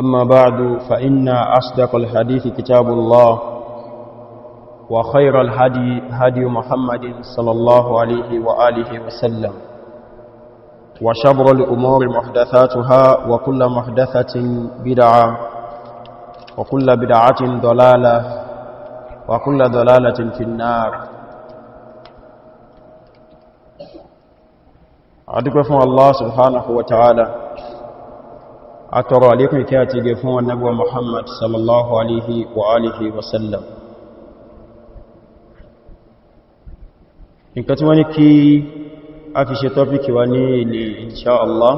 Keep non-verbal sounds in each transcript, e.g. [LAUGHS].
أما بعد فإن أصدق الحديث كتاب الله وخير الهدي هدي محمد صلى الله عليه وآله وسلم وشبر الأمور محدثاتها وكل محدثة بدعة وكل بدعة ضلالة وكل ضلالة في النار أدقف الله سبحانه وتعالى atọrọ alékùn kí a ti gẹ fún annabuwa muhammad sallallahu alihi wa alihi wasallam nǹkan tí wọ́n ní kí a fi ṣe tọ́pìkì wa ní ilé insha Allah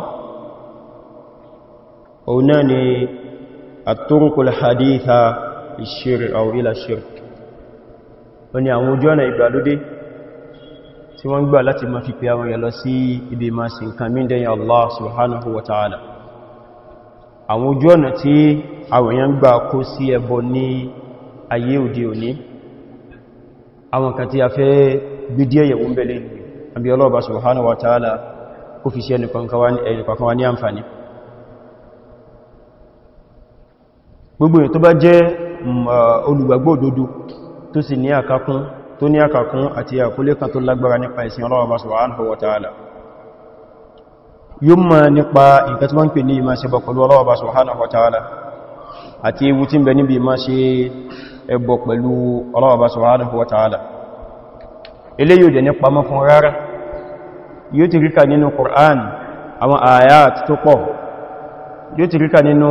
òun náà ni àtúrùkùl haditha ìṣirì àwòrílà shirk wọ́n ni àwọn ojú ọ̀nà ìgbàlódé tí wọ́n gbà láti ma fi pè àwọn yà lọ sí ibi ma sin mí àwọn ojú ọ̀nà tí àwọn èèyàn gbà kó sí ẹbọ ní ayé òde òní àwọn kan tí a fẹ́ gbídí ẹ̀yẹ̀wó ń bẹ̀lẹ̀ àbí ọlọ́ọ̀bá subhanahu wa ta'ala kó fi sí ẹnìkọ̀ọ̀kan wa ní àǹfàní gbogbo èyàn tó bá jẹ́ mm, olùgbàgbọ́ òdodo tó sì ní àkàkún tó ní àkàkún àti àkólé kan tó lágbára wa ta'ala yóò máa nípa nǹkan tí wọ́n ń pè ní ìmá ṣe bọ̀ pẹ̀lú Ọlọ́run Ọba subhanahu wa ta'ala àti ewu tí ń bẹ níbi ìmá ṣe ẹbọ pẹ̀lú Ọlọ́run Ọba subhanahu wa ta'ala ilé yóò jẹ nípa mọ́ fún rárá yóò ti ríkà nínú Qur'an àwọn ayat tó pọ̀ yóò ti ríkà nínú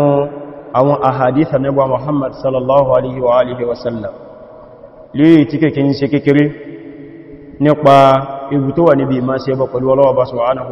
àwọn ahadith Ànábì Muhammad sallallahu alaihi wa alihi wa sallam lè tí kèkè ń ṣe kékeré nípa ewu tó wà níbi ìmá ṣe bọ̀ pẹ̀lú Ọlọ́run Ọba subhanahu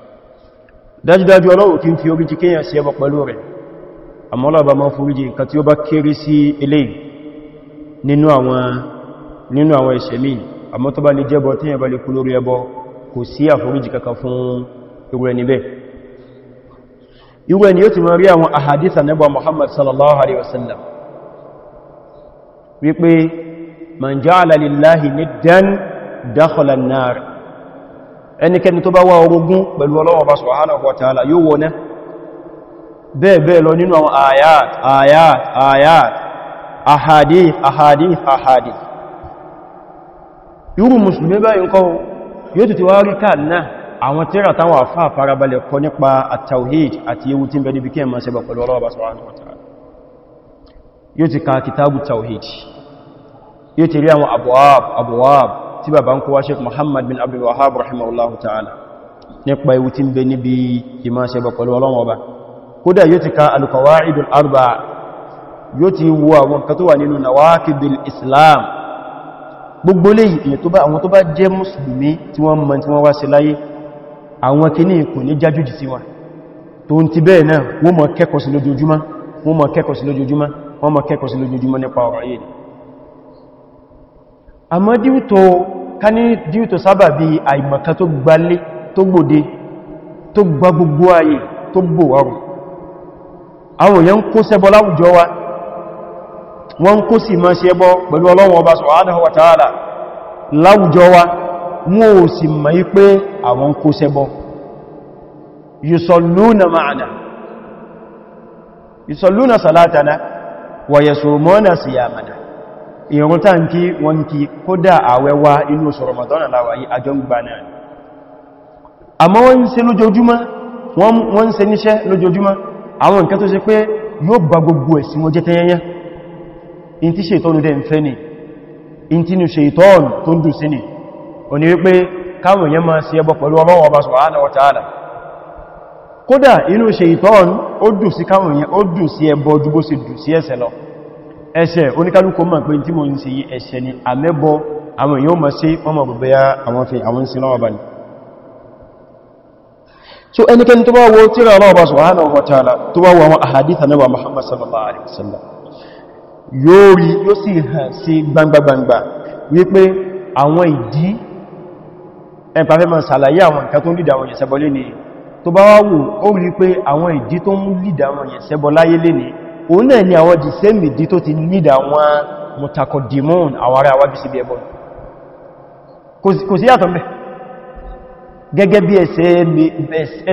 dájúdájú ọlọ́wọ̀ kí n fi orí jíkẹ́yàn sí ẹbọ pẹ̀lú rẹ̀ àmọ́ ọlọ́bà máa foríjì nǹkan tí ó bá kéré sí ilé nínú àwọn ìṣẹ̀mí àmọ́ tó bá lè jẹ́bọ tí yẹn bá lè kú lórí ẹbọ kò sí àforíjì kankan fún irú ẹni bẹ́ẹ̀ irú ẹni yóò ti máa rí àwọn ahadith Ànábì Muhammad sallallahu alaihi wasallam wípé man ja'ala lillahi niddan dakhala nar ẹnikẹni tó bá wá orogún pẹ̀lú Ọlọ́hun Ọba subhanahu wa ta'ala yóò wọ́n náà bẹ́ẹ̀ bẹ́ẹ̀ lọ nínú àwọn ayat ayat ayat ahadith ahadith ahadith irú musulmi báyìí kọ́ yóò tètè wá rí káà àwọn tíra táwọn àfáà farabalẹ̀ kọ nípa at àti ewu tí ń bẹ níbi kí ẹmà sẹ́bà pẹ̀lú Ọlọ́hun Ọba subhanahu wa ta'ala yóò ti ka kitabu tawhid yóò ti rí àwọn abwab tí bàbá ń kó wá sheik muhammad bin abdul wahab rahimahullahu ta'ala nípa ewu tí ń bẹ níbi ìmá ṣe bá pẹ̀lú ọlọ́run ọba kódà yóò ti ka alqawaidul arba yóò ti wo àwọn kan tó wà nínú nawaqidul islam gbogbo lè ìyẹ̀ tó bá àwọn tó bá jẹ́ mùsùlùmí tí wọ́n mọ̀ àmọ́ díútò káni díútò sábà bí àìmọ̀ká tó gbalé tó gbòde tó gba gbogbo ayé tó bò wárùn àwọn èèyàn kó ṣẹbọ láwùjọ wa wọ́n kó sì máa ṣẹbọ pẹ̀lú Ọlọ́run Ọba subhanahu wa ta'ala láwùjọ wa wọ́n ò sì mọ̀ pé àwọn kó ṣẹbọ yusalluna ma'ana yusalluna salatana wa yasumuna siyamana ìrun tá ń kí wọ́n kí kódà àwẹ̀ wa inú oṣù Ramadan aláwà yí àjọ ń gbà náà àmọ́ wọ́n ń ṣe lójoojúmọ́ wọ́n ń ṣe níṣẹ́ lójoojúmọ́ àwọn nǹkan tó ṣe pé yóò bá gbogbo ẹ̀sìn wọn jẹ́ tẹ́yẹnyẹ́ in tí ṣètọ́nù dẹ̀ wa ta'ala kódà inú ṣètọ́nù ó dùn sí káwọn èèyàn ó dùn sí ẹbọ ẹ̀ṣẹ̀ oníkálùkù mọ̀ pé tí mo ń ṣe yí ẹ̀ṣẹ̀ ni àmẹ́bọ àwọn èèyàn mọ̀ sí wọ́n mọ̀ bẹ̀bẹ̀ àwọn fi àwọn sí lọ́wọ́ báyìí so ẹnikẹni tó bá wo tírà Allah subhanahu wa ta'ala tó bá wo àwọn ahadith Ànábì Muhammad sallallahu alaihi wasallam yóò rí yóò sì hàn sí gbangbagbangba wípé àwọn ìdí ẹ̀pàfẹ́ ma sàlàyé àwọn nǹkan tó ń dìdà àwọn ìyẹ̀sẹ̀bọ lé ní tó bá wá wò ó rí pé àwọn ìdí tó ń dìdà àwọn ìyẹ̀sẹ̀bọ òun náà ni àwọn jìsẹ́mì dí tó ti nídà wọn mutakọ̀dìmọ́n àwárí àwájú sí ẹbọ kò sí yàtọ̀ mẹ́ gẹ́gẹ́ bí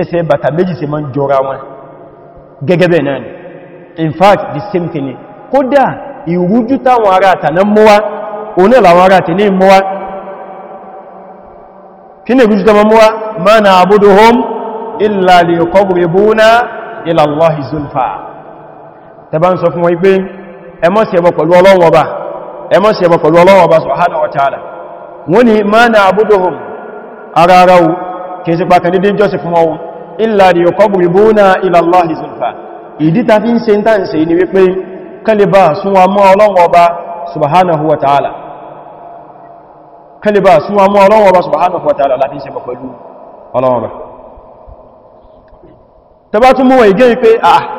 ẹsẹ̀ bàtà méjì ṣe máa ń jọra wọn gẹ́gẹ́ bẹ́ẹ̀ náà ni in fact the same thing kódà ìrújú táwọn ará àtànà mọ́wá òun náà làwọn ará àtànà mọ́wá kí ni ìrújú táwọn mọ́wá ma na'buduhum illa liyuqarribuna ila Allahi zulfa tẹba ń sọ fún wọn pé ẹ má ṣẹbọ pẹ̀lú Ọlọ́run Ọba ẹ má ṣẹbọ pẹ̀lú Ọlọ́run Ọba subhanahu wa ta'ala wọ́n ni ma na'buduhum ara ara o kìí sí pàkà dídí jọ́sì fún wọn illa liyuqarribuna ila Allahi zulfa ìdí ta fi ń ṣe ta ń ṣe ni wípé kálíbà súnwà mọ́ Ọlọ́run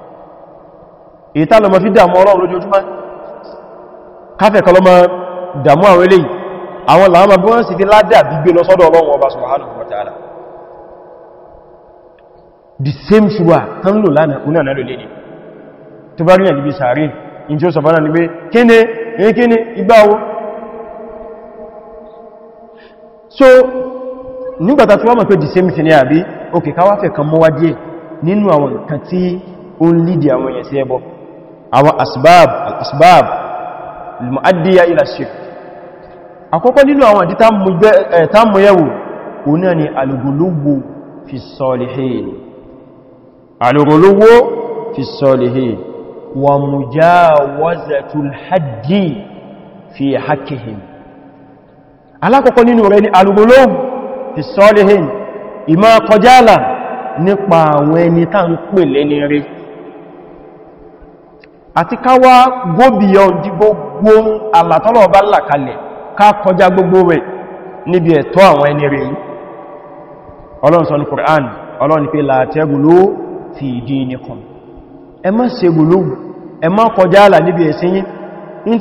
èyí tá lọ mọ̀ fi dàmú ọlọ́run lójoojúmọ́ káfẹ́ kan lọ mọ́ dàmú àwọn eléyìí àwọn làámà bí wọ́n sì fi ládà gbígbé lọ sọ́dọ̀ ọlọ́run ọba subhanahu wa ta'ala the same ṣùgbà tán lò lánàá kú náà lò léde tó bá rí ẹ̀ níbi ní pé so nígbàtà tí wọ́n mọ̀ same thing ní àbí òkè káwàfẹ́ kan mọ́wá díẹ̀ nínú àwọn nǹkan tí ó ń lídì àwọn èèyàn sí ẹbọ àwọn asbab al-asbab al-mu'addiya ila shirk àkọ́kọ́ nínú àwọn àdí tàmù yẹ̀wò òní ni al-ghuluw fi s-salihin al-ghuluw fi s-salihin wa mujawazatul haddi fi haqqihim alákọ̀ọ́kọ́ nínú rẹ̀ ni al fi s-salihin ìmá kọjálà nípa àwọn ẹni tàà ń pè lẹ́ni rí àti káwà góbìyàn di gbogbo àlàtọ́lọ̀ bá làkalẹ̀ ká kọjá gbogbo rẹ̀ níbi ẹ̀tọ́ àwọn ẹni rẹ̀ yìí ọlọ́run sọ ní Qur'an ọlọ́run pé la tagulu fi dinikum ẹ má ṣe gùlú ẹ má kọjá àlà níbi ẹ̀sìn yìí in ní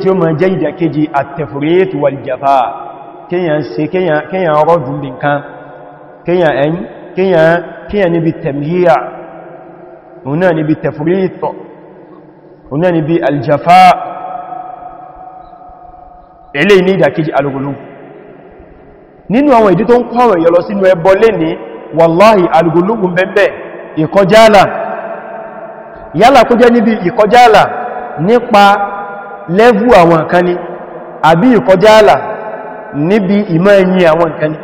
tí ó ma jẹ́ ìdàkejì at-tafrit kíyàn ṣe kíyàn ọrọ̀ jù bí nǹkan kíyàn ẹ̀yìn kíyàn níbi tẹ̀míyà òun náà níbi tẹ̀fúrítọ̀ òun náà níbi aljafa ilé ní ìdàkejì alùgbòlù nínú àwọn ìdí tó ń kọ́rọ̀ yọ lọ sínú ẹbọ lé ní wàláhì alùgbòlùgùn bẹ́ẹ̀bẹ̀ ìkọjáàlà yálà kó jẹ́ níbi ìkọjáàlà nípa lẹ́vù àwọn kan ni àbí ìkọjáàlà níbi ìmọ̀ ẹ̀yìn àwọn nǹkan ni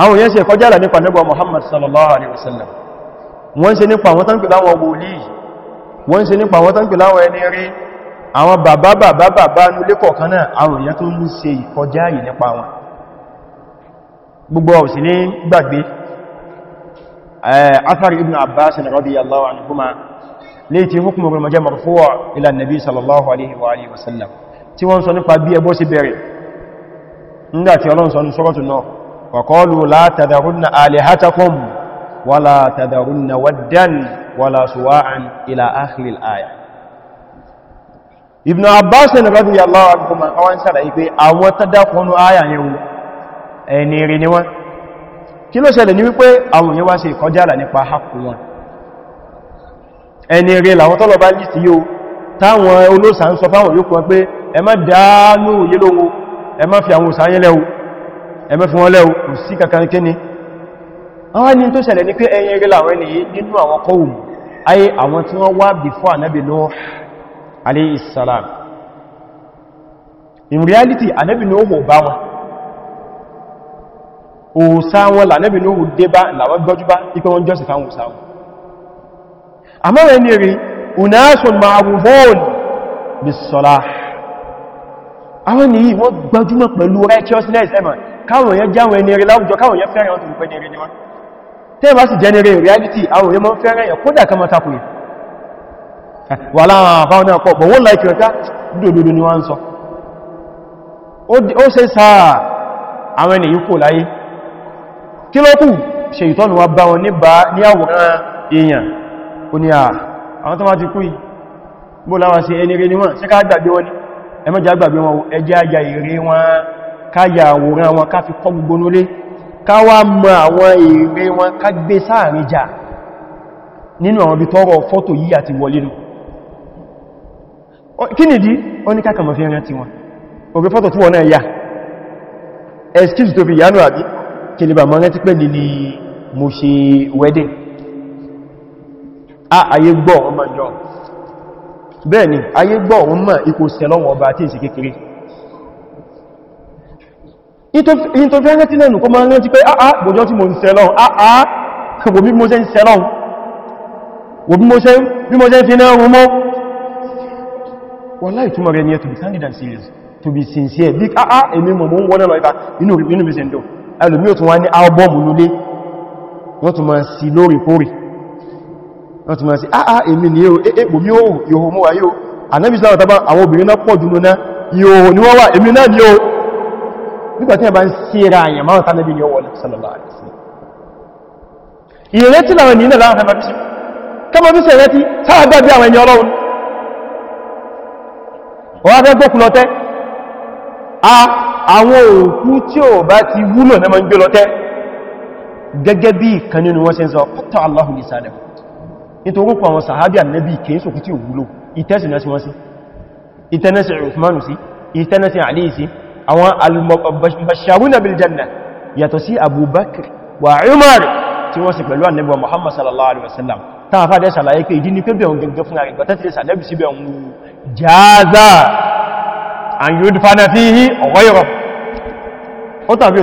àwọn èèyàn ṣe kọjá là nípa nígbà Muhammad sallallahu alaihi wasallam wọ́n ṣe nípa àwọn tánkì láwọn wòlí wọ́n ṣe nípa àwọn tánkì láwọn ẹni rí àwọn bàbá bàbá bàbá nílé kọ̀ọ̀kan náà àwọn èèyàn tó ń ṣe ìkọjá yìí nípa wọn gbogbo ọ̀sìn ní gbàgbé athar tí wọ́n sọ nípa bí ẹbọ sí bẹ̀rẹ̀ nígbàtí ọlọ́run sọ ní sọ́rọ̀tù náà wàkọ́lù látàdàrúnà alihatakum wàlá tàdàrúnà waddan wàlá suwa'an ila akhiril aya ibn abbas ni radiyallahu anhu man awan ipe àwọn tadakunu aya yẹn ẹni rí ni wọ́n kí ló ṣẹlẹ̀ ní wípé àwọn yẹn wá ṣe ìkọjáàlà nípa hakku wọn ẹni rí làwọn tọ́lọ bá lìsí yóò táwọn olóòsà ń sọ fáwọn yóò kún pé ẹ má dáánú yé lówó ẹ má fi àwọn òsàáyẹ́ lẹ́wó ẹ má fi wọn lẹ́wó kò sí kankan kíni àwọn ní tó ṣẹlẹ̀ ní pé ẹyẹ rí làwọn ẹni nínú àwọn kọwùn ayé àwọn tí wọ́n wá before Ànábì ní rí unasun ma'arufun bis-salah àwọn ènìyàn wọ́n gbajúmọ̀ pẹ̀lú righteousness ẹ̀mà káwọn èèyàn jáwọn ẹni rẹ̀ láwùjọ káwọn èèyàn fẹ́ràn ọdún pẹ̀lú ẹni wọn tẹ́ bá sì jẹ́nẹrẹ reality àwọn èèyàn mọ́ fẹ́ràn ẹ̀ kódà kan mọ́ takò yẹn wà láwọn àbáwọn náà kọ́ bọ̀ wọ́n láìkì ọ̀tá dòdòdò ni wọ́n sọ ó ṣe sáà àwọn ènìyàn kò láyé kí ló kù ṣe ìtọ́nù wa bá wọn ní àwòrán èèyàn ó ní àwọn tó má ti kú yìí bó láwọn sí ẹni rẹ̀ ni wọ́n ṣe ká gbàgbé wọn ni ẹmọ́já gbàgbé wọn ẹjẹ́ ajá ère wọn káyà àwòrán wọn ká fi kọ́ gbogbo nólé káwà mọ àwọn ère wọn ká gbé sáàrin jà nínú àwọn ibi tọ́rọ fọ́tò yìí àti wọlé nù kí nìdí ó ní kákàmọ̀ fi rántí wọn ògbé fọ́tò tí wọ́n náà yà wedding a ayé gbọ́ ọmọ bẹ́ẹ̀ ni ayé gbọ́ òun mọ̀ ipò sẹlọ́wọ̀ ọba tí ìsì kékeré in tó fẹ́ rántí lẹ́nu kó máa rántí pé àá gbòjọ́ tí mo ń sẹlọ́un àá gbò bí mo ṣe ń sẹlọ́un wò bí mo ṣe ń fi náà rúmọ́ wọ́n láì túnmọ̀ rẹ̀ ní ẹ̀ to be candid and serious to be sincere bí àá èmi mọ̀ mọ́ wọ́n lọ ìbá inú mi sẹ́ndọ̀ ẹlòmí ò tún wá ní albọ́ọ̀mù lólé wọ́n tún máa sí lóòrèkóòrè wọ́n ti máa sí àà ah, ah, èmi ni eh, eh, yóò èèpò mí òhù yóò mú wa yóò anábìsíláwà tàbá àwọn obìnrin náà pọ̀ jùlọ náà yóò ní wọ́n wà èmi náà ni yóò nígbàtí ẹ̀bá ń síra àyàn máa tánàbí ni ó wọlé sallallahu alaihi wasallam ìrètí làwọn ènìyàn náà láwọn ẹmọ́bíṣẹ́ kọmọbíṣẹ́ ìrètí sáà gbábí àwọn ẹni ọlọ́run wọ́n fẹ́ gbókù lọ́tẹ́ àwọn òkú tí ó bá ti wúlò náà máa ń gbé lọ́tẹ́ gẹ́gẹ́ bí ìkan nínú wọ́n ṣe ń sọ pọ́tọ̀ Allahu lisanahum nítorí pọ̀ àwọn sàhábí ànẹ́bí kèésò kí tí ò wúlò ìtẹ́sìnà sí wọ́n sí ìtẹ́nẹ́sì Uthmanu sí ìtẹ́nẹ́sì Ali sí àwọn al-mubashshiruna bil janna yàtọ̀ sí Abu Bakr wa Umar tí wọ́n sì pẹ̀lú ànẹ́bí wa Muhammad sallallahu alaihi wasallam ta fa dẹ́ sàlàyé pé ìdí ni pé bẹ̀rún gẹ́gẹ́ fún àrẹ̀gbà tẹ́tì lè sàlẹ́bì sí bẹ̀rún jaza an yudfana fihi ghayruhu ó tàbí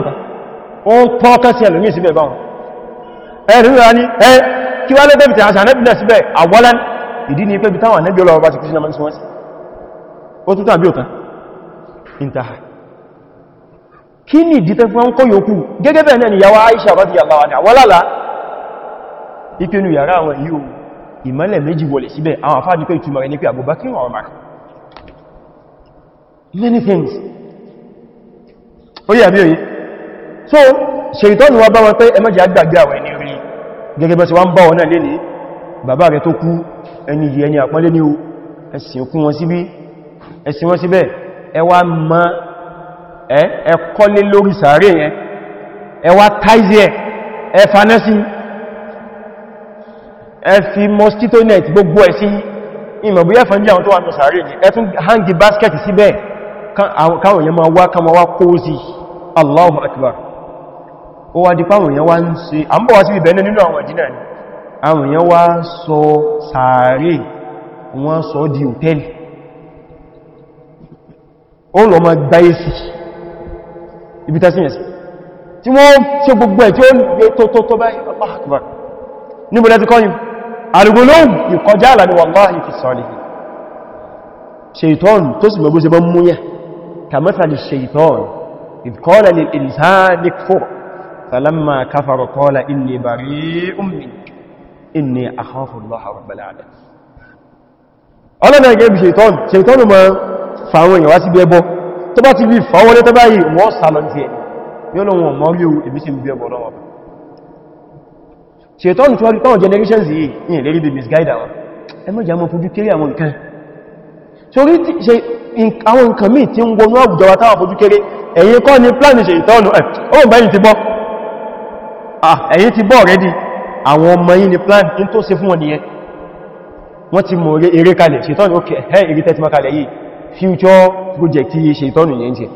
ẹ́ kí wá lọ́gbẹ́ bìtẹ̀ àṣà nẹ́bìnà síbẹ̀ àwọ́lán ìdí ni pé bìtàwà nẹ́bì ọlọ́wọ́ bá ti kìí sinamọ́ síwọ́n sí ó tún tàbí òtán ìntàhà kí ni ìdí tẹ́ fún ọkọ̀ yòókù gẹ́gẹ́ bẹ̀ẹ̀ náà ni yàwó Aisha radiyallahu anha wọ́lálá ìpinnu yàrá àwọn yíò ìmọ́lẹ̀ méjì wọlé síbẹ̀ àwọn afá ní pé ìtumọ̀ rẹ̀ ní pé Abubakar wa Umar many things ó yà bí òye so ṣe ìtọ́nù wa bá wọn pé ẹmọ́jì agbàgbà wẹ̀ ní orí gẹ́gẹ́ bá ṣe bá wọn náà lé ní bàbá rẹ̀ tó kú ẹni yìí ẹni àpọ́nlé ní o ẹ̀sìnkú wọn síbí ẹ̀sìn wọn síbẹ̀ ẹ wá mọ́ ẹ lórí sàárè yẹn ẹ táìzì ẹ ẹ ẹ fi mosquito net gbogbo ẹ̀ sí ìmọ̀bí ẹ̀fẹ́ hangi basket ma wa ó wá dípá àwọn èèyàn wá ń ṣe àmbọ̀ wá sí ibẹ̀ nínú àwọn ìdínà ni àwọn èèyàn wá sọ sàárè wọ́n sọ di hòtẹ́lì ó lọ ma gbáyé sí ibi tásíyànsí tí wọ́n ṣe gbogbo ẹ̀ tí ó lè tó tó tó báyìí Allahu Akbar níbo lẹ́ti فلما كفر قال إني بريء منك إني أخاف الله رب العالمين ọlọ́nà ẹgẹ́ bí ṣètọ́n ṣètọ́n ma fàwọn èèyàn wá sí bí ẹbọ tó bá ti bí fàwọn ní tọ́bá yìí wọ́n sàlọ ti ẹ̀ yóò lọ́wọ́ mọ́rí o èbí sí bí ẹbọ lọ́wọ́ ṣètọ́n tí wọ́n tọ́wọ́ generations Ah, ẹ̀yìn ti bọ́ rẹ́dì àwọn ọmọ yìí ni plan in tó ṣe fún wọn nìyẹn wọ́n ti mọ̀ eré kalẹ̀ ṣètọ́nù ok ẹ̀ eré tẹ́tí ma kalẹ̀ yìí future project yìí ṣètọ́nù yẹn jẹ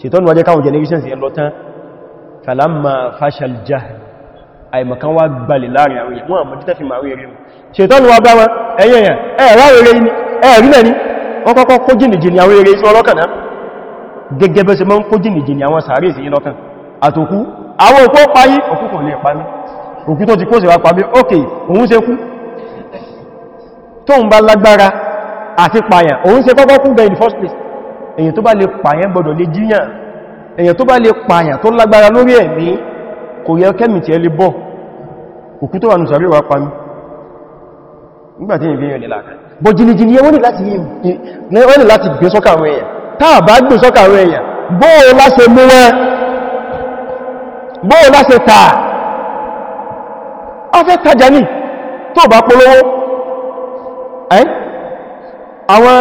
ṣètọ́nù wájẹ́ káwọn generations yẹn lọ tán kalama fashal jahl àìmọ̀kan wá gbalẹ̀ láàrin àwọn èèyàn wọ́n àmọ́ títẹ́ fi máa rí eré ṣètọ́nù wá bá wọn ẹ̀yẹ̀yẹ̀ ẹ̀rá eré ni ẹ̀rí náà ni wọ́n kọ́kọ́ kó jìnìjìnì àwọn eré sí ọlọ́kàn náà gẹ́gẹ́ bẹ́ ṣe mọ́ kó jìnìjìnì àwọn sàárè sí yín lọ́kàn àtòkú àwọn òkú páyí òkú kò lè pa mí òkú tó ti kó sì wá pa mí ókè òun ṣe kú tó ń bá lágbára àti pààyàn òun ṣe kọ́kọ́ kú gan in the first place èyàn tó bá lè pààyàn gbọ́dọ̀ lè jíyàn èyàn tó bá lè pààyàn tó lágbára lórí ẹ̀mí kò yẹ kẹ́mì tí ẹ lè bọ́ òkú tó wà nù sàrí wà pa mí nígbàtí ìrìn yẹn lè láàkà bọ́ jìnìjìnì yẹ wọ́n ni láti gbé sọ́kà àwọn èèyàn táà bá gbé sọ́kà àwọn èèyàn bóò láṣe mú wọn bóò láṣẹ tàà afẹ́ tajà ní tó bá polówó ẹ́ àwọn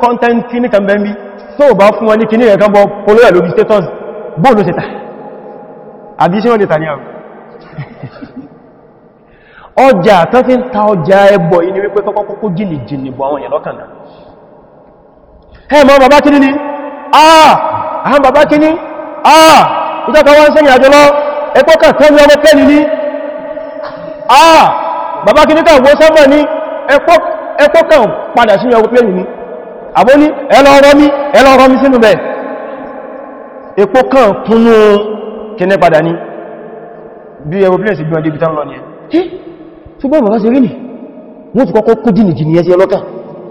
content kíní kan bẹ́m̀bí tó bá fún wọn ní kíní ẹ̀kan bọ polówó lórí status bóò ló ṣe tà àbí ṣe wọ́n lè tà ní àwọn [LAUGHS] ọjà tán fi ń ta ọjà ẹbọ̀ yìí ni wípé kọ́kọ́kọ́ jìnnì jìnnì bọ̀ àwọn èèyàn lọ́kànlá ẹ mọ́ bàbá kíní ni ah àwọn bàbá kíní ah ìjọka wọ́n sẹ́ni àjọ lọ ẹkọ́ kà tẹ́lẹ̀ ọmọ tẹ́lẹ̀ ní àà bàbá kí níkà wọ́n sẹ́mọ̀ ní ẹkọ́ kà padà sí ọmọ tẹ́lẹ̀ ní àbó ní ẹlọ́rọ́mí ẹlọ́rọ́mí sínú bẹ̀ ẹkọ́ kà túnú kẹ́nẹ́ padà ní bí ẹwọ pílẹ̀ sí gbọ́n débi tán lọ ní ẹ ṣùgbọ́n bàbá sí rí nì wọ́n fi kọ́kọ́ kú dìnì jìnì ẹsẹ ọlọ́kà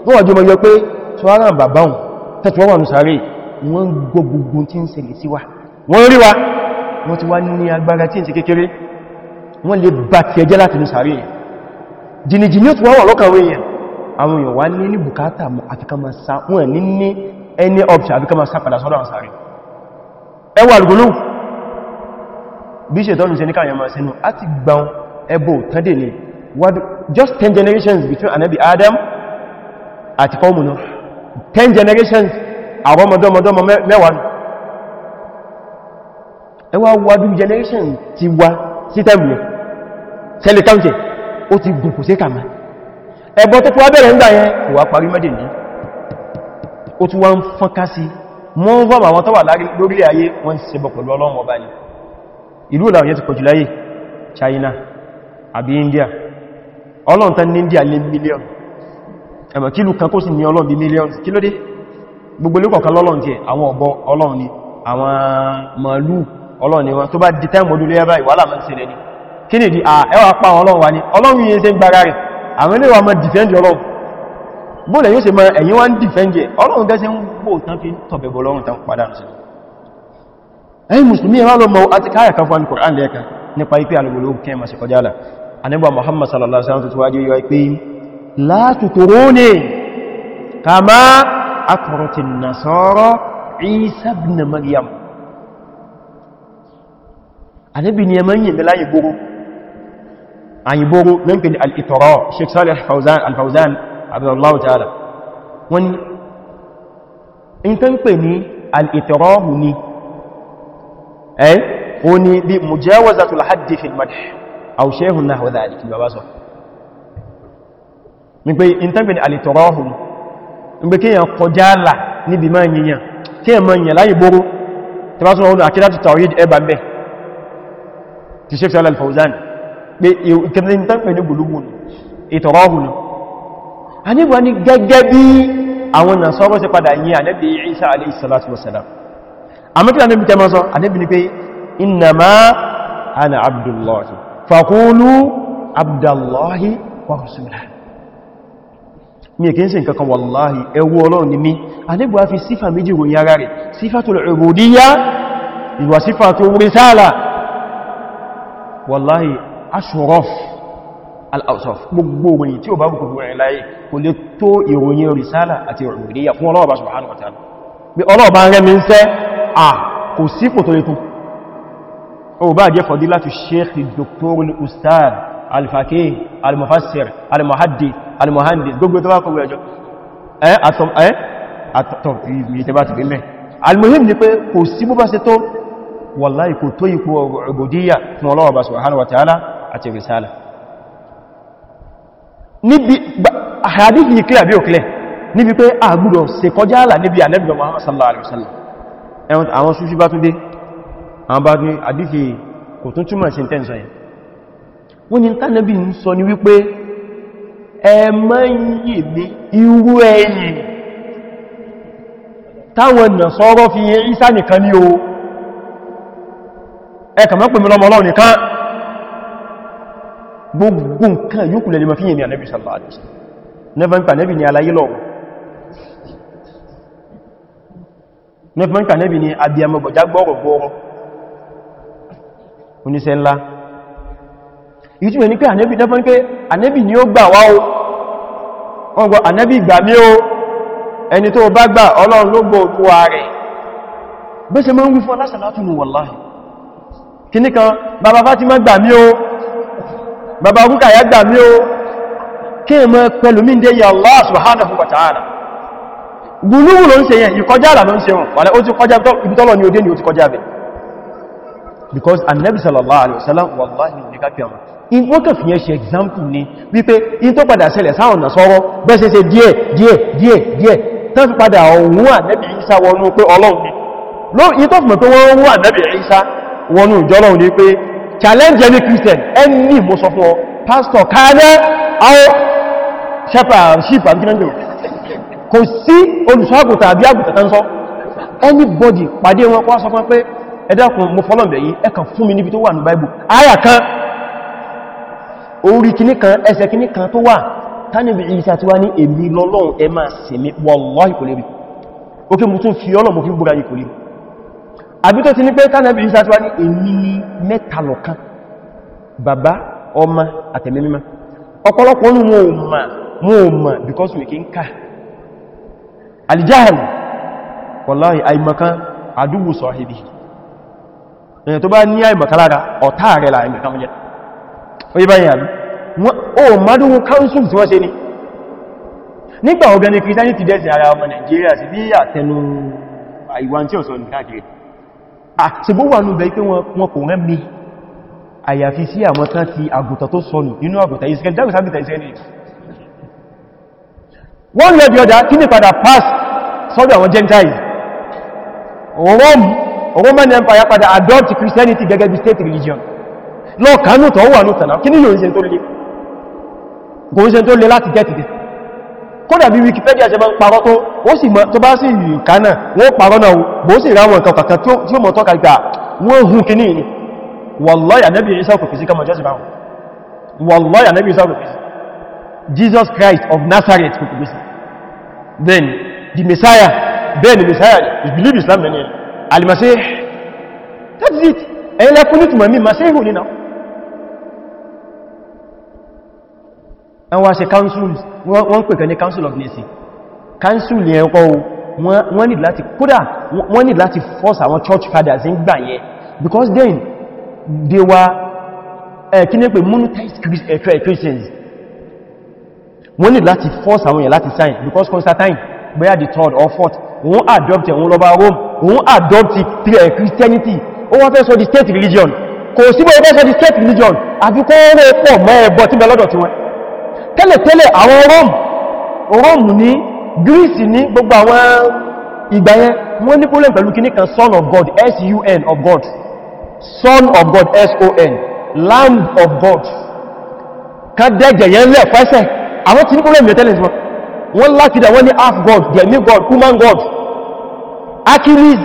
wọ́n wà jẹ́ ọmọ yọ pé ṣọ́ràn bàbáhùn tẹ́tù wọ́n wà nù sáré wọ́n gbogbogbò tí ń ṣẹlẹ̀ sí wa wọ́n rí wa wọ́n ti wá ní agbára tí ń ṣe kékeré wọ́n lè bá ti ẹjẹ́ láti ní sàárè yẹn jìnìjìnì tí wọ́n wọ̀ lọ́kàwé yẹn àwọn èèyàn wá ní ní bùkátà àfikàmàsá wọ́n ní ní ẹni option àfikàmàsá padà sọ́dọ̀ àwọn sàárè ẹwà alùgbòlò bí ṣètọ́nù ṣe ní káyẹ máa sínú a ti gbọ́n ẹbò tàdé ní just 10 generations between anabi adam àti kọmùnà 10 generations àwọn ọmọdọ́mọdọ́mọ mẹ́wàá ẹwà wàdú generation ti wá sí tẹ́mù sẹ́lẹ̀ káùntẹ̀ ó ti gùn kò sí kàmà ẹgbọ́ tó wá bẹ̀rẹ̀ ńgbà yẹn kò wá parí mẹ́dẹ̀ ní ó tún wá ń fọ́nká sí mọ́n vọ́m àwọn tó wà lórí India ọlọ́run tán India lé mílíọ̀n ẹ̀mọ̀ kí ìlú kan kó sì ní ọlọ́run bí mílíọ̀n kí ló dé gbogbo lókọ̀ọ̀kan àwọn ọ̀bọ ọlọ́run ni àwọn màálù ọlọ́run ni wọn tó bá di táìmù odúlé ẹbá ìwàlá mọ́ sí lẹ́ni kí ni di ẹwà pa ọlọ́run wa ni ọlọ́run yìí ṣe ń gbára rẹ̀ àwọn ilé wa mọ́ dìfẹ́ndì ọlọ́run bóòlẹ̀ yóò ṣe mọ́ ẹ̀yìn wá ń dìfẹ́ndì ọlọ́run gẹ́sẹ̀ ń gbò tán fi tọ̀bẹ̀bọ̀ lọ́run tán padà sí ẹ̀yin mùsùlùmí ẹwà lọ mọ́ àti káyà kan fún Al-Qur'an lẹ́ẹ̀kan nípa ipé alùgbòlò kẹ́ ma ṣe kọjá là anábà Muhammad sallallahu alaihi wasallam tó wájú yọ pé la tuturuni kama aturat an-nasara Isa ibn Maryam àníbì ni ẹmọ́ yìnbẹ̀ láyé gbogbo àyíbogbo ní ń pè ní al'itọ̀rọ̀ Sheikh Salih al-Fawzan abdullahi ta'ala wọ́n ni in tó ń pè ní al'itọ̀rọ̀ hù ní ẹ́ o ni bí mujawazatul haddi fil madh aw shay'un nahwa dhalik bàbá sọ ní pé in tó ń pè ní al'itọ̀rọ̀ hù ní pé kíyàn kọjá là níbi máa yìnyàn tí ẹ máa yìnyàn láyé gbogbo tí wá sọ wọn akídàtù tawhid ẹbà bẹ́ẹ̀ ti ṣe ṣe al-Fawzan pé ìkẹrin tán pẹ̀lú gbùlúgbùn ìtọ̀rọ̀hùn a ní wọ́n ni gẹ́gẹ́ bí àwọn Nasara sí padà yí ànábì Isa alayhi salatu wassalam àmọ́kí ànábì tẹ́ mọ́ sọ ànábì ni pé innama ana abdullahi faqulu abdullahi wa rasuluhu mi èkè ń ṣe nǹkankan wallahi ẹwọ ọlọ́run ni mi ànábì wá fi sífà méjì ròyìn ara rẹ̀ sífàtul ubudiyya ìwà sífàtul risala wallahi ashuraf al-awsaf gbogbo wòye tí ó bá rúkùn rẹ̀ láyé kò lè tó ìròyìn risala àti ìròyìnríyà fún ọlọ́ọ̀bá subhanahu wa ta'ala bí ọlọ́ọ̀bá rẹ̀ mi ń fẹ́ à kò sípò tó lè tó ó bá jẹ́ fadilatu sheikh dr ustad al-faqih al-mufassir al-muhaddith al-muhandis gbogbo tó bá kọ̀wé wallahi kò tó ipò ubudiyya fún Ọlọ́run Ọba subhanahu wa ta'ala àti risala níbi àhàdìfì ìkílẹ̀ àbí òkílẹ̀ níbi pé a gbọ́dọ̀ ṣe kọjá àlà níbi ànẹ́bìdọ̀ Muhammad sallallahu alaihi wasallam ẹ̀wọ̀n àwọn ṣúṣí bá tún dé àwọn bá tún àdífì kò tún túnmọ̀ sí tẹ́ǹsọ yẹn wọ́n mọ́ ẹkàmọ́ pè mí lọ́mọ Ọlọ́run nìkan gbogbo nǹkan yóò lè lè mọ̀ fíyẹ̀ ní ànẹ́bì sallallahu alaihi wasallam nẹ́fẹ́ǹkà nẹ́bì ni alayé lọ́wọ́ nẹ́fẹ́ǹkà nẹ́bì ni abiyamọ̀gbọ̀já gbọ́rọ̀gbọ́rọ̀ oníṣẹ́ ńlá ìtúwẹ̀ ní pé ànẹ́bì nẹ́fẹ́ǹkà ànẹ́bì ni ó gbà wá o wọ́n gbọ́ ànẹ́bì ìgbà mí o ẹni tó bá gbà Ọlọ́run ló gbọ́ òkú ààrẹ bẹ́sẹ̀ mọ́ ń wí fún alásàlátùnù wàláhìí kìní kan bàbá Fátímà gbà mí o bàbá Rúkàyà gbà mí o kí è mọ́ pẹ̀lú mí dé yà Allah subhanahu wa ta'ala gúlúwù ló ń ṣe yẹn ìkọjá because annabi sallallahu alaihi wasallam wallahi ni ká pẹ̀rọ in wọ́n kà fi yẹn ṣe example ni wípé in tó padà ṣẹlẹ̀ sáwọn nà sọ́rọ̀ bẹ́ẹ̀ ṣe díẹ̀ díẹ̀ díẹ̀ díẹ̀ tó fi padà ọ̀hún ànẹ́bì Ìsá wọnú pé Ọlọ́run ni wọnú ìjọlọ́run ní pé challenge any Christian ẹni mo sọ fún ọ pastor káàdẹ́ àwọn shepherdship and kingdom kò sí olùṣọ́gùn tàbí àgùntà tán sọ anybody pàdé wọn kọ́ sọ fún pé ẹ dákun mo fọ́lọ̀mẹ̀ yìí ẹ kàn fún mi níbi tó wà ní Bible àyà kan orí kìní kan ẹsẹ̀ kìní kan tó wà tánìbì ìsà tí wá ní èmi lọ́lọ́run ẹ máa sẹ̀mí wallahi kò lè rí ok mo tún fi ọlọ́ mo fi búra yìí kò àbí tó ti ní pé kánàbí Ìsá ti wá ní èmi ni mẹ́ta lọ́kan bàbá ọmọ àtẹ̀mí mímọ́ ọ̀pọ̀lọpọ̀ ní wọn ò mà wọn ò mà because we can ká alìjáhàlì wallahi àìmọ̀kan àdúgbò sọ̀hìbì èyàn tó bá ní àìmọ̀kan lára ọ̀tá rẹ̀ là àìmọ̀kan mọ́ jẹ́ oye báyìí o mádúwú council tí wọ́n ṣe ní nígbà organic christianity dẹ́sìn ara ọmọ Nigeria sí bí àtẹnu àìwá àṣìgbó ah, wà ní ibẹ̀ pé wọn kò rẹ́ mi àyàfi sí àwọn ti àgùntà tó sọnù nínú àgùntà Israel dáwì sáàgùntà Israel wọ́n lè bí ọjà kí ní padà pass sọ́dọ̀ àwọn Gentile Roman Empire state religion kódà bí Wikipedia ṣe máa ń parọ́ tó ó sì mọ́ tó bá sì ìkánà wọ́n parọ́ náà bó sì ráwọn nǹkan kàkan tí ó mọ̀ tọ́ka gbà wọ́n hun kì ní ìní wallahi Ànábì Ìsá Jesus Christ of Nazareth kò then the Messiah then the Messiah is believe Islam nani Al-Masih that's it ẹ̀yìn lẹ́kún ní tùmọ̀ mí Masih hù wọ́n wá ṣe councils wọ́n pè kan ní council of nation council yẹn kọ́ wọ́n need láti kódà wọ́n need láti force àwọn church fathers ń gbà yẹn because then they were eh, kí ní pé monotheist Christians wọ́n need láti force àwọn yẹn láti sign because Constantine bóyá the third or fourth wọ́n adopt wọ́n lọ bá Rome wọ́n adopt eh, Christianity ó wá fẹ́ sọ the state religion kò síbò ó fẹ́ sọ the state religion àfikún ó rẹ̀ pọ̀ mọ́ ẹbọ tí bẹ lọ́dọ̀ tí wọ́n tẹ́lẹ̀tẹ́lẹ̀ àwọn rome rome ní greece ní gbogbo àwọn ìgbàyẹn wọ́n ní problem pẹ̀lú kí ní kan son of god s-u-n of god son of god s-o-n land of god ká dẹ́jẹ̀ yẹn lẹ́ fẹ́sẹ̀ àwọn tí ní problem yẹn tẹ́lẹ̀ wọn wọ́n lákìdá wọ́n ní half god demi god human god achilles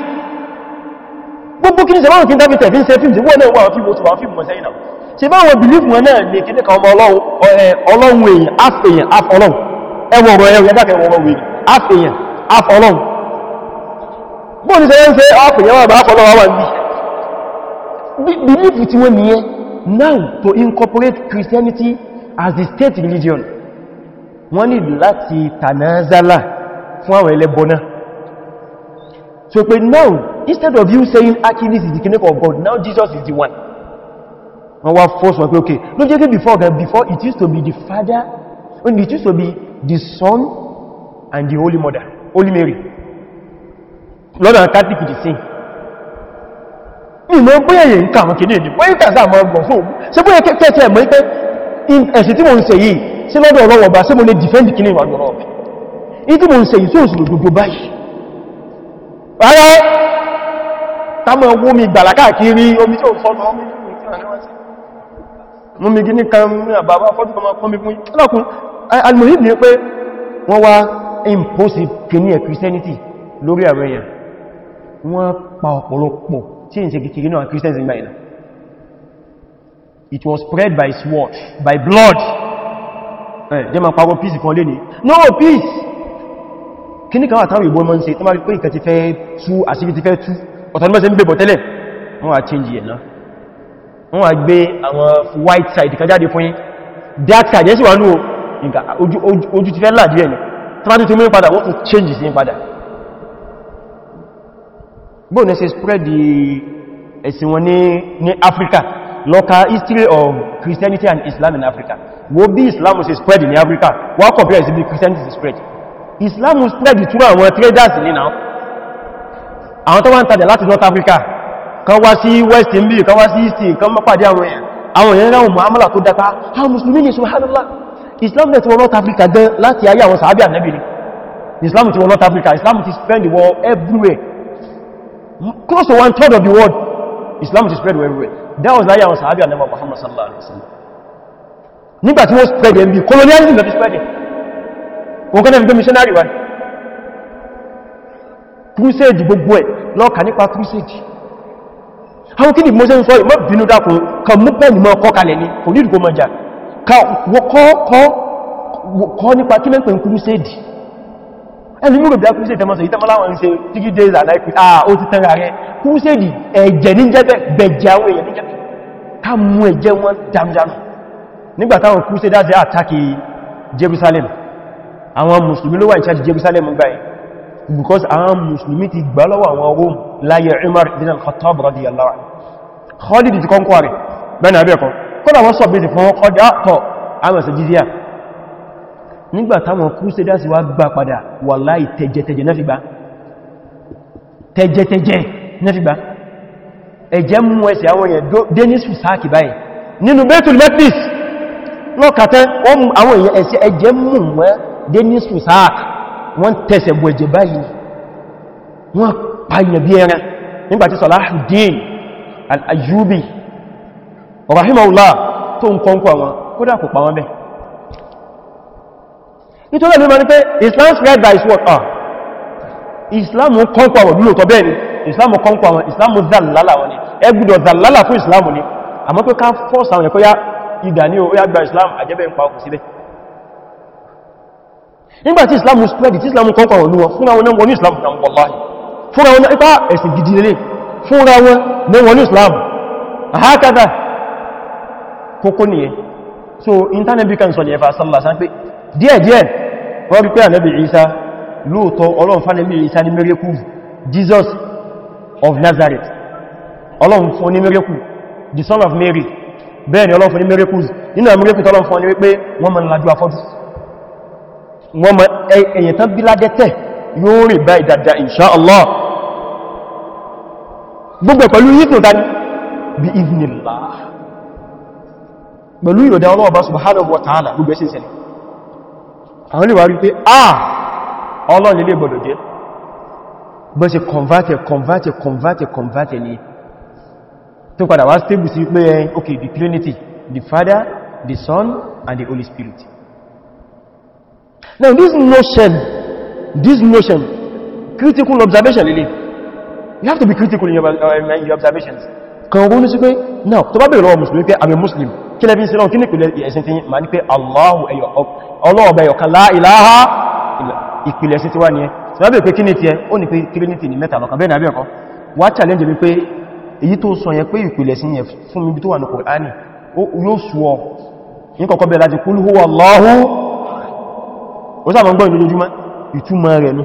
gbogbo kí ní sẹ́fẹ́ àwọn tí ń dábìtẹ̀ fi ń ṣe fíìmù sí wọ́n náà wà fíìmù sí wọ́n fíìmù sẹ́yìn náà sẹ́fẹ́ àwọn belief wọn náà ní kí Eh, ọlọ́run èèyàn afẹ́yàn afọ́lọ́run ẹwọ ọ̀rọ̀ ẹ̀rọ ẹ̀dàkẹ́ ọ̀rọ̀ wèrè afẹ́yàn afọ́lọ́run bó ní sẹ́yẹ́ ń sẹ́ afẹ́yàn wà bá afọ́lọ́run wà bí belief tí wọ́n nìyẹn now to incorporate Christianity as the state religion wọ́n ní láti tanazala fún àwọn ẹlẹ́bọná so pé now instead of you saying actually ah, this is the kingdom of God now Jesus is the one wọ́n wá force wọn pé okay ló jẹ́ pé before that, before it used to be the father and it used to be the son and the holy mother holy mary lọ́nà catholic ti sin ìmọ̀ bóyẹ̀yẹ̀ ń kàwọn kìí ní wọ́n kà sáà mọ́ ọgbọ̀n fún ṣe bóyẹ̀ kẹ́kẹ́ mọ́ pé ẹ̀sì tí mo ń ṣe yìí sí lọ́dọ̀ ọlọ́wọ̀ bá sí mo lè defend kìí wà lọ́rọ̀ ọ̀bẹ̀ in tí mo ń ṣe yìí tí ó sì lò gbogbo báyìí rárá tá mọ́ ọgbọ́n mi gbàlá káàkiri omi tí ó fọ́nà omi tí mú mi gíní kan bàbá fọ́tù kan kọ́ mi fún ọlọ́kùn almohim ni pé wọ́n wá impose kìíní ẹ̀ christianity lórí àwọn èèyàn wọ́n pa ọ̀pọ̀lọpọ̀ tí ń ṣe kìkìrí náà christians in gbáyìí it was spread by sword by blood jẹ́ ma pàwọ́ peace kan lé ní no peace kìíní kan àtàrí ìbọn mọ́ ń ṣe tó má rí pé ìkẹ́ ti fẹ́ tú àṣírí ti fẹ́ tú ọ̀tọ̀ ní mọ́ wọ́n wà gbé àwọn white side kan jáde fún yín dark side yẹ́ sí wà ní ojú ti fẹ́ láàájú ẹni tọ́bátí tó mú padà wọ́n tún changes ní padà bóò ní ṣe spread ẹ̀sìn wọn ní Africa local history of Christianity and Islam in Africa wo bí Islam ṣe spread ní Africa wọ́n compare sí bí Christianity spread Islam spread through àwọn traders ní now àwọn tó wá ń tajà láti North Africa kan wá sí west mbi kan wá sí east kan mọ́pàdé àwọn èèyàn àwọn èèyàn ráhùn mu'amala tó dápa ha musulmi ni subhanallah islam dẹ̀ ti north africa gan láti ayé àwọn sàábí ànábì ni islam ti north africa islam ti spend the world everywhere close to one third of the world islam ti spread everywhere that was láyé àwọn sàábí ànábì muhammad sallallahu alaihi wasallam nígbà tí wọ́n spread mbi colonialism lọ fi spread wọn missionary wa crusade gbogbo ẹ̀ lọ́ọ̀kà nípa crusade àwọn kíni mo ṣe ń sọ ìmọ̀ bínú dákun kan mú pẹ́ni mọ́ kọ́ kalẹ̀ ní kò nídùkú mọ́ jà kọ́ nípa kí mẹ́pẹ̀ kúrúsẹ́dì ẹni yóò bí a kúrúsẹ́dì tẹ́mọ́sọ̀ ìtẹ́mọ́láwọn ń ṣe three days and night ah ó ti tẹ́ra rẹ kúrúsẹ́dì ẹ̀jẹ̀ ní jẹ́bẹ̀ bẹ̀jẹ̀ àwọn èèyàn níjẹ́ ká mú ẹ̀jẹ̀ wọn dámjánà nígbàtàwọn kúrúsẹ́dì Jerusalem àwọn mùsùlùmí ló wà in charge Jerusalem gbáyìí because àwọn musulmi ti gbà lọ́wọ́ àwọn Rome láyé Umar bin al-Khattab radiyallahu anhu Khalid ti kọ́nkọ́ rẹ̀ bẹ́ẹ̀nà abẹ́ẹ̀kọ́ kọ́lá wọ́n sọ bèèrè fún ọkọ̀dá tọ́ àwọn ẹ̀sẹ̀ jízíà nígbà táwọn crusaders wá gbà padà wallahi tẹ́jẹtẹ́jẹ náà fi wọ́n tẹ̀sẹ̀ bọ̀ ẹ̀jẹ̀ báyìí wọ́n pààyàn bí ẹran nígbàtí Salahuddin al-Ayyubi rahimahullah tó ń kọ́nkọ́ àwọn kódà kò pa wọ́n bẹ́ nítorí ẹ̀lú mani pé Islam spread by his word ah Islam kọ́nkọ́ àwọn bí lóòtọ́ bẹ́ẹ̀ ni Islam kọ́nkọ́ àwọn Islam zàlálà wọn ni ẹgbùdọ̀ zàlálà fún Islam ni àmọ́ pé ká fọ́s nígbàtí islam spread tí islam kọ́kọ̀ wọn lúwọ fúnra wọn wọn ní islam náà wallahi fúnra wọn ipá ẹ̀sìn gidi lélẹ̀ fúnra wọn ní wọn ní islam àhákàdà kókó nìyẹn so internet bí kan sọ ní ẹfà sallá sán pé díẹ̀díẹ̀ wọ́n rí pé ànábì isa lóòtọ́ ọlọ́run fánàbì isa ní miracle jesus of nazareth ọlọ́run fún ní miracle the son of mary bẹ́ẹ̀ ni ọlọ́run fún ní miracles nínú àmúrékù tọ́lọ́run fún ní wípé wọ́n mọ̀ lájú afọ́dún wọ́n ma ẹ̀yìn tán bí ládẹ́tẹ̀ yóò rìn báyìí dáadáa insha Allah gbogbo pẹ̀lú yíkùn dání bí iznillah pẹ̀lú ìrọ̀dá ọlọ́ọ̀bá subhanahu wa ta'ala gbogbo ẹ̀sìn sẹ́lẹ̀ àwọn olè wà rí pé ah ọlọ́n lè gbọdọ̀ jẹ́ bọ́ sí converted converted converted converted ni tó padà wá stable sí pé ok the trinity the father the son and the holy spirit now this notion this notion critical observation lili, you have to be critical in your, uh, in your observations kan ronú sí pé now tó bá bèèrè lọ́wọ́ musulmi pé àmì muslim kí lẹ́bí sí náà kí ní ìpìlẹ̀ ẹ̀sìn tí ma ní pé allahu ọlọ́ọ̀bẹ̀ yọ̀kan kala ilaha ìpìlẹ̀ sí ti wá ní ẹ tí wá bèèrè pé kí ní ti ẹ ó ní pé trinity ní mẹ́ta lọ́kan bẹ́ẹ̀ àbẹ́ẹ̀kọ́ wá challenge mi pe èyí to sọ yẹn pé ìpìlẹ̀ sí yẹn fún mi bí tó wà ní Kùránì yóò sú ọ ní kọ̀kọ́ bẹ̀rẹ̀ láti kúlù huwa allahu ó sáàmà gbọ́ ìlójúmọ́ ìtumọ̀ rẹ̀ ní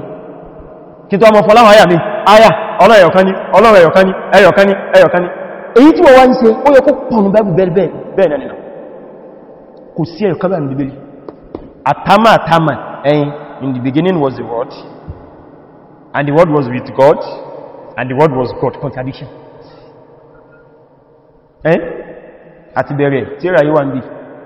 kí tó ọmọ fọláwọ̀ ayà mi ayà ọlọ́ẹ̀yọ̀kaní ọlọ́ẹ̀yọ̀kaní ẹyọ̀kaní ẹyọ̀kaní èyí tí wọ́n wá ń ṣe ó yẹ kó pọ̀nù bẹ́bù bẹ́ẹ̀ nìyàn kò in the beginning was the word and the word was with God and the word was God contradiction eh àti bẹ̀rẹ̀ tí ó rà yíwá ń bí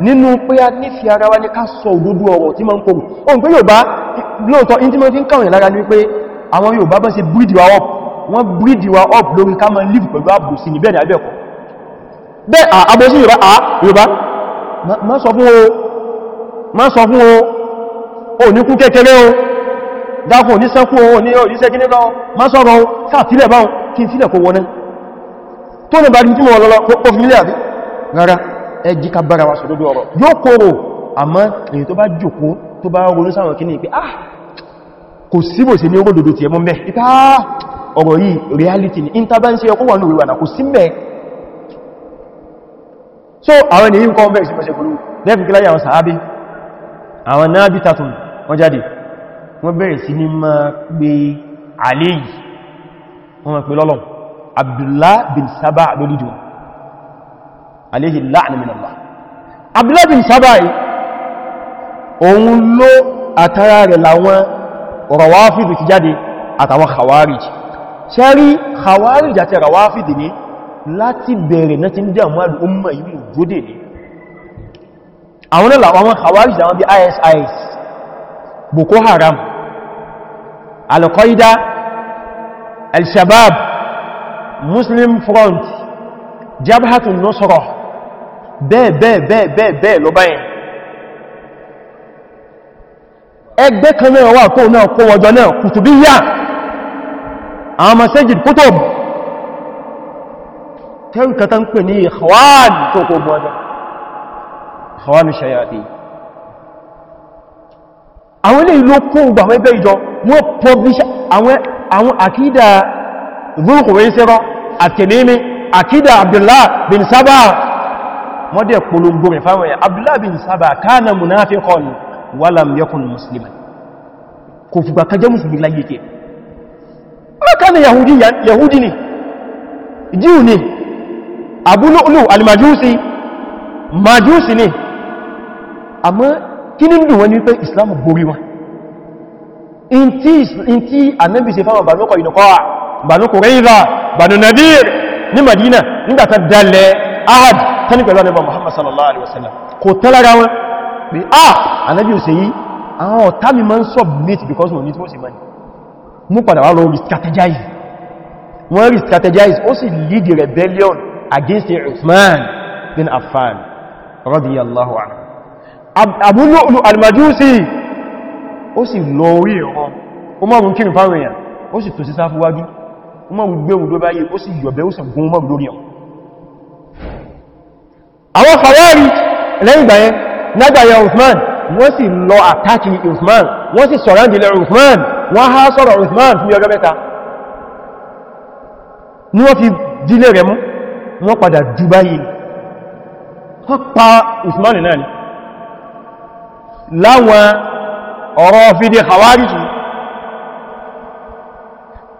nínú pé a nífẹ́ ara wa ní ká sọ òdodo ọ̀rọ̀ tí ma ń kòrò ohun pé Yorùbá lóòtọ́ intimate ń kàwẹ̀ lára ní pé àwọn Yorùbá bá ṣe breed wa up wọ́n breed wa up lórí ká ma live pẹ̀lú àbòsí ní bẹ́ẹ̀ àbẹ́ẹ̀kọ́ bẹ́ẹ̀ àbòsí Yorùbá à Yorùbá má sọ fún o má sọ fún o ò ní kú kékeré o dákùn ò ní sẹ́kù o ní oríṣẹ́ kí nílọ má sọ̀rọ̀ o sáà fílẹ̀ báhùn kí n fílẹ̀ kó wọnẹ́ tó ní bá ní tí mo lọ́lọ́ kó fi mílẹ̀ ẹjí ká bára wa sòdodo ọ̀rọ̀ yóò kóró àmọ́ èyí tó bá jòkó tó bá ronú sáwọn kìíní pé ah kò síbò sí ní oròdòdó ti ẹmọ́ mẹ́ ipá ah, ọ̀rọ̀ yìí reality ni intervention ọkọ̀ wà ní orí wà náà kò sí mẹ́ so àwọn ènìyàn kọ́ bẹ̀rẹ̀ sí pẹ̀sẹ̀ pẹ̀lú lẹ́fìkí láyé àwọn sàábí àwọn náà bí tàtùn wọ́n jáde wọ́n bẹ̀rẹ̀ sí ní máa pé Abdullah bin Saba lórí jùlọ aléhì láàrin minallah abúlẹ́bìn sábàáyí òun ló àtàrà rẹ̀ láwọn rọwáfíìdì ti jáde àtàwọn khawarij ṣẹ́rí khawarij àti rọwáfíìdì ní láti bẹ̀rẹ̀ náà ti ń dámọ́ al'umma yìí mú jóde ní àwọn àwọn khawarij àwọn bí ISIS Front jabhatu nusra bẹ́ẹ̀ bẹ́ẹ̀ bẹ́ẹ̀ bẹ́ẹ̀ bẹ́ẹ̀ lọ báyìí ẹgbẹ́ kan náà wà tó náà kó wọjọ náà kùtùbíyà àwọn masajid kutub tẹ́nkàtà ń pè ní ìhwàn tó kó gbọ́dọ̀ ìhwàn ṣayàdì àwọn ilé ìlú kó gbà àwọn ẹgbẹ́ ìjọ wọ́n publish àwọn àkídà zurkùwẹ́ sẹ́rọ àtẹ̀lẹ́mẹ́ àkídà abdullah bin saba wọ́n dẹ̀ polongo rẹ̀ fáwọn èèyàn abdullah bin saba kánà munafiqan walam yakun musliman kò fùgbà kajẹ́ musulmi láyé ke kánà yahudi ni jíù ni abúlú'lú almajusi majusi ni àmọ́ kí ní dùn wọn ní pé islam borí wọn in tí annabi ṣe fáwọn bànúkọ̀ ìnàkọ́ bànúkọ̀ rẹ̀ ìrà bànú ní Madina nígbàtà dalẹ̀ ahad tani pẹ̀lú anẹ́bà Muhammad sallallahu alaihi wasallam kò tẹ́lára wọn pé ah anábí ò sèyí àwọn ọ̀tá mi máa ń submit because mo ní tí mo sì mani mú padà wá lọ re-strategize wọ́n re-strategize ó sì lead the rebellion against Uthman bin Affan radiyallahu anhu Abu Lu'lu al-Majusi ó sì lọ orí ẹ̀rọ ó mọ́rún kí n fáwọn Umaru gbé òdó báyé ó sì yọ̀bẹ̀ ó sì gún Umaru lórí ọ̀ àwọn Khawarij lẹ́yìn ìgbà yẹn lágbàyà Uthman wọ́n sì lọ àtàkì Uthman wọ́n sì sọ̀rọ̀ndìlẹ̀ Uthman wọ́n há sọ̀rọ̀ Uthman fún ọjọ́ mẹ́ta ní wọ́n fi dílé rẹ̀ mú wọ́n padà jù báyìí pa Uthman náà ni láwọn ọ̀rọ̀ fídí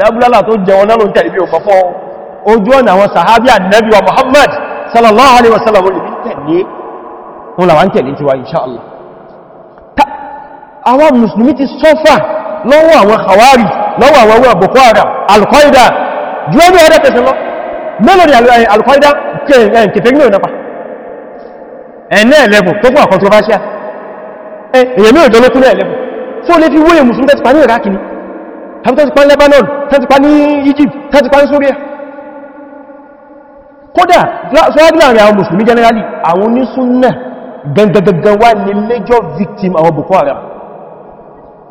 dábúlálà tó jẹun lọ́rùn tẹ̀ ibi òkọ̀ fún ojú ọ̀nà àwọn sàhábí ànábì wa Muhammad sallallahu alaihi wasallam ibi tẹ̀lé wọn làwọn tẹ̀lé tiwa inṣáàlá àwọn mùsùlùmí ti sọ́fà lọ́wọ́ àwọn Khawarij lọ́wọ́ àwọn ẹwọ́ Boko Haram Al-Qaeda ju ẹni ọdẹ kẹsẹ̀ lọ mélòdì Al-Qaeda kẹfẹ́ ní ọ̀nà pa ẹ̀nẹ́ ẹ̀lẹ́bùn tó fún àkọ́ntọ́fáṣíà èyẹ̀mí òjò ló tún ẹ̀lẹ́bùn fún olé fi wóye mùsùlùmí tẹ́sì parí ìrákìní tàbí tán ti pa ní Lebanon tán ti pa ní Egypt tán ti pa ní Syria kódà ṣọ́wọ́dí láàrin àwọn mùsùlùmí generally àwọn onísúnnà gangan wá ní major victim àwọn Boko Haram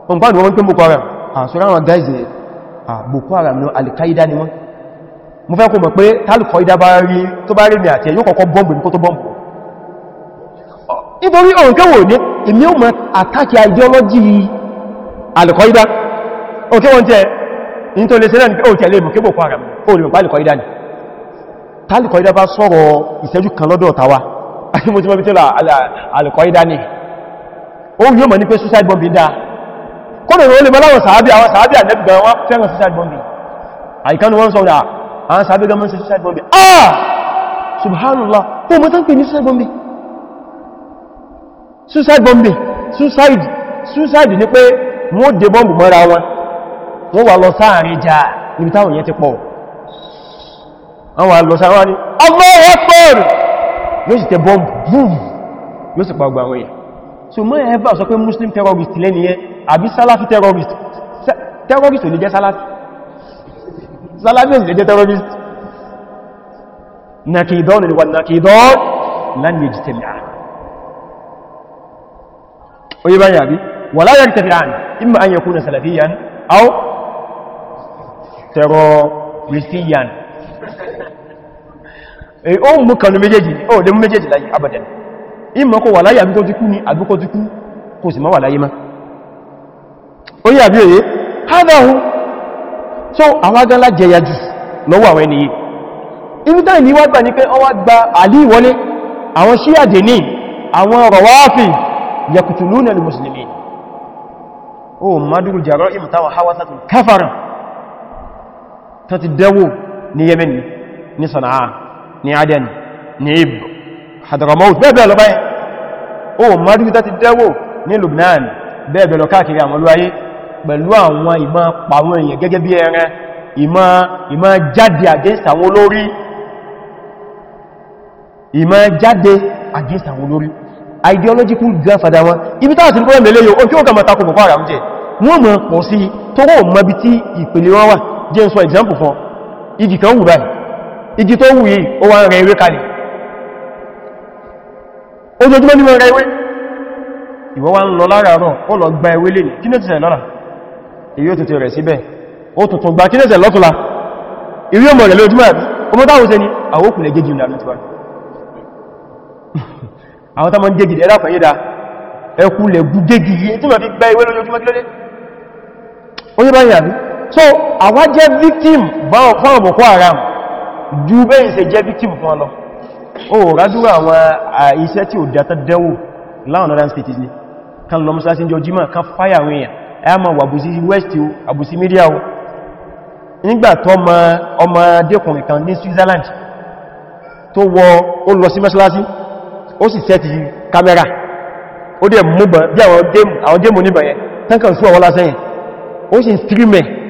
wọn bá ní wọ́n pín Boko Haram àṣọ́rọ̀ àwọn guys ní Boko Haram ní Al-Qaeda ni wọ́n mo fẹ́ kó mọ̀ pé tálùkọ́ ìdá bá rí tó bá rí mi àti ẹ̀yọ́ kọ̀kọ́ bọ́m̀bù ní kó tó bọ́m̀bù nítorí òǹkẹ́wò ní èmi ò mọ̀ àtàkì ideology Al-Qaeda òkè wọ́n tẹ́ ní tó lè sẹ́lẹ̀ ní pé òkè lè mú kébò kọ́ ara mú olùmọ̀ pálìkọ̀ ìdá ni tálìkọ̀ ìdá bá sọ̀rọ̀ ìṣẹ́jú kan lọ́dọ̀ tàwa [LAUGHS] àti mo ti mọ́ bí tí ó alìkọ̀ ìdá ni ó yíò mọ̀ ní pé suicide bombing dáa kọ́nà ìrọ̀lẹ̀ bọ́láwọ̀ sàábí àwọn sàábí àdẹ́bì gan wọ́n fẹ́ràn suicide bombing àìkánu wọ́n sọ̀rọ̀ àwọn sàábí gan mọ́ sí suicide bombing ah subhanallah ó mọ́ tán pè ní suicide bombing suicide bombing suicide suicide ni pé wọ́n dé bọ́mbù mọ́ra wọn wọ́n wà lọ sáàrin jà níbi táwọn èèyàn ti pọ̀ àwọn àlọ́sà wá ní Allahu Akbar yóò sì tẹ bọ́m̀bù búùbù yóò sì pa ọgbà àwọn èèyàn so mọ́ ẹ̀fà sọ pé muslim terrorist lẹ́niyẹn àbí salafi terrorist terrorist ò lè jẹ́ salafi salafi ò lè jẹ́ terrorist nàkìdán ni wà nàkìdán tẹ̀rọ christian o [LAUGHS] eh, mú kanú méjèèjì o lè mú méjèèjì láyé abadan ìmọ̀ kò wà láyé àbí tó ti kú ní àbí kò ti kú kò sì má wà láyé má ó yí àbí òye hádọ́hun so àwọn agánlá jẹyà jù lọ́wọ́ àwọn ènìyàn inú táì ní wá gbà ní pé ọ wá gba àlí ìwọlé àwọn ṣíyàdé ní àwọn rọwáfì yakutuluna al-muslimin o maduru jaro imtawa hawasatun kafaran tó ti dẹ́wò ní yemen ní sana'a ní aden ní ib hadramaut bẹ́ẹ̀bẹ̀ lọ báyìí o mọ́rí tó ti dẹ́wò ní lubnan bẹ́ẹ̀bẹ̀ lọ káàkiri àwọn olúwayé pẹ̀lú àwọn ìmá pàwọn èèyàn gẹ́gẹ́ bí ẹran ìmá ìmá jáde against àwọn olórí ìmá jáde against àwọn olórí ideological grandfather wọn ibi táà ti ní kọ́ ẹ̀mẹ́lẹ́yọ ojú ọgá mọ́ta kò pọ̀pọ̀ àràmjẹ́ wọ́n mọ̀ pọ̀ sí tó rọ̀ mọ́bí tí ìpele wọn wà jẹ́ sọ example fún igi kan wù báyìí igi tó wù yìí ó wá rẹ̀ ewé kalẹ̀ ojoojúmọ́ ní wọ́n rẹ̀ ewé ìwọ wá ń lọ láràárọ̀ ó lọ gba ewé lè kí ní tẹ̀sẹ̀ lọ́la èyí ó tètè rẹ̀ síbẹ̀ ó tuntun gba kí ní tẹ̀sẹ̀ lọ́tùla ìrí ọmọ rẹ̀ lójúmọ́ àbí ọmọ táwọn ṣe ni àwọn òkùnlẹ̀ gẹ́gì ní àmì tiwa [LAUGHS] àwọn táwọn gẹ́gì ẹ̀dà kan yída ẹkùnlẹ̀ gú gẹ́gì yìí tí wọ́n fi gba ewé lójoojúmọ́ kí lóde ó yẹ báyìí àbí so àwa jẹ́ victim fún Boko Haram ju bẹ́yìn ṣe jẹ́ victim fún ọlọ́ o rádúrà àwọn iṣẹ́ tí ò dátà dẹ́wò láwọn northern states ni kan lọ mọ́sá sí jọ jímọ̀ kan fáyà àwọn èèyàn ẹ̀yà ma wà àbùsí west o àbùsí media o nígbàtọ́ ọmọdékùnrin kan ní Switzerland tó wọ ó lọ sí mọ́sálásí ó sì sẹ́tì kámẹ́rà ó dẹ̀ mú bọ̀ bí àwọn démù níbẹ̀yẹn tán kàn sú ọwọ́lá sẹ́yìn ó sì streamer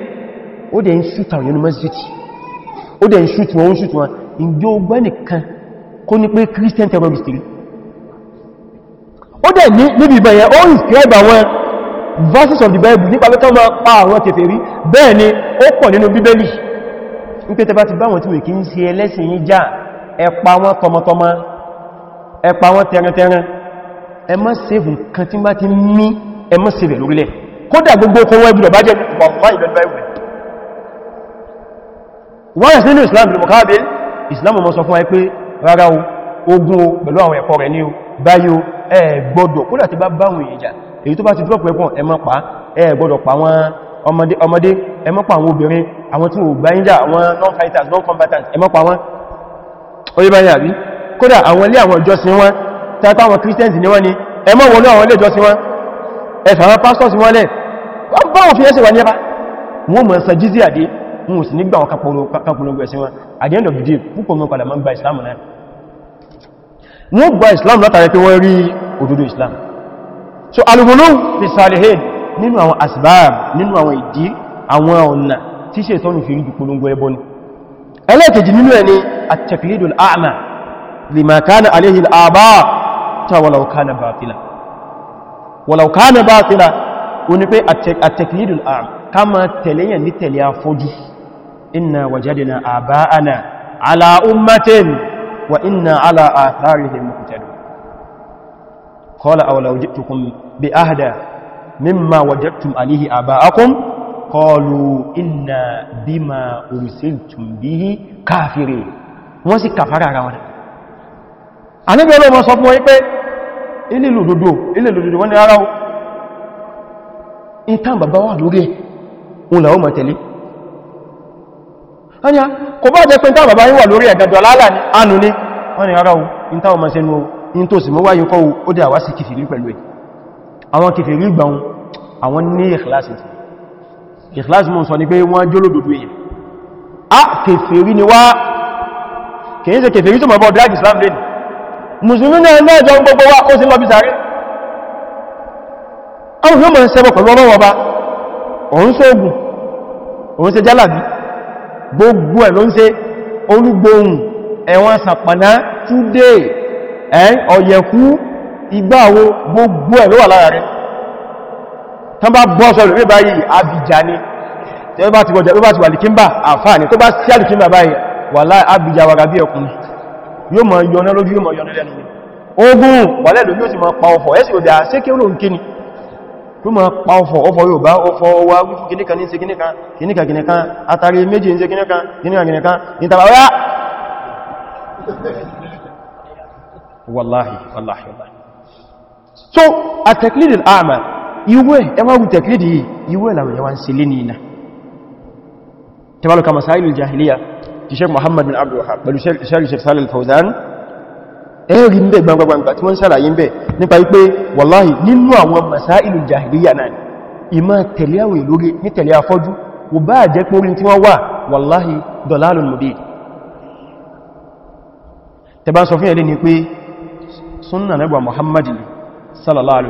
ó dẹ̀ ń ṣútù àwọn yẹnu masjid ó dẹ̀ ń ṣútù wọn ń ṣútù wọn ìjọ ọgbẹ́ nìkan kó ní pé christian terrorist rí ó dẹ̀ níbi ìbẹ̀yẹ ó inscribe àwọn verses of the bible nípa pé kọ́mọ pa àwọn kèfèrí bẹ́ẹ̀ ni ó pọ̀ nínú bíbélì ní pé tẹbá ti bá wọn tí wè kí ń ṣe ẹlẹ́sìn yí já ẹ pa wọn tọmọtọmọ ẹ pa wọn tẹrẹtẹrẹ ẹ má sèfù kan tí bá ti mí ẹ má sèfẹ̀ lórílẹ̀ kódà gbogbo okòwò ẹgbùdọ̀ bá jẹ́ wọ́n ìbẹ̀lẹ̀ wọ́n sí ní islam ní mọ̀kábẹ̀ islam mọ́ sọ fún ẹ pé rárá o ogun o pẹ̀lú àwọn ẹ̀kọ́ rẹ̀ ní o báyí o ẹ gbọ́dọ̀ kó láti bá báwọn ìjà èyí tó bá ti drop ẹ̀kùn ẹ má pa ẹ gbọ́dọ̀ pa àwọn ọmọdé ẹ má pa àwọn obìnrin àwọn tí ó gbá ń jà àwọn non-fighters non-combatants ẹ má pa wọn orí báyìí àbí kódà àwọn ilé àwọn ìjọsìn wọn tàbí àwọn christians ni wọ́n ni ẹ má wọlé àwọn ilé ìjọsìn wọn ẹ fàwọn pastors wọn lẹ̀ wọ́n báwọn fi ẹsẹ̀ wà ní ẹbá wọ́n mọ̀ sàjízí àdé wọn ò sì nígbà wọn kápọ̀lọ́gbọ̀ ẹ̀sìn wọn at the end of the day púpọ̀ mọ́ padà máa ń gba islam náà wọ́n gba islam látàrí pé wọ́n rí òdodo islam so alùgbòló fi salihin nínú àwọn asbab nínú àwọn ìdí àwọn ọ̀nà tí ṣe tọ́nù fi rí ìpolongo ẹbọ ni ẹlẹ́kejì nínú ẹni at-taqlidul a'ma lima kana alayhi al-aba ní pé afọ́jú inna wajadina aba'ana ala ummatin wa inna ala atharihim muqtadun qala aw law ji'tukum bi ahda mimma wajadtum alayhi aba'akum qalu inna bima ursiltum bihi kafirin wọ́n sì kàfàrà ara wọn àníbí ọlọ́mọ sọ fún wọn pé ilé lòdòdó ilé lòdòdó wọ́n ni ara wọn ìtàn bàbá wà lórí ẹ̀ òun làwọn mọ̀ tẹ̀lé ọ́nà kò bá jẹ́ pé ìta bàbá yíwà lórí ẹ̀gẹ̀dọ̀ lálà ní anù ní wọ́n ni ara o in táwọn ma ṣe ní o in tó sì mọ́ wáyé kọ́ ó dẹ̀ àwá sí kìfìrí pẹ̀lú ẹ̀ àwọn kìfìrí gbà wọn àwọn ní ìkìláṣì ni pé wọ́n jóló dòdó èyàn a ni wá kìí ṣe kìfìrí tó mọ̀bọ̀ drag Islam lẹ́nu mùsùlùmí náà náà jọ gbogbo wá gbogbo ẹ̀ ló ń ṣe olúgbóhùn ẹ̀wọ̀n sàpàná túdé ẹ̀ ọ̀yẹ̀kú ìgbàwo gbogbo ẹ̀ ló wà lára rẹ̀ tán bá bọ́ sọ́rọ̀ rí báyìí abìjà ni tẹ́lú bá ti wọ́jà ló bá ti wà lìkímbà àfáà ni tó bá sí àlìkímbà báyìí wà láì abìjà wàgà bí ẹkùn yóò mọ̀ yọ̀nà lójú yóò mọ̀ yọ̀nà lẹ́nu ogun wà lẹ́lú yóò sì mọ̀ pa ọ̀fọ̀ ẹ́sì òdà tó ma pa ọfọ̀ ọfọ̀ yóò bá ọfọ̀ wa wífú kìníkà ní ṣe kìníkà kìníkà kìníkà àtàrí méjì ní ṣe kìníkà kìníkà kìníkà ní tàbí ọ̀yá wallahi wallahi wallahi so a taqlidil a'ma iwe ẹwàwù taqlidi iwe làwọn yawan sí lé nìna tabaluka masailul jahiliya ti sheikh muhammad bin abdul wahab pẹ̀lú sheikh salil fawzan ẹ̀rí ń bẹ gbangbangba tí wọ́n ṣàlàyé ń bẹ nípa wípé wàláhì nínú àwọn masáìlù jahiliya náà ìmá tẹ̀lé àwẹ̀ lórí ní tẹ̀lé afọ́jú wò bá jẹ́ orin tí wọ́n wà wàláhì dalalul Muhammad sallallahu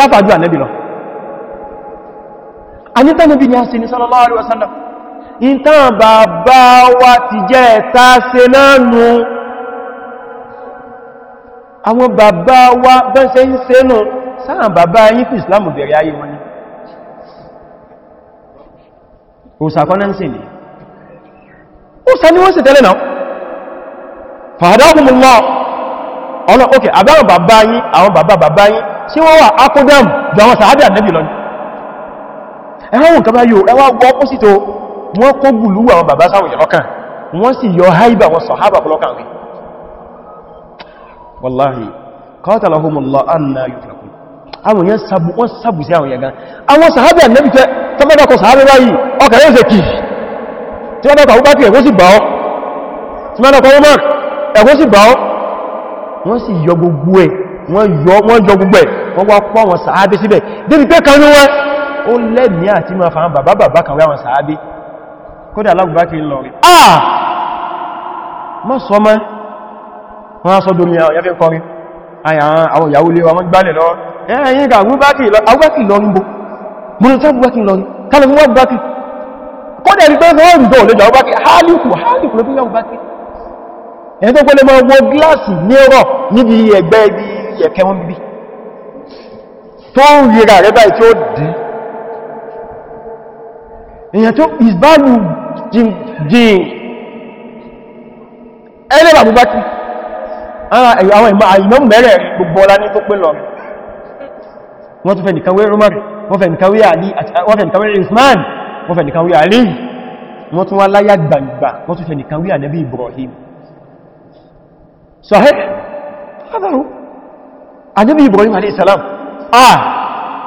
a anítànàbí ni a ṣe ní sallallahu alaihi wasallam ìtàn bàbá wa ti jẹ́ ẹ̀ta ṣe lánú àwọn bàbá wa bẹ́ẹ̀ṣẹ́ ń ṣe nù sáà bàbá yín fi islamu bẹ̀rẹ̀ ayé wọn ni òsàkọ́nẹ́nsì ni òsà ni wọ́n sì tẹ́lẹ̀ náà fàádáhùnmùlọ́ ọ̀nà òkè àbáwọn bàbá yín àwọn bàbá bàbá yín tí wọ́n wà akódàmù jọ àwọn sàábẹ̀ ànẹ́bì lọ́nìí ẹwọ́n kaba yóò ẹwà gbọ́ ó sì tó wọ́n kó gùlú àwọn bàbá sáwọn ìrọ́kàn wọ́n sì yọ haibà wọn sọ̀hábà kọlọ́kàn rí wallahi qatalahumullah anna yuflakun àwọn wọ́n yọ gbogbo ẹ̀ wọ́n wá kó àwọn sàhábà síbẹ̀ débi pé kanú wọn ó lẹ́mí àti máa fàán bàbá bàbá kàwé àwọn sàábé kódà alágbà kí lọ rí àà mọ́ sọ mọ́ wọ́n sọ domi àwọn yàfẹ́ kọrin àwọn ìyàwó lé wọn gbálẹ̀ lọ ẹ̀yìn ìgbà agbákì lọ rí bó mọ́ agbákì lọ rí kálẹ̀ mú agbákì kódà rí pé wọ́n rí bọ́ọ̀ lójọ agbákì hálùkù hálùkù lóbi agbákì ẹni tó pẹ́lẹ̀ mọ́ wọ gíláàsì ní ọ̀rọ̀ níbi ẹgbẹ́ ibi ẹ̀kẹ́ wọn bíbí tó ń rí rà rẹ́bà tí ó dìí èyàn tó ìsbáàlù jìn ẹlẹ́bà bú bá kí àwọn ìmọ̀mù mẹ́rẹ̀ gbogbo ọlá ní tó pín lọ wọ́n tó fẹ́ nìkan wé Umar wọ́n fẹ́ nìkan wé Ali wọ́n fẹ́ nìkan wé Usman wọ́n fẹ́ nìkan wé Ali wọ́n tún wá láyá gbàgbà wọ́n tún fẹ́ nìkan wé Ànábì Ibrahim sahih Ànábì Ibrahim alayhi salam ah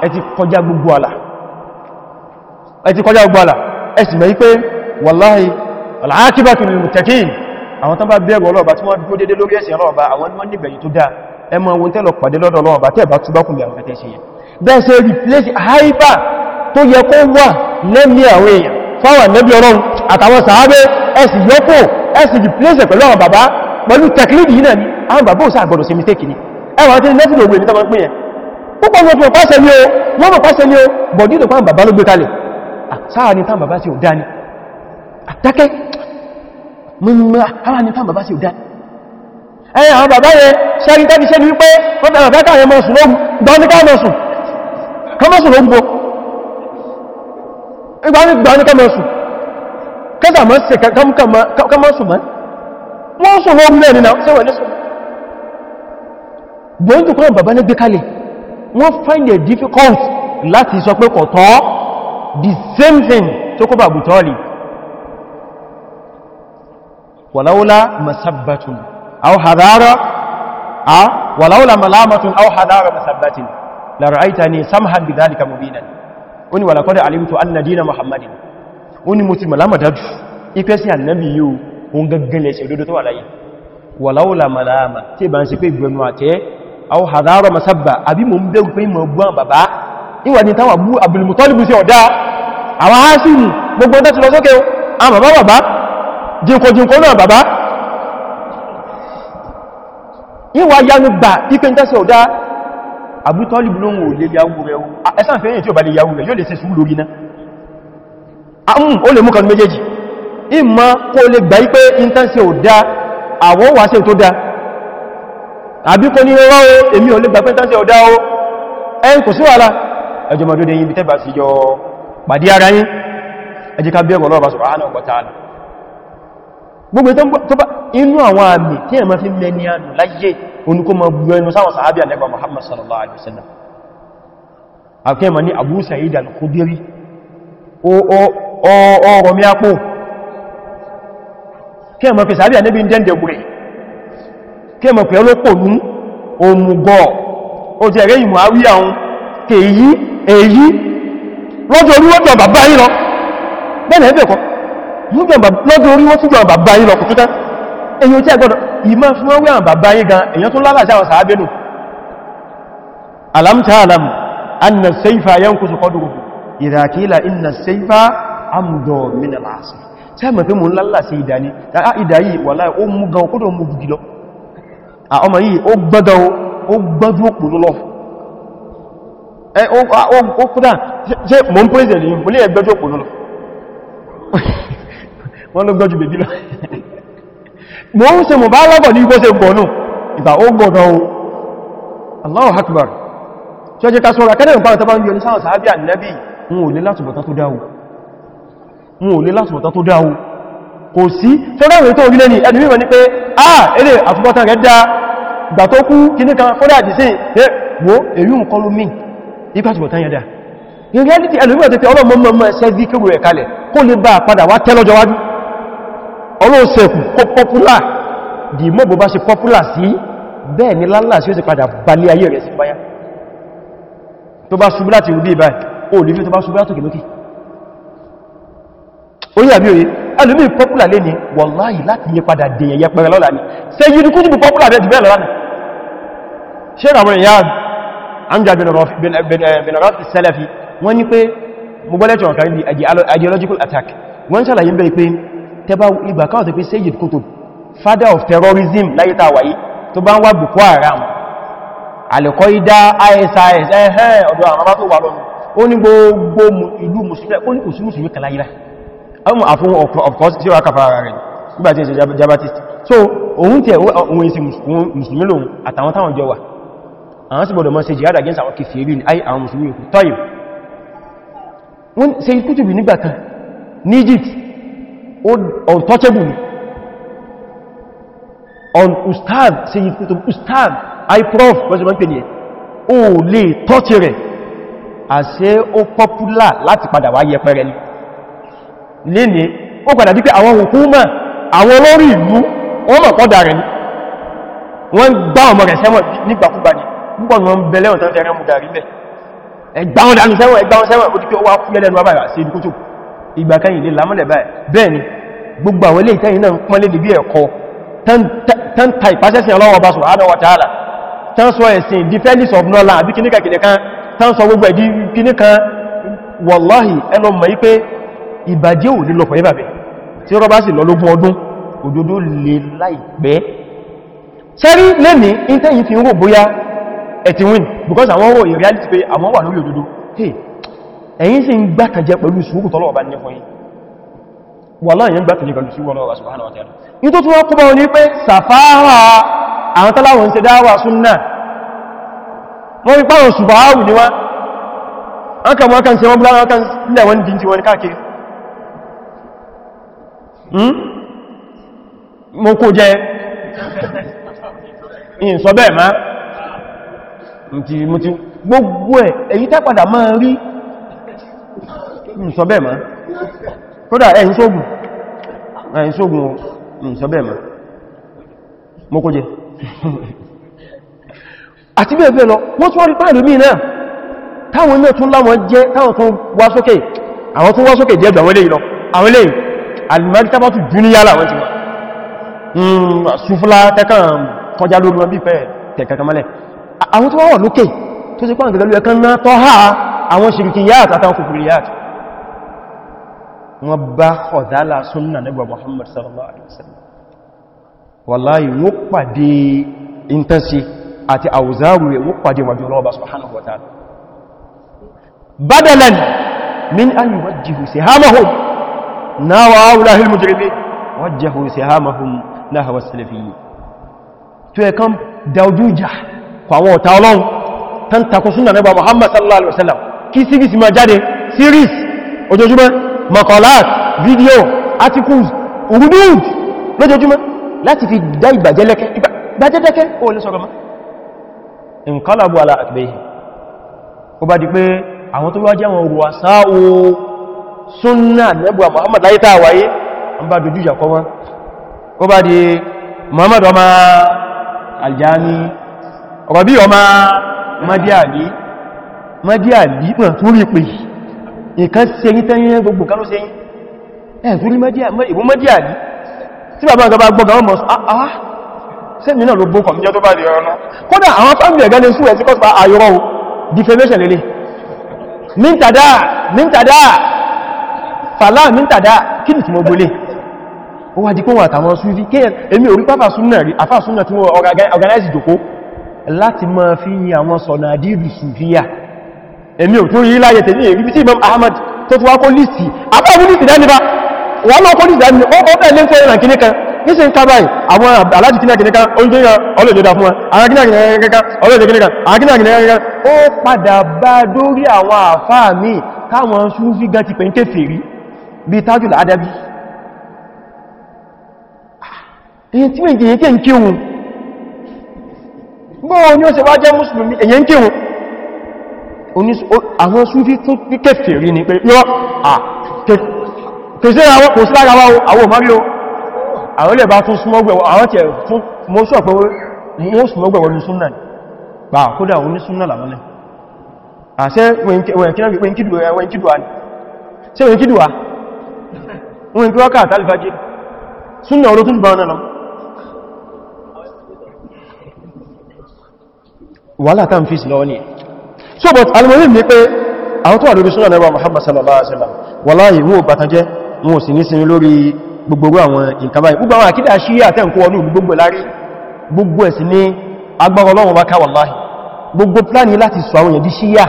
ẹ ti kọjá gbogbo àlà ẹ ti kọjá ọgbàlà ẹ sì mẹ́ wípé wallahi al-aqibatu lil-muttaqin àwọn tán bá bẹ̀rù ọlọ́ọ̀bá tí wọ́n dúró dédé lórí ẹ̀sìn ọlọ́ọ̀bá àwọn wọ́n nígbẹ̀yìn tó dáa ẹ mọ ohun tẹ́lọ pàdé lọ́dọ̀ ọlọ́ọ̀bá tẹ́ẹ̀bá túbákùnlẹ̀ àwọn ẹ̀tẹ́ ṣe yẹn bẹ́ẹ̀ ṣe replace haifa tó yẹ kó wà lẹ́mí àwọn èèyàn fáwà lẹ́bí ọlọ́run àtàwọn sàábé ẹ̀sì yọ́pọ̀ ẹ̀sì replace pẹ̀lú àwọn bàbá pẹ̀lú tẹ̀kìlìdì yìí náà ni àwọn bàbá ò sáàgbọ̀dọ̀ ṣe mistake púpọ̀ wọn fi pàṣẹ ní o wọ́n mọ̀ pàṣẹ ní o bọ̀dí ìdọ̀pá bàbá ló gbé kalẹ̀ sáà ní tán bàbá sí ò dání àtẹ́kẹ́ mímọ̀ ara ní tán bàbá sí ò dání ẹ̀yìn àwọn bàbá yẹ ṣẹ́rí tẹ́bí ṣe ní wípé wọ́n tẹ́rọ fẹ́ káàrẹ mọ́sùn lóògùn gbọ́nìká mọ́sùn kọmọ́sùn ló ń bọ́ gbọ́nìká mọ́sùn kẹ́sà mọ́sùn kọmọ́sùn mọ́ wọ́n sùn lóògùn náà nínú sẹ́wọ̀n ní sùn gbọ́nìkọ́ bàbá ní gbé kalẹ̀ wọ́n find it difficult láti sọ pé kọ̀tọ́ the same thing tó kó bá Abu Talib walaula masabbatun aw hadara a walaula malamatun aw hadara masabbatin la ra'aitani samhan bi dhalika mubinan oni wala qad alimtu anna dina muhammadin oni mo ti malama daju ipe si annabi yo on gaggale se dodo tó wà láyé walaula malama tí bá ń ṣe pé gbenu ate aw hadara masabba àbí mo ń bẹ̀rù pé baba níwàdí táwọn Abu Abdul Muttalib sí ọ̀dá àwọn Hásìmù gbogbo tẹ́ ti lọ sókè àwọn bàbá bàbá jínkojínko náà bàbá níwà yanu gbà pípẹ́ tẹ́sí ọ̀dá Abu Talib lóhun ò lè yàwó rẹ̀ ẹ̀sàn fẹ́yìn tí ó bá lè yàwó rẹ̀ yóò lè ṣe sùúrù lórí náà mm, ó lè mú kan méjèèjì ìmọ̀ kó lè gbà ipé intense ò dá àwọ́ wà sí tó dá ẹjọ́ mọ́dúdé yìí tẹ́bà sí jọ pàdé ara yìí ẹjẹ́ ká bẹ̀rọ lọ́wọ́ subhanahu wa ta'ala gbogbo tó bá inú àwọn àmì tí ẹ̀mọ́ fi mẹ́ni ànù láyé onúkó mọ́ Abu Sa'id al-Khudri ọ̀rọ̀ mi apó kẹ́mọ̀ fi sàábí àlẹ́bí ń dẹ́ndẹ̀ wùrẹ̀ kẹ́mọ̀ pẹ̀lú pòlú omugọ́ ó ti ẹ̀rẹ́ ìmọ̀ àwíyà tèyí èyí lọ́jọ́ orí wọ́n jọ bàbá yìí lọ bẹ́ẹ̀ ẹ̀bẹ̀ kọ́ lọ́jọ́ orí wọ́n tún jọ bàbá yìí lọ kò tútẹ́ èyàn tí ẹgbọ́dọ̀ ìmọ̀ fún wọ́n wẹ́n bàbá yìí gan èyàn tó lálàṣà àwọn sàábẹ́nu alam ta'lam anna as-sayfa yanqusu qadruhu idha qila inna as-sayfa amdo min al-asr sẹ́mọ̀ pé mo ń ó kúdá ṣe mọ́ ń pèsè lè mú lè ẹgbẹ́jọ́ pò lọ wọ́n ló gbọ́jú bèbí lọ mọ́ ń se mọ̀ bá lábọ̀ ní ìgbọ́sẹ̀ gbọ́nù ìgbà ó gbọ́dọ̀ o Allahu Akbar tí ó jẹ́ ká sọ́ra kẹ́lẹ̀ ìpára tọ́bá ń yọ ní sáwọn sàábí ànìyàbí wọn ò lè látùbọ̀tá tó dáwó kò sí tọ́rọ̀wẹ̀ tó orílẹ̀ ní ẹni wíwọ ní pé àà eré àtúbọ̀tá rẹ̀ dá ìgbà tó kú kìníkan kọ́dá àdìsí wo èyí ń kọlu míì ìgbàtùbọ̀ tán yẹ́dá in reality ẹlòmíràn tẹ́tẹ́ ọlọ́mọ mọ́mọ́ ẹsẹ́ zikiru rẹ̀ kalẹ̀ kó lè bá padà wá tẹ́lọ́jọ́ wájú ọlọ́sẹ̀kù ó pọ́pùlà dì mọ́ bó bá ṣe pọ́pùlà sí bẹ́ẹ̀ ni lálà sí ó sì padà balẹ̀ ayé rẹ̀ sí báyá tó bá ṣubú láti rúbí báyìí ó lè fi tó bá ṣubú látòkè lókè orí àbí òye ẹlòmíràn pọ́pùlà lé ní wọ̀láyì láti yẹ padà dèyẹ yẹpẹrẹ lọ́la ni sẹ́yìn ikú tí bù pọ́pùlà bẹ́ẹ̀ jù bẹ́ẹ̀ lọ́la ni ṣé ìràwọ̀ ìyá amjá bin rafi salafi wọ́n ní pé mọ́gbọ́lẹ́tọ̀ ọ̀kan ní ideological attack wọ́n ṣàlàyé bẹ̀rẹ̀ pé tẹba ìgbà káwọ̀ tẹ pé Sayyid Qutb father of terrorism láyé tàwàyé tó bá ń wá Boko Haram Al-Qaeda ISIS ẹ̀hẹ́ ọ̀dọ̀ àwọn bá tó wà lọ́nà ó ní gbogbo ìlú musulmi kàláyé rẹ̀ àwọn àfún ọ̀pọ̀ sí wà kàfàrà rẹ̀ nígbàtí ìṣẹ́ jabatist so òun tẹ̀ òun ìsìn musulmi lòun àtàwọn táwọn jọ wà àwọn sì gbọdọ̀ mọ́ ṣe jihad against àwọn kìfèrí ní ayé àwọn musulmi òkú tọ́yìn wọ́n ṣe Kutubi nígbàkan ní Egypt untouchable touchable. on ustad ṣe Kutubi ustad I iprof wọ́n ṣe mọ́ ń pè ní ẹ̀ o lè tọ́tí rẹ̀ àṣẹ ó pọ́pùlà láti padà wá yẹpẹrẹ ní léni ó padà dípé àwọn hukuma àwọn olórí ìlú wọ́n mọ̀ pọ́dà rẹ̀ ní wọ́n gbá ọmọ rẹ̀ sẹ́wọ̀n nígbàkúgbà ni púpọ̀ wọn bẹ̀lẹ̀ ọ̀tọ́ tẹ́rẹ mú gàrí mẹ́ ẹgbàun dánú sẹ́wọ̀n ẹgbàun sẹ́wọ̀n ó ti pé ó wá fúyẹ́lẹ̀ ní wábàrà sí ìdíkútù of nola àbí kíníkà kìnìkan tán sọ gbogbo ẹ̀dí kíníkan wallahi ẹlọ mọ̀ wípé ìbàjẹ́ ò lílọ fún ìbàbẹ̀ tí ó rọ́bá sì lọ lógún ọdún òdodo lè láìpẹ́ sẹ́rí lẹ́ni ìtẹ́yìn fi ń rò bóyá ẹ̀tí win because àwọn wọ̀ in reality pé àwọn wà lórí òdodo hey ẹ̀yin sì ń gbákànjẹ pẹ̀lú sùúrù tọ́lọ́wọ̀ bá ní fún yín wallahi ń gbákànjẹ pẹ̀lú sùúrù tọ́lọ́wọ̀ subhanahu wa ta'ala ní tó tún wọ́n kúbọ̀ ní pé sàfáhà àwọn tọ́láwọ̀ ń ṣe dáwà súnnà wọ́n rí páwọn ṣùgbọ́n ni wọ́n an kà mọ́ kan ṣe wọ́n blára kan sílẹ̀ wọ́n dìntí wọ́n káàkiri hmm? mo kó jẹ [LAUGHS] ìyìn sọ bẹ́ẹ̀ máa tí mú tí gbogbo ẹ̀ èyí tẹ́ padà máa rí ǹsọ bẹ́ẹ̀ ma kódà ẹ̀yìn sóògùn ẹ̀yìn sóògùn ǹsọ bẹ́ẹ̀ ma mọ́ kó jẹ [LAUGHS] àti bẹ́ẹ̀ bẹ́ẹ̀ lọ wọ́n tún wọ́n rí páàlù mí náà táwọn ilé tún láwọn jẹ́ táwọn tún wá sókè àwọn tún wá sókè jẹ́ jù àwọn eléyìí lọ àwọn eléyìí alìmọ́dí tábátù júníyà láwọn ti wọ́n hmm, súnfúnlá tẹ́kàn kọjá lórí wọn bí fẹ́ tẹ̀kẹ̀kẹ́ mọ́lẹ̀ àwọn tó wọ́n lókè tó sì pọ́nà gẹ̀gẹ̀lú ẹ̀kan náà tọ́ ha àwọn ṣirikí yáàtì àtàwọn kòkòrò yáàtì wọ́n bá ọ̀dálà súnnà nígbà mohamed sallallahu alaihi wasallam wallahi wọ́n pàdé wọ́n pàdé wàjú ọlọ́ọ̀bá to e kan dawduja àwọn ọ̀tá ọlọ́run tán takò súnà nẹ́bà Muhammad sallallahu alaihi wasallam kí series ma jáde series ojoojúmọ́ maqalat video articles urudud lójoojúmọ́ láti fi dá ìbàjẹ́ lẹ́kẹ́ ìbàjẹ́ lẹ́kẹ́ ó lè sọ̀rọ̀ mọ́ inqalabu ala atbayhim ó bá di pé àwọn tó Muhammad láyé tàà wáyé ń bá dojú ìjà Muhammad ọmọ aljami Rabi ọmọ Madiali Madiali náà tún rí pé nǹkan ṣe yí tẹ́yìn gbogbo kan ló ṣe yí ẹ̀ tún rí ìbú Madiali tí bàbá ọ̀gá bá gbọ́gbà ọmọ àá ah, ah, ah, sẹ́mi náà ló bó kọ̀míjọ́ tó bá rí ọ̀nà kódà àwọn fámìlì ẹ̀gá lè súwẹ̀ sí kọ́sùpá ayọ́rọ̀ defamation lélẹ̀ mintada mintada fàlá mintada kí ni tí mo gbólé ó wá di pé wọn àtàwọn súnfí kéèyàn èmi orí pápá súnnà rí àfáà súnnà tí wọ́n organize ìjòkó Lati ma fi yin àwọn sọ̀nà si sùfíyà èmi ò tó rí láyé tẹ̀lé ìrìbí tí Imam Ahmad tó fi wá kó lísì àbábú lísì dání bá wọ́n náà kó lísì dání ó bẹ̀ẹ̀ lé fẹ́ ìrìnà kìníkan níṣe ń kábàáyì àwọn alájì kìníkan kìníkan oúnjẹ ọlọ́dẹ̀dà ọlọ́dẹ̀ bóò ní ó ṣe wá jẹ́ mùsùlùmí èyàn kírun àwọn súnfí tún kèfèrí ni pé yọ́ à kèsè àwọn kò sílára wá àwọn òmárí o àwọn ilẹ̀ bá tún súnmọ́gbẹ̀wọ̀ àwọn tẹ̀ fún mọ́ṣọ́ pé wọ́n súnmọ́gbẹ̀wọ̀ ní súnnà gbà kódà wọ́n ní súnnà làmọ́lẹ̀ àṣẹ wọ́n kí súnnà olótún bá wọn náà wàhálà tán fi sílọ ní so but alimohim ni pé àwọn tó wà lórí súnà náà Muhammad sallallahu alaihi wasallam wàláyìí wọn ò bàtàjẹ́ wọn ò sì ní sinmi lórí gbogbo àwọn nǹkan báyìí gbogbo àwọn àkídà ṣíyà tẹ́ǹkọ́ ọdún gbogbo lárí gbogbo ẹ̀sì ní agbára Ọlọ́run bá ká wàláhì gbogbo pláni láti sọ àwọn èèyàn di ṣíyà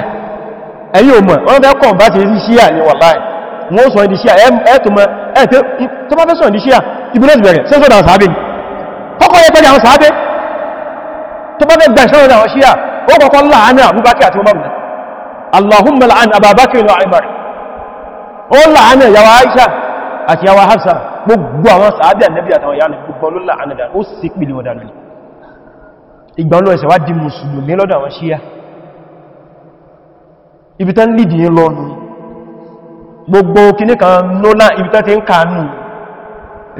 ẹ̀yí o mọ̀ wọ́n fẹ́ kọ̀ bá ti rí ṣíyà ní wàláhì wọ́n sọ tó bá bẹ́gbà ìṣẹ́rẹ̀ àwọn ṣíyà ó kọ̀kọ́ láàánà àbúbákí àti umaru na allahumma la'an ababakí wa umar ó láàánà yawa aisha àti yawa hafsa gbogbo àwọn sàábí annabi àtàwọn yánà gbogbo ló láàánà dà ó sì pìlì wọ̀dà lónìí ìgbà lọ ẹ̀sẹ̀ wá di mùsùlùmí lọ́dọ̀ àwọn ṣíyà ibi tán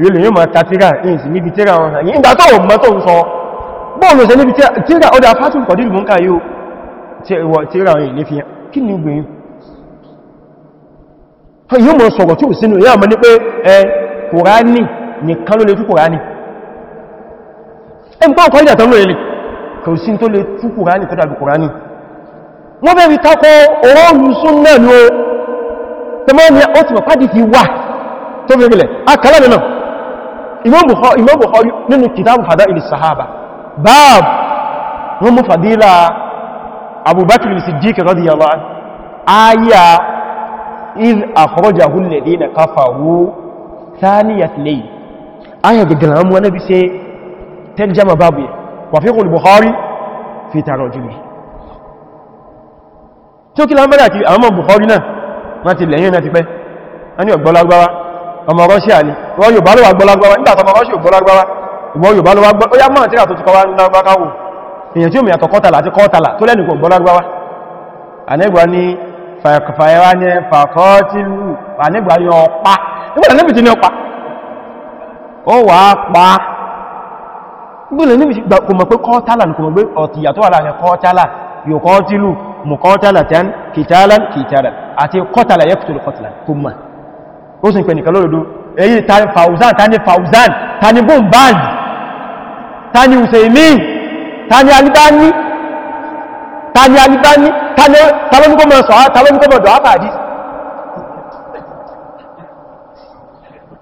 yíò mọ̀ tàtíra èyí níbi tíra wọn yìí ìgbà tó mọ́ tó ń sọ bọ́ọ̀lù ṣe níbi tíra ọdá fásún kọ̀dí ìlú mọ́ká yóò tíra rẹ̀ ní fíyàn kí ni gbìyàn yóò mọ̀ sọ̀rọ̀ tí ò sínú yóò mọ̀ ní pé ẹ kòránì nìkan ló lè tú kòránì ẹn pọ́ọ̀kọ́ ìdàtọ́ ló lè kò sí tó lè tú kòránì tó dàbí kòránì wọ́n bẹ̀rẹ̀ takọ ọ̀rọ̀lù súnnà ni ó tẹmọ́ ni ó ti pàdé fi wà tó fi rílẹ̀ akẹ́lẹ́ nínú Imam Bukhari nínú kìtàbù fada'il sahaba báàb wọ́n mú fàdílà abubakar siddiq radiyallahu anhu ayà iz akhrajahu alladhina kafaru thaniyatayn ayà gẹ̀gẹ̀rẹ̀ mú wọ́n bí ṣe tarjama báàbù yẹ wà fi kùn bukhari fi tarjumi tí ó kí lámbàdà ti àwọn ọmọ bukhari náà wọ́n ti lẹ́yìn náà ti pẹ́ wọ́n ni ọgbọ́lágbáwá ọmọ russia ni wọ́n yóò bá lọ́wọ́ gbọ́lágbáwá nígbàtọ̀ russia gbọ́lágbáwá ìwọ Yorùbá ló wá gbọ́ ó yá mọ́ tíra tó ti kọwa lárúbá káwò èyàn tí ó mìyàtọ̀ kọ́tàlà àti kọ́tàlà tó lẹ́nu gbọ́ lárúbáwá anẹ́gbà ní fàyẹ̀kọ̀fàyẹ̀wá ní fàkọ́tìlú anẹ́gbà yọ ọpa nígbàlẹ̀ níbi tí ní ọpa ó wà á pa nígbàlẹ̀ níbi tí kò mọ̀ pé kọ́tàlà kò mọ̀ pé ọ̀tì yàtọ̀ wà láàrin kọ́tàlà yòkọ́tìlú mùkọ́tàlà tán kìtàlán kìtàlán àti kọ́tàlà yẹ́kùtùlù kọ́tàlà kò mọ̀ ó sì ń pẹ̀ nìkan lóòdó èyí tani Fauzan tani Fauzan tani bombaz tani Usaimin tani Albani tani Albani tàbí kó mọ̀ sọ́wọ́ tàbí kó mọ̀ dọ̀wà pàdí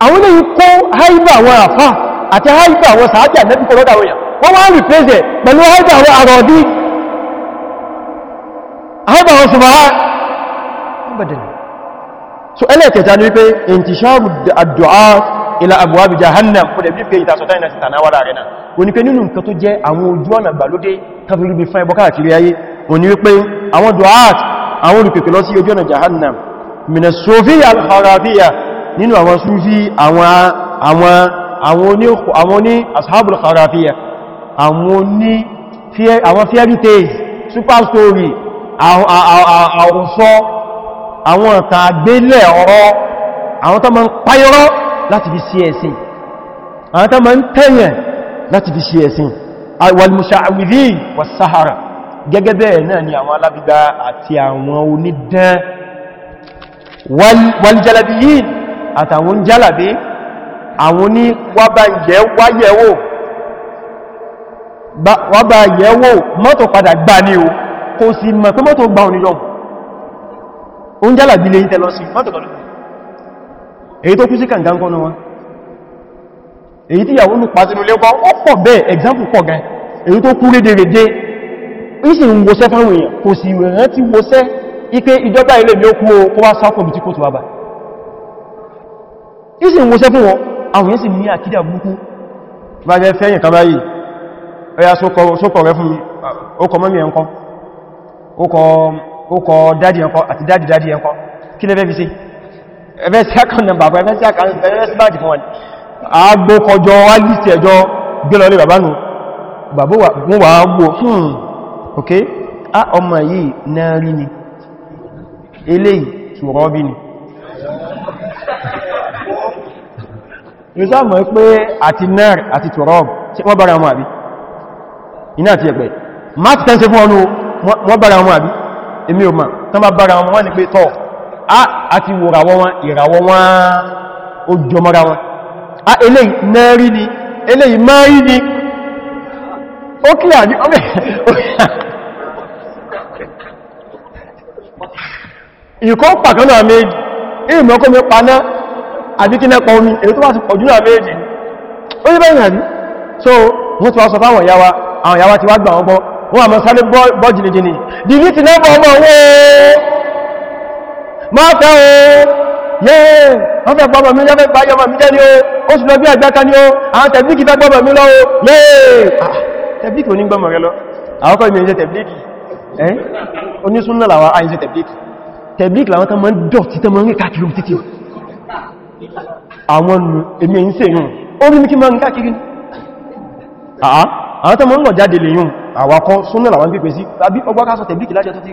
àwọn ilé kó haibà àwọn àfá àti haibà àwọn sàájì àti ẹ̀kọ́ lọ́dà wọ́n wọ́n wọ́n rí pẹ́sẹ̀ pẹ̀lú haibà àwọn àrọ̀dí haibà àwọn sùmọ́há so ẹlẹ́kẹta ní wípé intisharu àdùá ila abwab jahannam kò dẹ̀bí pé ìtàsọ̀tá ìnà sí tànáwà láàrin náà wọ́n ni pé nínú nǹkan tó jẹ́ àwọn ojú ọ̀nà gbàlódé tàbí bí fún ẹbọ káàkiri ayé wọ́n ni wípé àwọn duat àwọn olùpẹ̀pẹ̀ lọ sí ojú ọ̀nà jahannam mina sofiya al-kharafiya nínú àwọn sufi àwọn àwọn àwọn ní ashabul kharafiya àwọn ní àwọn fairy tales super story àwọn sọ àwọn tàgbélẹ̀ ọ̀rọ̀ àwọn tó ma ń payọ́rọ́ láti fi sí ẹ̀sìn àwọn tó ma ń tẹ́yẹ̀ láti fi sí ẹ̀sìn walmusha'awidhin was-sahara gẹ́gẹ́ bẹ́ẹ̀ náà ni àwọn alábígbá àti àwọn onídán waljalabiyin àtàwọn jálàbí àwọn ní wábáyẹ̀wò mọ́tò padà gbá ní o kò sí mọ̀ pé mọ́tò gbá onílọ́m oúnjẹ́ làbílẹ̀ ìtẹ́lọ́sí mọ́tò kọlùkù èyí tó kú sí kànga ńkọ́ náà èyí tí yàwó lù pàtínú lẹ́kọ́ ó pọ̀ bẹ́ẹ̀ example pọ̀ gan èyí tó kú rédèrèdè ó sì ń wọṣẹ́ fáwọn èèyàn kò sì rán tí wọṣẹ́ ipé ìjọba ilé mi ó kú o kó wá sáfọ̀ bí tí kò tó wá bá ó sì ń wọṣẹ́ fún wọn àwọn èèyàn sì ní àkídà burúkú bá jẹ́ fẹ́yìn kan báyìí ọya sókọ̀ rẹ fún mi ó kọ mọ́mí ẹ̀ńkọ́ ó kọ dáàdì ẹ̀ńkọ́ àti dáàdì dáàdì ẹ̀ńkọ́ kí lẹ́fẹ́ fi sí ẹ̀fẹ́ sí àkàn nàmbà fún ẹ̀fẹ́ sí àkàn ẹ̀fẹ́síbájì fún wọn àgbò kọjọ wá lìsì ẹjọ́ gẹ́lọlé bàbá nù bàbá hmm ok a ọmọ yìí náà rí ni ni ìrìsá mọ̀ pé àti náà àti tọ̀rọ̀bù tí wọ́n bára wọn àbí iná àti ẹ̀pẹ̀ máa ti tẹ́ sí fún ọnú wọ́n bára wọn àbí èmi ò máa tán bá bára wọn ní pé tọ́ àti ìràwọ̀ wọn ìràwọ̀ wọn ojọmọ́ra wọn a eléyìí mẹ́rí ni eléyìí mẹ́rí ni ó kí à ní ọmọ ìkọ́ pàkánà méjì ìmọ́kọ́ mi paná àdíkínẹ́pọ̀ omi èyí tó bá ti pọ̀jú náà méjì ó yí bẹ́yìn àdí so wọ́n ti wá sọ fáwọn ìyáwa àwọn ìyáwa ti wá gbà ọgbọ́ wọ́n àmọ́ sáré bọ́jìnìjìnì dìlítì náà bọ́ ọmọ owó mọ́fẹ́ o yẹ́ mọ́fẹ́ gbọ́bọ̀ mi lẹ́fẹ́ gbáyọmọ̀ mi jẹ́ ni o ó sì lọ bí àgbáka ni o àwọn fẹ́ o yẹ́ ah, tẹ̀blíkì onígbọ́mọ̀ rẹ lọ àwọ́kọ́ ìmẹ̀ ìjẹ́ tẹ̀blíkì ẹ́ onísúnnà làwà àìjẹ́ tẹ̀blíkì tẹ̀blíkì làwọn tán mọ́ ń dọ̀tí tán mọ́ ń rí káàkiri títí àwọn èmi ń ṣe yùn ó rí mi kí mọ́ ń káàkiri àwọn tán mọ́ ń lọ jáde lè yùn àwakọ́ súnnà làwọn pípẹ́ sí tàbí ọgbọ́kásọ tẹ̀blíkì lájẹ́ tó ti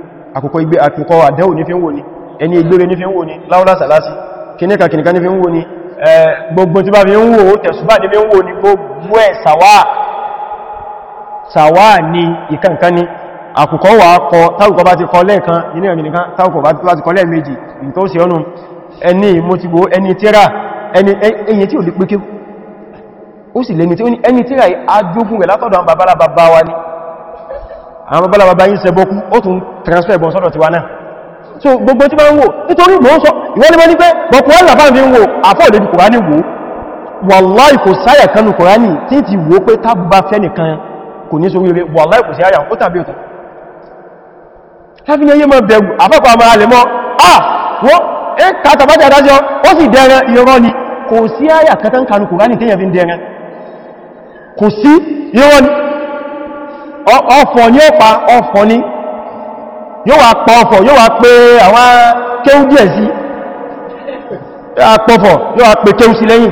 àkùkọ igbe àkùkọ àdẹ́wò ní fi ń wò ní ẹni ìgbére ní fi ń wò ní láúlá sàlásì kìníkà kìníkà ní fi ń wò ní gbogbo tí bá fi ń wò tẹ̀sùbá ní fi ń wò ní gbogbo ẹ̀ sàwà ní ìkankan ní àkùkọ wà kọ táwùkọ bá ti kọ lẹ́ẹ̀kan nínú ẹ̀mì nìkan ẹni tíra ẹni rẹ̀ látọ̀dọ̀ àwọn babalá babawa ni àwọn bọ́lá bàbá yìí sẹ́bọ́kú ó tún transfer ìbọn sọ́dọ̀ tiwa náà so gbogbo tí wọ́n wò nítorí mọ́ sọ ìwọ́n ni wọ́n ní pé bọ̀kú wọ́n làbá ní wò àfọ́ ìdẹ́bì kòránì wò wàláì kò sáyà kanú kòránì tí ti wò pé tábùbá fẹ́ nìkan kò ní kò ah wọ́n ẹ kàtàbájà dájọ́ ó sì dẹran irọ́ ni kò sí àyà kankan kanú kòránì tí yẹn fi ń dẹran kò sí irọ́ ọ̀fọ̀ ni ó pa ọ̀fọ̀ ni yóò wà pa ọ̀fọ̀ yóò wà pé àwọn kéhù díẹ̀ sí àpọ̀fọ̀ yóò wà pé kéhù sí lẹ́yìn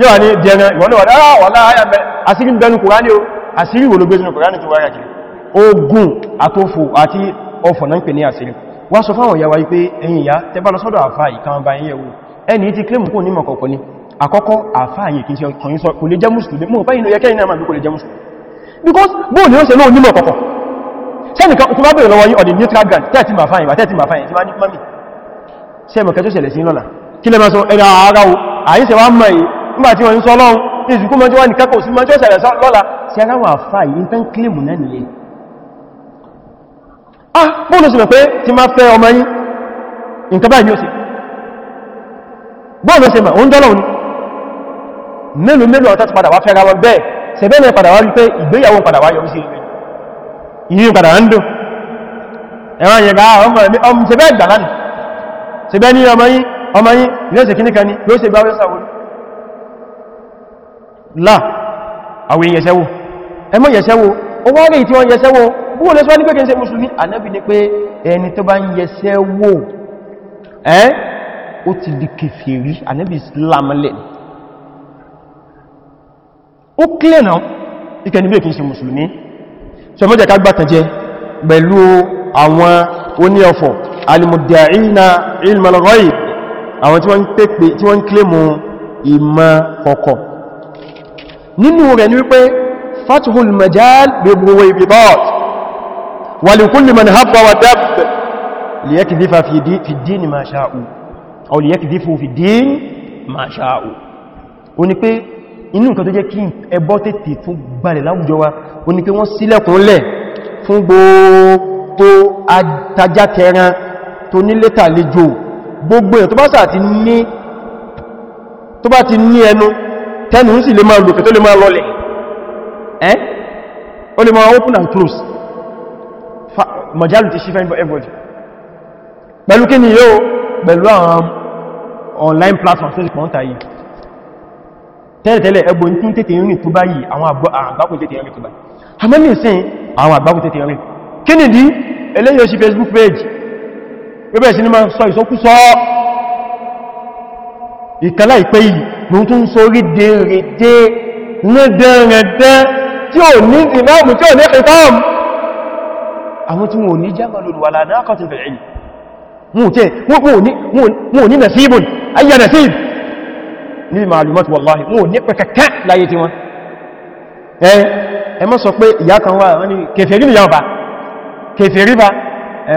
yóò wà ní dẹ̀nà ìwọ̀n náà wà láàáyà mẹ́ àṣírí ń bẹnu kòránì o àṣírí wò ló gbé sínú kòránì tó wáyà kiri ogun àtòfò àti ọ̀fọ̀ náà ń pè ní àṣírí wá sọ fáwọn ìyàwó pé ẹ̀yin ìyá tẹ́bá lọ sọ́dọ̀ àfáà ìkan bá yẹ̀wò ẹni tí claim kò ní ni àkọ́kọ̀ àfáà yìí kìí ṣe kò lè jẹ́ mùsùlùmí mọ̀ báyìí ló yẹ kẹ́yìn náà máa bí kò lè jẹ́ mùsùlùmí because bóòlù ó ṣe lóò nímọ̀ kọ̀kọ̀ sẹ́nìkan tó bá bèèrè lọ́wọ́ yí ọ̀dẹ̀ neutral ground tẹ́ẹ̀tì ma fáyìn tẹ́ẹ̀tì ma fáyìn tí wá ní mọ́mí sẹ́mọ̀kẹ́ tó ṣẹlẹ̀ sí lọ́la kí lẹ́mọ́ sọ ẹ̀rọ ara o àyíṣẹ́ wá mọ̀ yìí nígbà tí wọ́n ń sọ lọ́run ìsìnkú mọ́ tí wọ́n ní kẹ́kọ̀ọ́ sí mọ́ tí ó ṣẹlẹ̀ lọ́la sí ara wà fáyì ń fẹ́ ń kílèmù náà nìyẹn ah bóòlù sì mọ̀ pé tí máa fẹ́ ọmọ yín nǹkan báyìí ó sì bóòlù sì mọ̀ oúnjẹ́ lọ́run mélòó mélòó ọ̀tọ́ ti padà wá fẹ́ra wọn bẹ́ẹ̀ sẹ̀bẹ́lẹ̀ padà wá wípé ìgbéyàwó padà wá yọrí sí rẹ̀ ìyí padà ń dùn ẹwọ́n yẹ̀gá ọmọ sẹ̀bẹ́ ìgbà lánìí sẹ̀bẹ́ ní ọmọ yí ọmọ yí yóò ṣe kíníkan ní yóò ṣe gbáwé sáwọ́ là àwọn ìyẹ̀ṣẹ́wò ẹmọ ìyẹ̀ṣẹ́wò ó wá rí tí wọ́n yẹ̀ṣẹ́wò búwọ́ lẹ́sọ́ ní pẹ́kẹ́ ṣe mùsùlùmí ànábì ní pé ẹni tó bá ń yẹ̀ṣẹ́wò ẹ́ ó ti di kèfèrí ànábì islam lẹ́nu ó kílẹ̀ náà ìkẹnibé kìí ṣe mùsùlùmí so mọ́jẹ̀ ká gbàtànjẹ pẹ̀lú àwọn oní ọ̀fọ̀ alìmùdíàína ilmalọ́rọ̀ì àwọn tí wọ́n pèpè tí wọ́n kílẹ̀ mú ìmọ̀ kọ̀kọ̀ nínú rẹ̀ ni wípé fatuhul majal gbogbo ibibat wa li kulli man habba wa dab liyakdhifa fi din ma sha'u inú nǹkan tó jẹ́ kí ẹbọ tètè tún gbalẹ̀ láwùjọ wa o ní pé wọ́n sílẹ̀kúnlẹ̀ fún gbogbo atajátẹran tó ní létà lejò gbogbo ẹ̀ tó bá sà ti ní tó bá ti ní ẹnu tẹ́nu ń lè máa lòkè tó lè máa lọlẹ̀ ẹ́ o lè máa open and close majalu ti ṣífẹ́ for everybody pẹ̀lú kí ni yóò pẹ̀lú àwọn online platforms tó ti pọ̀ tẹ́lẹ̀tẹ́lẹ̀ ẹgbọ́n tí ń tètè rìn tó báyìí àwọn àgbákùn tètè rìn tó báyìí àmọ́ ní ìsìn àwọn àgbákùn tètè rìn kí ni dí eléyìí sí facebook page wíbẹ̀ sí ni máa sọ ìsọkúsọ ìkàlá ìpé yìí ló tún sọ rí dèrèdè rẹ̀dẹ̀rẹ̀dẹ̀ tí ò ní ìlàmù tí ò ní ìfẹ́fàm àwọn tí wọn ò ní jẹ́mà lòdù wà láàrín àkọ́tù bẹ̀rẹ̀ yìí wọn ò ní nasibun ayyà nasib ní màálùmọ́tí wàláhì wọ́n ní pẹ̀kẹ̀kẹ́ láyé tí wọ́n ẹ mọ́ sọ pé ìyá kan wà wọ́n ni kèfèrí ni yàwó bá kèfèrí bá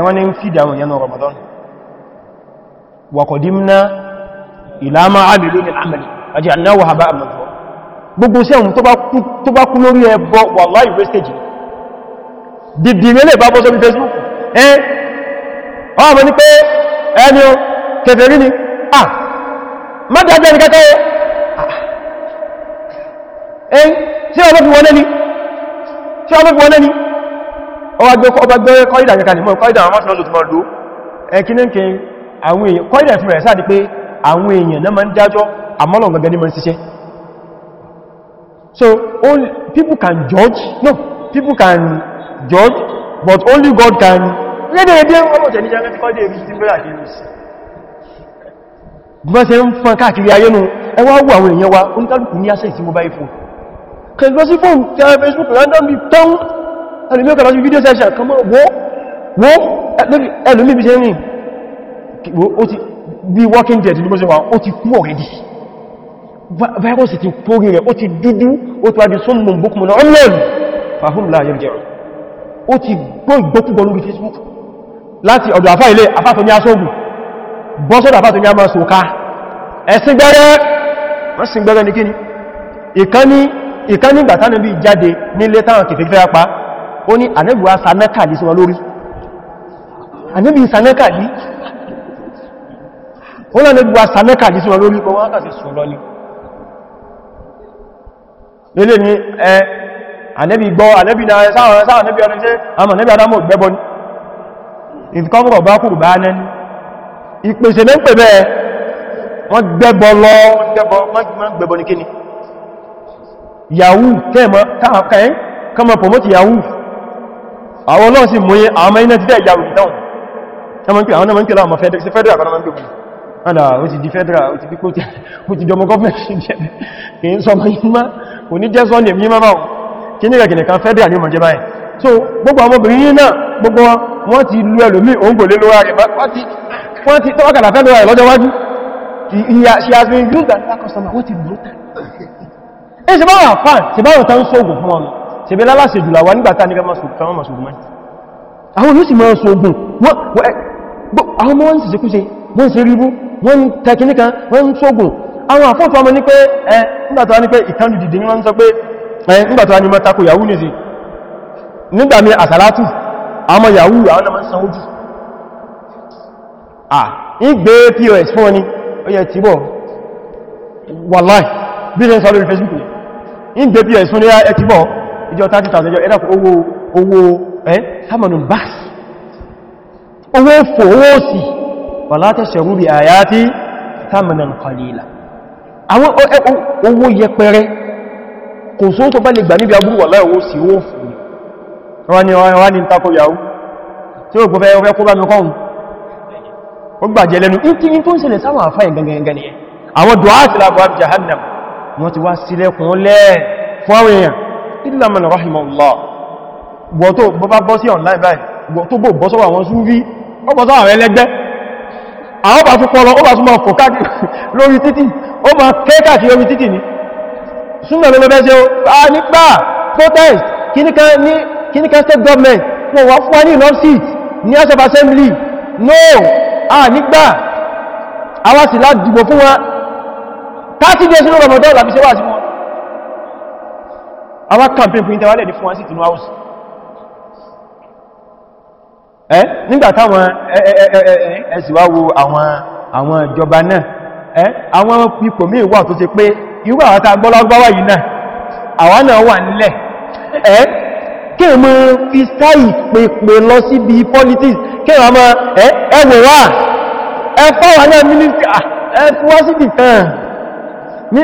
wọ́n ni ń fi dáwọn yánà Ramadan wa qadimna ila ma amilu min amali faj'alnahu haba'an manthura gbogbo sẹ́hùn tó bá kú lórí ẹbọ wàláhì wastage ni ah mọ́dájẹ́ ní kẹ́kẹ́ ẹ̀yìn ah. eh, tí ọmọ fi wọlé ní tí ọmọ fi wọlé ní ọba gbé kọ́ìdà kẹkà ní mọ́ kọ́ìdà àwọn mọ́sánlọ́sọ̀ tó mọ́ lò ẹkìníkì àwọn èèyàn kọ́ìdà fún rẹ̀ sáàdì pé àwọn èèyàn náà máa ń dájọ́ àmọ́lọ̀ gangan ní mọ́ ṣiṣẹ́ so only people can judge no people can judge but only God can rédèrèdè ọmọ tẹ̀ ní jẹ́ bọ́n ṣe ń fọn káàkiri ayé nù ẹwà wà àwọn èèyàn wa ń kálùkù ní access sí mobile phone kẹgbọ́ sí fún tẹ́rẹ facebook randomly tán ẹlùmí ọkà lọ sí video session kan mọ́ wó ẹlùmí bí ṣe rìn bí walking dead ní bọ́ṣe wà ó ti kú already virus ti kórí rẹ̀ ó ti dúdú ó ti wájú sún mọ̀ bókùnmọ̀ náà online fàhún láàyẹ̀ jẹ́ ó ti gbọ́ ìgbókùgbọ́ lórí facebook láti ọ̀dọ̀ àfá ilé àfáfẹ́ ní asọ́gùn bọ́sọ́dà fàtò ní a máa sòká ẹ̀sìn gbẹ́rẹ́ wọ́n sì gbẹ́rẹ́ ní kíni ìkan ní gbàtánà bí jáde ní létàwọn kìfẹ́ fẹ́ apá ó ní ànẹ́bù wa sanẹ́kàlì sí wọn lórí ànẹ́bù sanẹ́kàlì ó lánẹ́bù wa sanẹ́kàlì sí wọn lórí kọ wọ́n kàsẹ̀ sùn lọ ní lélè ní ẹ ànẹ́bì gbọ́ ànẹ́bì náà sáwọn ànẹ́bì ọdún jẹ́ àmọ̀ ànẹ́bì adámọ̀ gbẹ́bọ́ ní ìfikọ́mọ̀ bá kùrù ìpèsè ní ń pè bẹ́ẹ̀ wọ́n gbẹ́bọ lọ wọ́n gbẹ́bọ ní kíni yahoo kẹ́ẹ̀mọ́ kọ́mọ̀ promote yahoo àwọn ọlọ́run sì mú àwọn mẹ́rin ti dẹ̀ yahoo down àwọn náà mẹ́rin àwọn fẹ́dẹ̀ sí federal kan mẹ́rin gbogbo ọ̀nà ó ti di federal ó ti di kóòtì ó ti dọmọ gọ́ọ̀mẹ́rin wọ́n ti tọ́wọ́kàlà fẹ́ lọ́wọ́ ìlọ́jọ́ wájú she has been used as a customer what is brutal ẹ ṣe báwọn àfáà ṣe báwọn tán sóògùn fún ọmọ ṣe bí lálàṣẹ jùlọ wà nígbàtà ní kama sóògùn máa sóògùn àwọn olú sì máa sóògùn àwọn ọmọ wọn sì ṣekúṣe wọ́n sì rí bú wọ́n ń tẹkíníkà wọ́n ń sóògùn àwọn àfọ́tọ̀ ọmọ ní pé ẹ nígbàtà ní pé ìkánjú dìdì ní wọ́n sọ pé ẹ nígbàtà ní mọ́ tako yahoo nìsí nígbàmí àsàlátù àwọn yahoo àwọn náà máa ń ah ìgbé pos fún ọni ó yẹ tí bọ̀ wàláì bí ṣe sọ́lọ́rí facebook ní ìgbé pos fún ní ẹ tí bọ̀ ìjọ 30,000 ẹjọ́ ẹ̀dàkù owó owó ẹ́ samanun bass owó fòwósì wàlátẹ̀ṣẹ̀rú bí àyá tí samanan kọlìlà àwọn owó yẹpẹrẹ kò só tó bá lè gbà níbi agbúrú wàláì owó sí owó fòwó ó gbàjẹ́ lẹ́nu ìkíyí tó ń ṣẹlẹ̀ sáwọn àfáì gangan ni àwọn duwáàtì lábúwábí jahannam wọ́n ti wá sílẹ̀kùn lẹ́ fọ́wọ́ èèyàn illa man rahimahullah online báyìí gbọ́tọ̀ bọ́ bọ́ sọ́wọ́ àwọn súnfí ó bọ́ sọ́wọ́ ẹlẹ́gbẹ́ àwọn bá tún pọ̀lọ ó bá tún máa fò káàkiri [LAUGHS] lórí títì ó máa kẹ́kàkiri ni súnmọ̀ kíníkà state government wọ́n wá fún wa ní love seat ní house assembly no a ah, nígbà àwa sì ládìgbò fún wọn 30 days inú Ramadan làbí sẹ́wà sí wọn àwa campaign fún ìtẹwàlẹ̀ ní fún wọn sí tinú house ẹ́ nígbà táwọn ẹ̀sìwá wo àwọn ìjọba náà ẹ́ àwọn ipò míì wà tó ṣe pé irú àwọn tá gbọ́lọ́gbọ́wà yìí náà àwa náà wà nílẹ̀ ẹ́ kí èmọ fiskai pèpè lọ sí bí politics kí èmọ ọmọ ẹwẹ̀ wà ẹfọ́ wà náà mínísítà ẹfúwá sí bí kan ní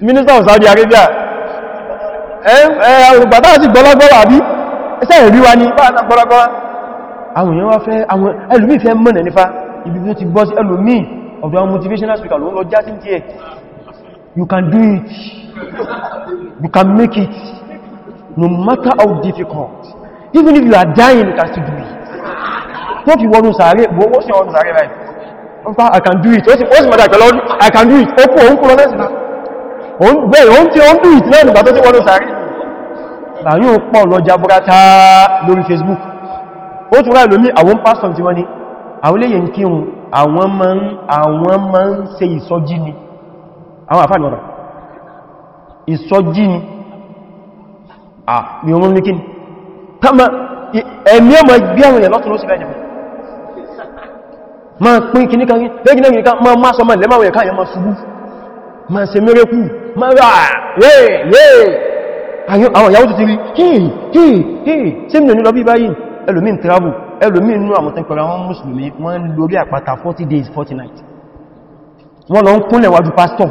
[LAUGHS] minister of Saudi Arabia ẹ̀rùgbàtà sí gbọ́lọ́gbọ́lọ́ àbí ẹsẹ́ ìrí wa ní gbọ́lọ́gbọ́lọ́ àwọn èèyàn wá fẹ́ àwọn ẹlòmíì fẹ́ mọ́nà nípa ibi tó ti gbọ́ sí ẹlòmíì ọ̀dọ̀ àwọn motivational speaker ló ń lọ já sí tí ẹ̀ You can do it. You can make it. No matter how difficult. Even if you are dying, you can still do it. What you want to say, what's your own say like? I can do it. What's my matter? I can do it. Opo, opo, opo, Bẹ́ẹ̀ oún tí ó ń bí ìtìlẹ́ ìgbà tó tí wọ́n ló sàárì. Bà yóò pọ̀ lọ jaburata lórí Facebook. Ó tún ráì lómi àwọn pásítọ̀ tí wọ́n ní, àwọn léyìn kírun, àwọn máa ń ṣe ìsọjí ni àwọn àfáà lọ́rọ̀ ìsọjí ni à mi ò mú ní kíni kama ẹ̀mí ọmọ ẹgbẹ́ àwọn èèyàn lọ́tún ló sì bẹ́ẹ̀ jẹun ma pín kìní kan lẹ́gbìn lẹ́gbìn kan ma máa sọ ma lẹ́màwọ̀ ẹ̀ká yẹn ma ṣubú ma ṣe mẹ́rẹ́ kú ma rà rẹ̀ rẹ̀ àwọn ìyàwó ti rí hìí hìí hìí sí mìnà lọ bí báyìí ẹlòmín travel ẹlòmín inú àmọ̀tán pẹ̀lú àwọn mùsùlùmí wọ́n lórí àpáta 40 days 40 nights wọ́n lọ ń kúnlẹ̀ wájú pastor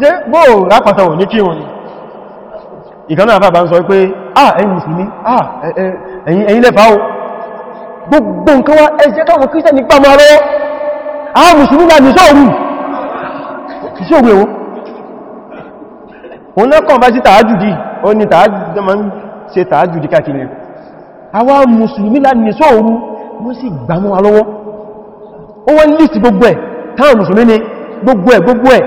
jẹ́ bó rápàtà ò ní kírùn ní ìkanú àfàbà ń sọ pé ah ẹ̀yin mùsùlùmí ah ẹ̀yin lẹ́fà o gbogbo nǹkan wá ẹjẹ́ káwọn kírísẹ̀ nípa ma rọ́ ah mùsùlùmí láti sọ́ọ̀rù ìṣògbè wọn òun lẹ́kàn bá sí tààjùdì ó ní tààjùdì káàkiri àwa mùsùlùmí láti sọ́ọ̀rù wọ́n sì gbàmọ́ alọ́wọ́ ó wọ́n list gbogbo ẹ̀ táwọn mùsùlùmí ni gbogbo ẹ̀ gbogbo ẹ̀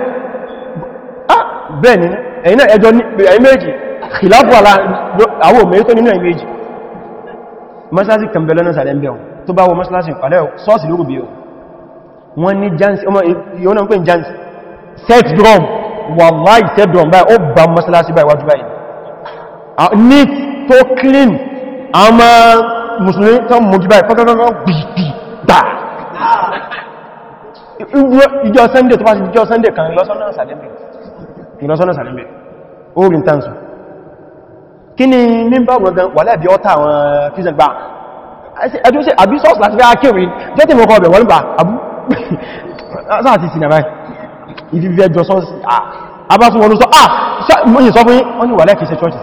bẹ́ẹ̀ ni ẹ̀yìn náà ẹjọ́ ẹ̀yìn méjì khilafu ala àwọn òmìnirí tó nínú ẹ̀yìn méjì mọ́sálásí kàmbẹ̀lẹ́ náà sàlẹ̀ mbẹ̀ tó bá wọ mọ́sálásí pàlẹ́ sọ́ọ̀sì lórí bíò wọ́n ní jans ọmọ yóò náà ń pè ní jans set drum wallahi set drum báyìí ó bá mọ́sálásí báyìí wájú báyìí ah, neat tó clean àmà mùsùlùmí tó mọ́jú báyìí kọ́kọ́kọ́ gbìgbì gbà ìjọ sunday tó bá ti jọ sunday kan lọ́sọ́nà sàlẹ̀ mbẹ̀ ìlọsọ́nà sàrẹ́mẹ́ orin tansu kí ni mímbà gbogbo wà lẹ́bí ọ́ta àwọn christian gbà ẹjú sí àbí sọ́ọ̀sì láti fẹ́ akéwì jẹ́tì mọ́kọ̀ ọ̀bẹ̀ wọ́n [LAUGHS] bá abú sáàtì sí nàbáyì ah mọ́yìn sọ fún wọ́n ni wà lẹ́kì iṣẹ́ chọ́ọ̀tì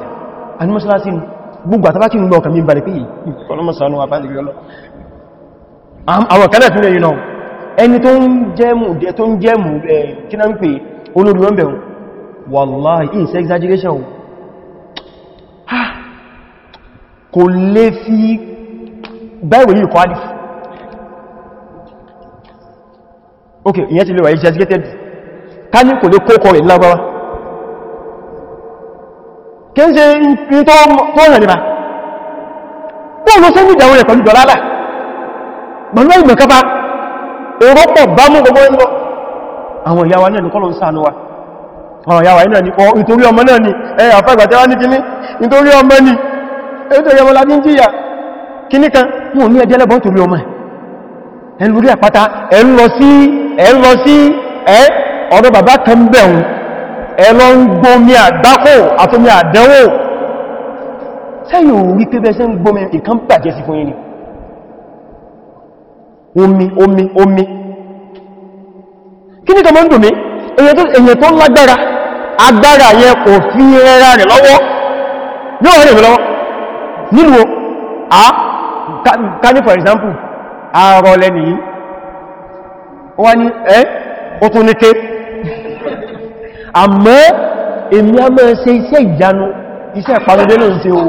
àní mọ́sálásí gbogbo àtàbákì ń lọ ọkà mímbà rẹ̀ pé ìkọlọmọ́sánú àbájẹ̀ yọ́lọ́ àwọn kẹ́lẹ̀ tún lè yìí náà ẹni tó ń jẹ́mù kí náà ń pè olórí wọn bẹ̀rún wallahi in se exaggeration kò lè fi bẹ́ẹ̀wẹ̀ yìí kọ́ alif ok ìyẹn ti lè wà exaggerated ká ní kò lè kókọ rẹ̀ lágbára kí n se ní tó rẹ̀ nípa kó lọ sẹ́ ní ìdáwọn rẹ̀ pẹ̀lú dọ̀lálà pẹ̀lú ìgbẹ̀kápá òrọ́pọ̀ bá mú gbogbo ẹgbọ́ àwọn ìyàwó ọ̀rọ̀ yàwà iná ní ọ ìtorí ọmọ náà ni ẹ àfẹ́gbàtẹ́wà ní ni ìtorí ọmọ láti ń jíyà kíní kan mú ní ẹjẹ́ lẹ́bọ̀n torí ọmọ ẹ̀ lórí àpáta ẹ ń lọ sí ẹ ń lọ sí ẹ ọ̀dọ̀ bàbá kan bẹ̀rún ẹ lọ ń gbómi àgbákò àtomi àdánwò sẹ́yìn orí pé bẹ́ẹ̀ gbómi ìkan bàjẹ́ sí fún yín omi omi omi kíní kan mọ́ ń dùn mí èyàn tó lágbára agbára yẹn kò fi rẹ́rà rẹ̀ lọ́wọ́ yóò rẹ̀ lọ́wọ́ nínú a káni for example ààrọ̀ lẹ́ni yìí wọ́n ni ẹ́ tún níké àmọ́ èmi a máa ṣe iṣẹ́ ìyanu iṣẹ́ ìpanudé ló ṣe o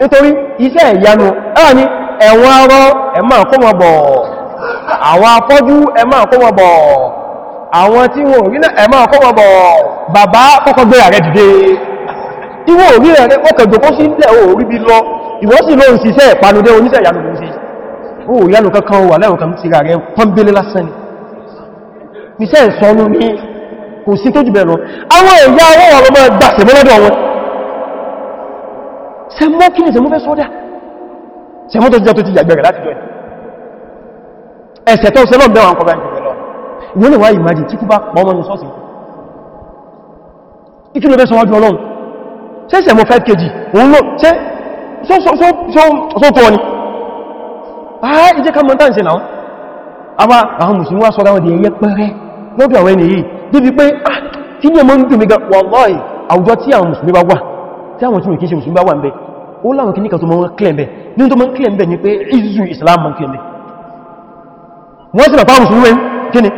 nítorí iṣẹ́ ìyanu ẹ́wà ẹ̀wọ̀n arọ́ ẹ àwọn tí wọ́n rí náà ẹ̀mọ́ ọkọ́wọ́ bọ̀ bàbá kọ́kọ́ gbé ààrẹ dìde ìwọ orí rẹ̀ ọkẹ̀gbò kó sí ilẹ̀ orí bí lọ ìwọ sì ló ń ṣiṣẹ́ ìpanudé oníṣẹ́ ìyanu ló ń sí ó yánu kankan wà lẹ́wọ̀n kan ti rẹ̀ pọ́nbélé lásán ni iṣẹ́ ìsọnù ní kò sí tó jù bẹ̀rọ àwọn ẹ̀yà owó wọn lọ gbà sẹ̀mọ́ lọ́dọ̀ wọn sẹ̀mọ́ kí ni sẹ̀mọ́ fẹ́ sọ́dà sẹ̀mọ́ tó jẹ́ tó ti yàgbẹ̀rẹ̀ láti jọ ẹ̀sẹ̀ tó sẹ́lọ̀ bẹ́wọn kọ báyìí wọ́n lè wá ìmájì tí kú bá pọ̀ mọ́nu sọ́sì ìkí ló bẹ́ sọwájú ọlọ́run sẹ́sẹ̀ mọ́ 5 kg òun lọ sẹ́ sọ́tọ́ ni àá ah, ìjẹ́ ká mọ́ta ìṣẹ́ láwọn àwa àwọn mùsùlùmí wá sọ́ra wọn di ẹyẹ pẹ́rẹ́ lọ́dọ̀ àwọn ènìyàn débi pé tí ah, ní ọmọ ń dùn mi gan wallahi àwùjọ tí àwọn mùsùlùmí bá wà tí àwọn tí kìí ṣe mùsùlùmí bá wà ń bẹ ó láwọn kìí kan tó mọ́ ń kílẹ̀ ń bẹ nínú tó mọ́ ń kílẹ̀ ń bẹ ni pé ìzù ìsìlámù kílẹ̀ ń bẹ wọ́n sì bàbá mùsùlùmí kíni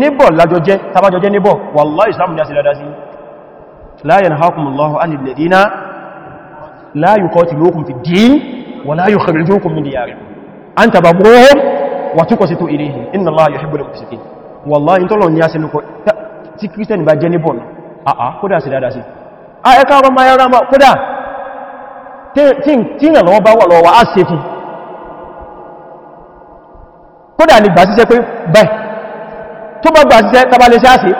níbọ̀ lájọjẹ́ tàbájọjẹ́ níbọ̀ wallahi islam ni a sì ládá sí la yanhakumullahu anil ladina la yuqatilukum fid din wa la yukhrijukum min diyarikum an tabarruhum wa tuqsitu ilayhim inna allaha yuhibbul muqsitin wallahi tó lọ ní a sì lùkọ tí kírísítẹ̀nì bá jẹ́ níbọ̀ náà kódà sí dáadáa sí ayẹ́ká ọmọ ayára kódà tí ìrànlọ́wọ́ bá wà lọ́wọ́ á tó bá gbà síṣẹ́ tàbálẹ̀ sí àṣì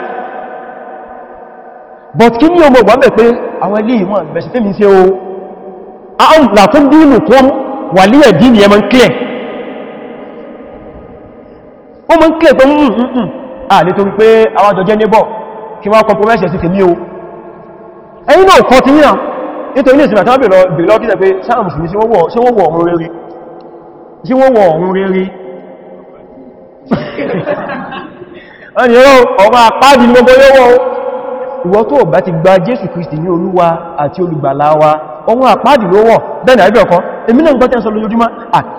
but kí ní ọmọ ọgbà mẹ́ pé àwọn ilé ìwọ̀n bẹ̀ṣẹ̀ tí mi ṣe o àwọn làtún dínú tó wà ní ẹ̀dí ni ẹmọ ń kílẹ̀ ó mọ́ ń kílẹ̀ pé mún hmm, hmm, hmm. à nítorí pé àwọn àjọjẹ́ níbọ̀ kí wọ́n compromise sí tèmi o ẹ̀yìn náà kọ́ ti ní à nítorí ní ìsinmi àtàbí lọ kí sẹ́gbé sáà mùsùlùmí sí wọ́n wọ̀ ọ̀run rere ẹni yóò ọmọ àpáàdì ní gbogbo yóò ìwọ tó bá ti gba Jésù Kristi ní olúwa àti olùgbàlà wa ọmọ àpáàdì ló wọ̀ bẹ́ẹ̀ni àbí ọ̀kan èmi náà gbọ́tẹ́ sọ lójoojúmọ́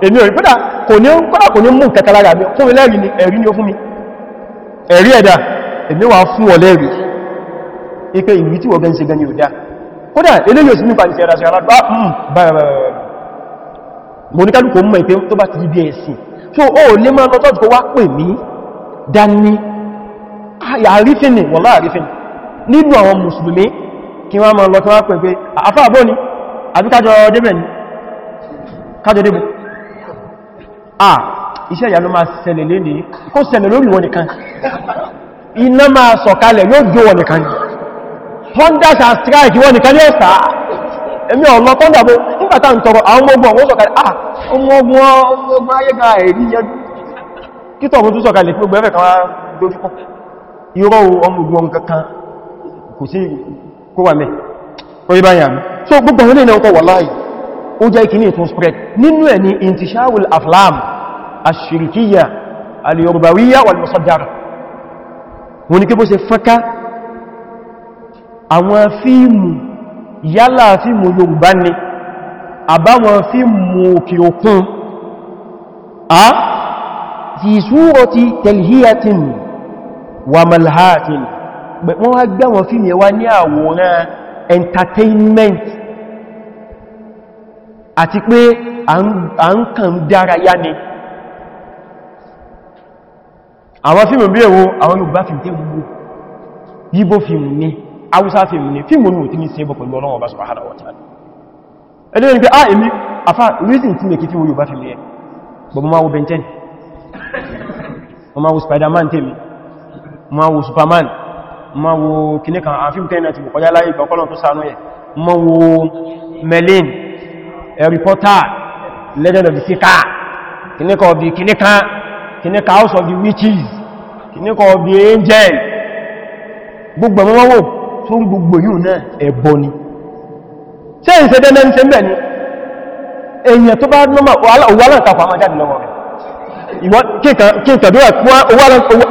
èmi ò rí pẹ́dà kò ní kọ́lá kò ní mú kẹtàlá rà mí fún ilẹ́rìí ni ẹ̀rí ni ó fún mi ẹ̀rí ẹ̀dà èmi wà fún ọ lẹ́rìí ipé ìwí tí wọ́gẹ́ ń ṣe gan ni ò dá kódà eléyìí ò sí nípa ìṣẹ́ ẹ̀dà sí ara bá hmm, mo ní kálùkù mọ̀ ìpé tó bá ti di bí ẹ̀sìn so ó lè máa lọ tọ́jú kó wá pè mí dání àrífin ni wọ́lá àrífin nínú àwọn mùsùlùmí kí wọ́n máa lọ tí wọ́n pẹ̀ pé àfá àbó ni àbí kájọ débẹ̀ ni kájọ débù à iṣẹ́ ìyanu máa ṣẹlẹ̀ lé ní kó ṣẹlẹ̀ lórí wọn nìkan iná máa sọ̀kalẹ̀ yóò jó wọn nìkan thunders and strike wọn nìkan ní ọ̀sà ẹ̀mí ọ̀lọ́ thunderbo nígbàtà ń tọrọ àwọn ọmọ ogun sọ̀kalẹ̀ ah ọmọ ogun ọmọ ogun ayéga ẹ̀rí yẹn kí tọ̀gbọ́n tún sọ̀kalẹ̀ fún gbẹ́fẹ̀ kan wá dójúkọ́ irọ́ ọmọ ogun ọmọ kankan kò sí kó wà mẹ́ kọ́ ibá yàmù so gbogbo ilé náà kọ wà láì ó jẹ́ ìkíní ìtún spread nínú ẹ̀ ni intishawul aflam ashirikiya aliyorubawiya wal musaddara wọn ni àwọn fíìmù yálà fíìmù Yorùbá ni àbáwọn fíìmù òkè òkun a ti súrọ̀ ti tẹ̀lhíyàtìmù wà malhatin wọ́n wá gbá wọn fíìmù yẹn wá ní àwòrán entertainment àti pé à ń kàn dára yá ni àwọn fíìmù bí èwo àwọn Yorùbá fíìmù tí gbogbo yíbó fíìmù ní Haúsá fíìmù ní fíìmù ní òtí ní sí ẹbọ̀ pẹ̀lú Ọlọ́run Ọba subhanahu wa ta'ala ẹlẹ́rin pé ah èmi afá reason tí mẹ́kí fíìmù Yorùbá ma wo superman ma wo kìní kan a film kẹ́yìn àti bukọjá láyé ìgbàkọ́lọ̀ tó sànú ẹ̀ ma wo merlin a reporter legend of the sika kìní kan bí kìní kan kìní kan house of the witches kìní kan bí angel gbogbo ọmọ wọ́wọ́ tó rí gbogbo yìí náà ẹbọ ni ṣe ń ṣe dẹ́mẹ́ ń ṣe mẹ́ ni èyàn tó bá nọ́mà owó aláǹtakọ̀ àmájáde lọ́wọ́ rẹ̀ ìwọ́n kíkàdúrà fún owó aláǹtakọ̀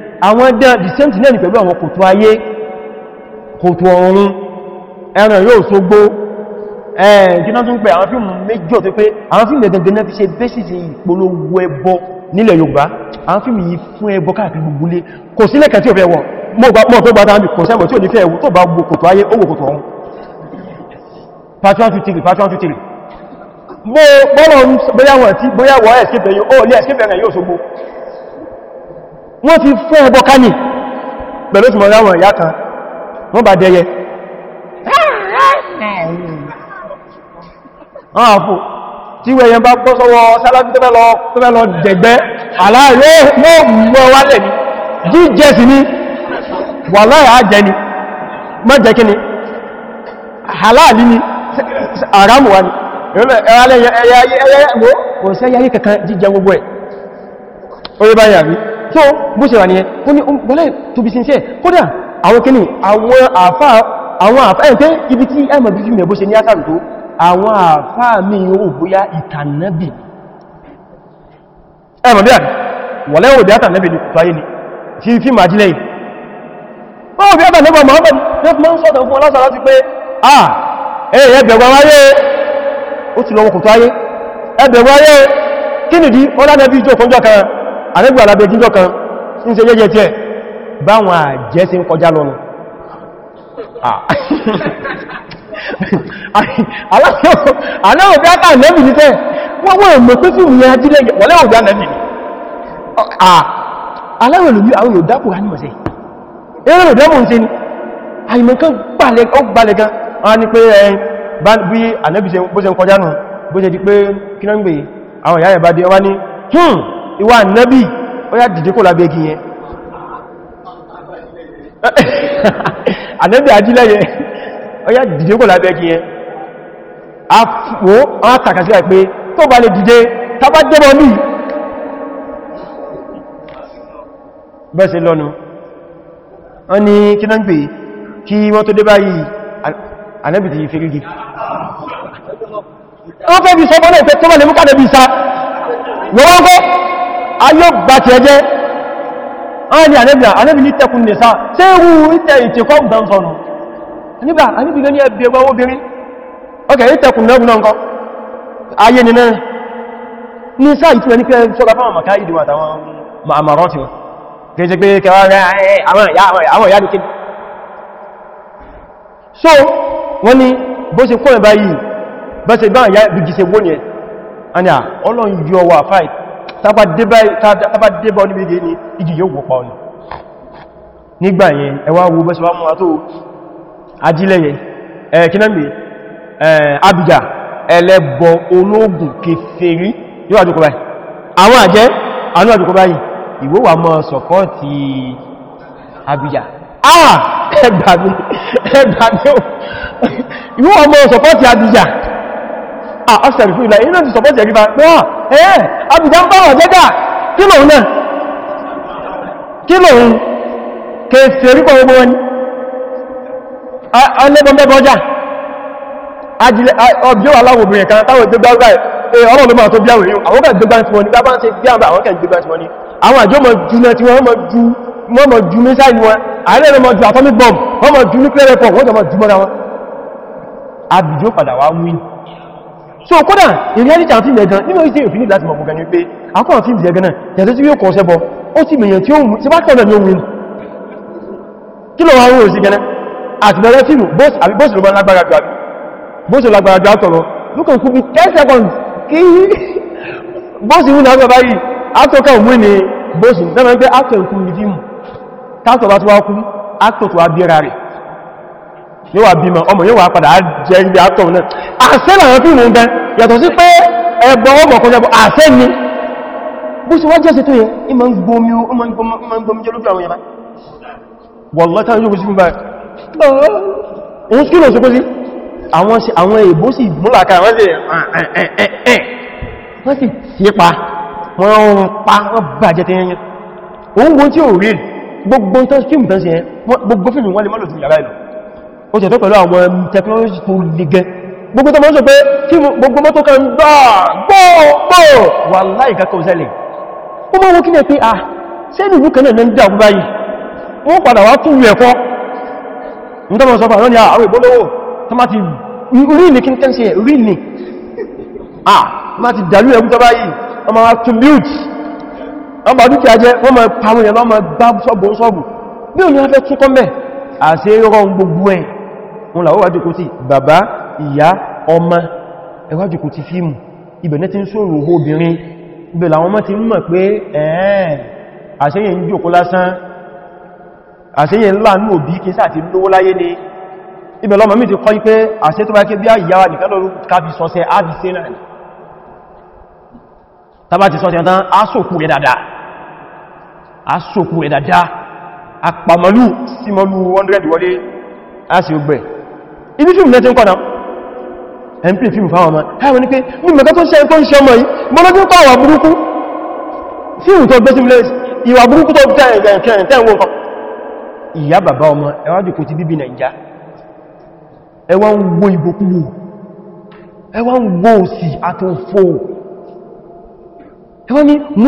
àwọn dán dìsẹ́ntì náà ni pẹ̀lú àwọn kòtò ayé kòtò ọ̀run ẹran yóò sógbó ẹ̀ẹ̀kí náà tún pẹ̀ àwọn fíìmù méjì ọ̀tọ́ pé àwọn fíìmù ẹ̀dẹ̀gẹ̀ náà fi ṣe bẹ́sìsì ìpolówó ẹbọ nílẹ̀ Yorùbá àwọn fíìmù yìí fún ẹbọ káàkiri gbogbole kò sílẹ̀ kẹ́ tí ò fẹ́ wọ mọ́ tó bá dáàbì kò sẹ́mọ̀ tí ò ní fẹ́ ẹ̀wù tó bá gbogbo kòtò ayé ó wò kòtò ọ̀run part 123 part 123 bọ́ọ̀lọ́ bóyá wọ̀n tí bóyá wọ́n ẹ̀ẹ́sẹ́fẹ́ yóò lé ẹ̀ẹ́sẹ́fẹ́ rẹ̀ yóò sógbó wọ́n ti fẹ́ ẹbọ ká ní pẹ̀lú ti mọ̀lá wọn ìyá kan wọ́n bá dẹyẹ ọ̀fò tí wẹ̀yẹ bá bọ́ sọ́wọ́ sálábí tó fẹ́ lọ dẹ̀gbẹ́ aláàrẹ yóò mọ́ wálẹ̀ ní jíjẹ sí ní wà lọ́rọ̀ ajẹ́ ni mọ́ jẹ́ kí ni aláàlì ni àrámù wa ni ẹ̀rọ ẹ̀yẹ ẹ̀yẹ ẹ̀yẹ so bó ṣe wà ní ẹ ó ní bọ́lẹ̀ tó bí sincere kódà àwọn kìíní àwọn àfáà àwọn àfáà ẹ̀ pé ibi tí ẹmọ̀ bí fi mẹ́bó ṣe ní àsàrù tó àwọn àfáà mi yóò bóyá ìtànẹ́bì ẹmọ̀ bí àti wọ̀lẹ́ òdí àtànẹ́bì ní kùtù ayé ni tí fi máa jílẹ̀ yìí báwọn bí àtànẹ́bà Muhammad ní ọmọ ń sọ́tọ̀ fún ọlọ́sà láti pé ah ẹ̀yẹ ẹgbẹ̀gbẹ̀ wáyé ó ti lọ kùtù ayé ẹgbẹ̀gbẹ̀ wáyé kí nìdí ọlá nẹbí ìjọ tó ń jọ kan àrẹ́gbà alábẹ́ jíjọ kan ń ṣe jẹ́jẹ́ tí ẹ̀ báwọn àjẹ́ sí ń kọjá lọ́nà aláwọ̀bí [LAUGHS] átà lẹ́bì ní tẹ́ wọ́n wọ́n mọ̀ pé fíìmù yẹn ajílẹ̀ wọ́lẹ́wọ̀bí alẹ́bì ní aláwọ̀lùmí àwọn yóò dápò hánìmọ̀ sí ẹ̀rọ ìdẹ́mù ń ṣe ni àìmọ̀kan gbalẹ̀ gan wọ́n ni pé bí ànẹ́bì bó ṣe ń kọjá nù bó ṣe di pé kí náà ń gbé àwọn ìyá ẹ̀bá dé wọ́n ni ìwà nẹ́bí ó yá dìde kó lábẹ́ gíyẹn ànẹ́bí ajílẹ́yẹ ó yá dìde kó lábẹ́ gíyẹn a fò án tàkàsí àìpé tó bá lè dìde tàbá jẹ́bọ̀ mí bẹ́ẹ̀sẹ̀ lọ́nu wọ́n ni kí náà ń pè kí wọ́n tó dé báyìí ànẹ́bí ti fi rígi wọ́n fẹ́ bí sọ́bọ́lẹ̀ ìfẹ́ tó bá lè mú kàdẹ̀ bí sá wọ́n wọ́n ayọ́ bá ti ẹjẹ́ ọ́nà ànẹ́bìnà ànẹ́bì ní tẹkùn nìsá tí ó wú ìtẹ̀ ìtẹ̀kọ́ ìdánsọ̀nà nígbà ànẹ́bì gẹ́ ní ẹbí ẹgbẹ́ obìnrin ọkẹ̀ ìtẹkùn náà gúnnà nǹkan ayé ni náà nìsá ìtumẹ̀ ní pé ṣọ́gbà fáwọn màkà ìdí àtàwọn àmàrọ́ ti kẹjẹ pé kẹwàá rẹ̀ àwọn ìyá tàbá débá oníbi igi ní igi yóò wọ́pa ọ̀nà nígbà yẹn ẹwà wo bẹ́sẹ̀ wá mú àtó ajílẹ̀yẹ ẹ̀kínàmì abìjà ẹlẹ́bọ ológun kèfèrí yóò àdúkọ báyìí àwọn àjẹ́ anú àdúkọ báyìí ìwọ wà mọ́ sọ̀kọ́ ti abìjà ah ẹgbàmí ẹgbàmí ìwọ wà mọ́ sọ̀kọ́ ti abìjà ọ̀sẹ̀rì fún ilẹ̀ iná ti sọpọ́tì ẹ̀rífà pé wọ́n ẹ̀ Àbújá ń báwọn jẹ́gà kí lòun náà kí lòun kèfè rí pọ̀ gbogbo wọn ọlẹ́bọ̀mẹ́bọ̀ ọjà ọbíọ́ aláwòbìnrin kan táwọn ìgbégbá ọ̀rọ̀ ló máa tó bí àwọn èèyàn àwọn kẹ́ gbégbá tí wọ́n ní bá bá ń ṣe bí àwọn àwọn kẹ́ gbégbá tí wọ́n ní àwọn àjọ mọ̀ jù náà tí wọ́n mọ̀ jù mísáìlì wọn àárẹ̀ mọ̀ jù atomic bomb wọ́n mọ̀ jù nuclear weapon wọ́n jọ mọ̀ jù mọ́ra wọn àbìjó padà wá wíìnì so kódà ìrìnlẹ́dìtà àti ilẹ̀ gan nínú ìsẹ́ ìfìní láti mọ̀ gbogbo pé akọ́nà fíìmù ẹgbẹ̀ náà yàtọ̀ tí yóò kọ̀ ṣẹbọ ó sì mẹ̀yàn tí ó mú sí bá kọ̀ọ̀lẹ̀ ní ohun kí lọ wọ́n sí gẹ́nẹ́ àti bẹ̀rẹ̀ fíìmù bóòsì ló bá lágbára jù bóòsì lágbára jù àtọ̀rọ̀ lókàn kú bí 10 seconds kí [LAUGHS] bóòsì wù lágbà báyìí àtọ̀kà òmú ni bóòsì náà pé àtọ̀ ìkú ní fíìmù tátọ̀ bá tó wá kú àtọ̀ tó wá bí ra rẹ̀ yóò wà bímọ ọmọ yóò wà padà jẹ ibi àtọ̀ náà àṣẹ làwọn fíìmù ń bẹ yàtọ̀ sí pé ẹgbọ ọmọ kan jẹ́bọ̀ àṣẹ ni bó ṣe wá jẹ́ sí tó yẹ ìmọ̀ ń gbomi ọmọ ìgbomi jẹ́ lójú àwọn yẹ̀bá wọ̀lọ́ta yóò sí bá òun kí lọ sí kó sí àwọn èbó sì múlàkà wọ́n sì wọ́n sì sípa wọ́n ń pa wọ́n bàjẹ́ tẹ́yẹn yẹn òun wo tí ò rí gbogbo fíìmù tán sí yẹn gbogbo fíìmù wọ́n lè mọ́lò sí yàrá ìlú ó tẹ̀tọ́ pẹ̀lú àwọn technology tó lè gẹ gbogbo tó mọ́ sọ pé kí gbogbo mọ́tò kan gbọ́ọ̀gbọ́ wà láì kakọ̀ òsẹ́lẹ̀ ó mọ́ wọ́n kí ní pé à ṣe ní ìlú kan náà ń dà gbogbo báyìí wọ́n padà wá tún ẹ̀kọ́ ah, ah, bí òyìn afẹ́ tún kọ́ mẹ́ àṣírí rọrùn gbogbo ẹ̀ wọn làwọ́ wájúkú ti bàbá ìyá ọmọ ẹwájúkú ti fíìmù ibẹ̀ ní ti ń sọ̀rọ̀ owó obìnrin ibẹ̀ làwọn ọmọ ti mọ̀ pé ẹ̀ẹ́n àṣẹ́yẹ̀ ń jòkó lásán àṣẹ́yẹ̀ láàánú òbí kí sáà ti lówó láyé ni ibẹ̀ lọ́mọ mi ti kọ́ pé àṣẹ́ tó bá ké bí á ìyá wa nìkan lọ́rú kábi sọ́sẹ́ ábì sí náà tàbá ti sọ́sẹ́ tán á sòkú rẹ̀ dáadáa á sòkú rẹ̀ dáadáa àpàmọ́lú símọ́lú 100 wọlé á sì gbẹ̀ ibi fíìmù lẹ́tí ń kọ́nà ẹn pè fíìmù fáwọn ọmọ ẹwọ́n ní pé ní mẹ́kọ́ tó ṣe ẹ̀kọ́ ń ṣe ọmọ yìí mọ́lọ́gbí ń pa àwà burúkú fíìmù tó gbé sí ìwà burúkú tó tẹ́ẹ̀wọ̀n kan ìyá bàbá ọmọ ẹwàjù kò ti bíbí nàìjá ẹwà ń wo ìgbòkúwò ẹwà ń wo òsì àti òfò ẹwà ní mú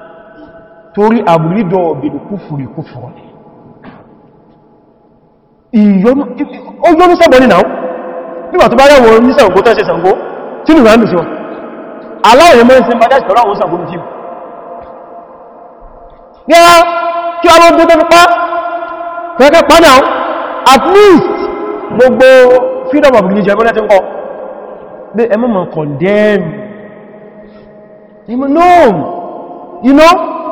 torí àbúrídọ̀ ọ̀bìnì kúfùrí kúfùrù ní ìyọnú sẹ́bọ̀ ní náà nígbà tó bá yẹ́ wọn ní sẹ́gbó tẹ́sẹ̀ Ṣàngó tí nìyà ń lù sí wọn aláwẹ̀ mọ́ sí bájá ìtọ́rọ àwọn Ṣàngó tí ní a kí a mọ́ tó pa kẹ́kẹ́ pa náà at least gbogbo freedom of religion ẹgbẹ́ lẹ́tí ń kọ́ pé ẹmọ́ mọ̀ condemn you know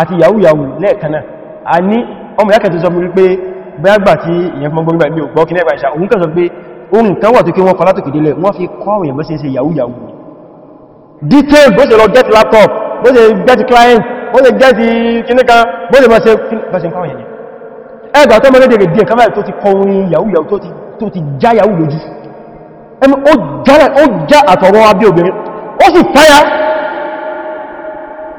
àti yahoo yahoo lẹ́ẹ̀kanáà a ní ọmọ yákẹ̀ tó sọ fún wípé bẹ́gbà tí ìyẹn fún gbogbo ìgbẹ̀ ògbọ́ kìnnẹ́gbà ìṣà òun kẹ́ sọ pé ohun kan wà tó kí wọ́n falátò kìdílẹ̀ wọ́n fi kọ́wọ̀n yẹ̀bọ́ sí ṣe yahoo yahoo detail bó ṣe lọ get laptop bó ṣe get client bó ṣe get kìnnìkan bó ṣe bá ṣe kọ́wọ̀n yẹ̀yẹ̀ ẹgbà tó mọ́lẹ́dẹ̀ rẹ̀ díẹ̀ kámẹ́rẹ̀ tó ti kọrin yahoo yahoo tó ti já yahoo lójú ó já àtọ̀rọ̀ abẹ́ obìnrin ó sì fáyà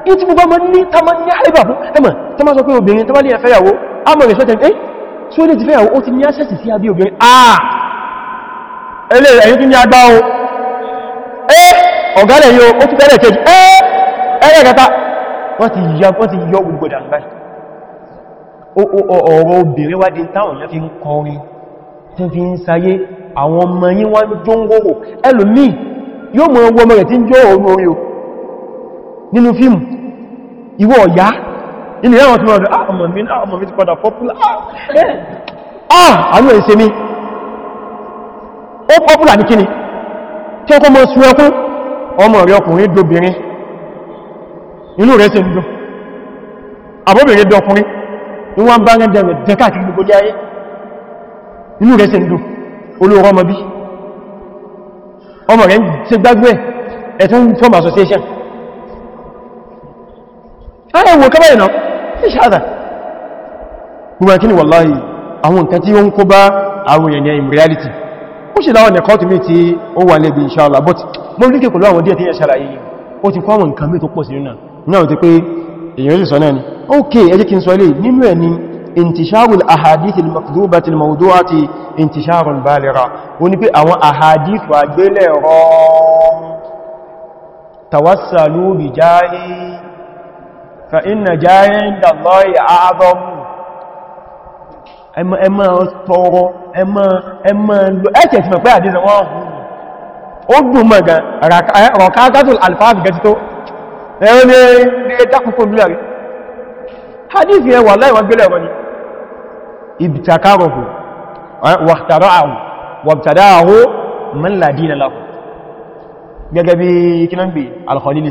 in ti gbogbo ní tàbí ní àìbà fún ẹmà tó máa sọ pé obìnrin tó bá lè fẹ́yàwó a mọ̀ rẹ̀ sọ́tẹ̀ ẹ́ tí ó lè ti fẹ́yàwó ó ti ní àṣẹ́sì sí àbí obìnrin àà ẹlẹ́ ẹ̀yìn tún ní agbá o ẹ́ ọ̀gálẹ̀ yóò ó ti fẹ́rẹ̀ kejì ẹ́ ẹlẹ́gata wọ́n ti yọ gbogbo dàgbà ọ̀rọ̀ obìnrin wá di táwọn yẹn fi ń kọrin tí fi ń sayé àwọn ọmọ yín wá jó ń wòwò ẹlòmíì yóò mọ̀ ọwọ́ ọmọ rẹ̀ tí ń jó òun orí o nínú fíìmù ìwọ ọ̀yá ilé ẹ̀wọ̀n tí wọ́n rẹ̀ ah, ọmọ mi náà ah, ọmọ mi ti padà pọ́pùlà àánú ẹ̀ṣẹ́ mi ó pọ́pùlà ní kíni tí ó kọ́ mọ́ sún ẹkún ọmọ rẹ̀ ọkùnrin dóbìnrin inú rẹ̀ sì ń dùn àbóbìnrin dọkùnrin ní wọ́n bá rẹ̀ dẹ̀rẹ̀ dẹ́kà kí gbogbo ẹwọ kọ́bá ìná ìṣàdà gbogbo ẹ̀kí ni wàláhì àwọn nǹkan tí ó ń kó bá àwọn èèyàn in reality ó ṣe láwọn ẹ̀kọ́ tìmí tí ó wà lẹ́bi inshallah but mọ́ líkẹ̀ pẹ̀lú àwọn díẹ̀ tí yẹn ṣàlàyé yìí ó ti kọ́ àwọn nǹkan mí tó pọ̀ sí nínú náà ti pé èèyàn sì sọ náà ni ok ẹ jẹ́ kí n sọ ilé nínú ẹ̀ ni intisharul ahadith al-makdubati al-mawdu'ati intisharun balira ó ní pé àwọn ahadith wà gbélẹ̀ rọ tawassalu bi jahi فإن جاري عند الله أعظم ẹmọ ẹmọ tọrọ ẹmọ ẹmọ lọ ẹ̀kẹ̀ tí mọ̀ pé àdíjẹ wọ́n ó dùn mọ̀ gan rọ̀kátàtù alfáàfì gẹ́jì tó ẹ̀rọ ní ẹ̀dàkùnkùn lórí hadithi ẹwà láìwọ̀n gbẹ́lẹ̀ ni ibtakarọ̀hù wàtàrọ̀hù wàtàdáhù mọ́ládínà láhù gẹ́gẹ́ bí kí náà gbé alkhọ́lílì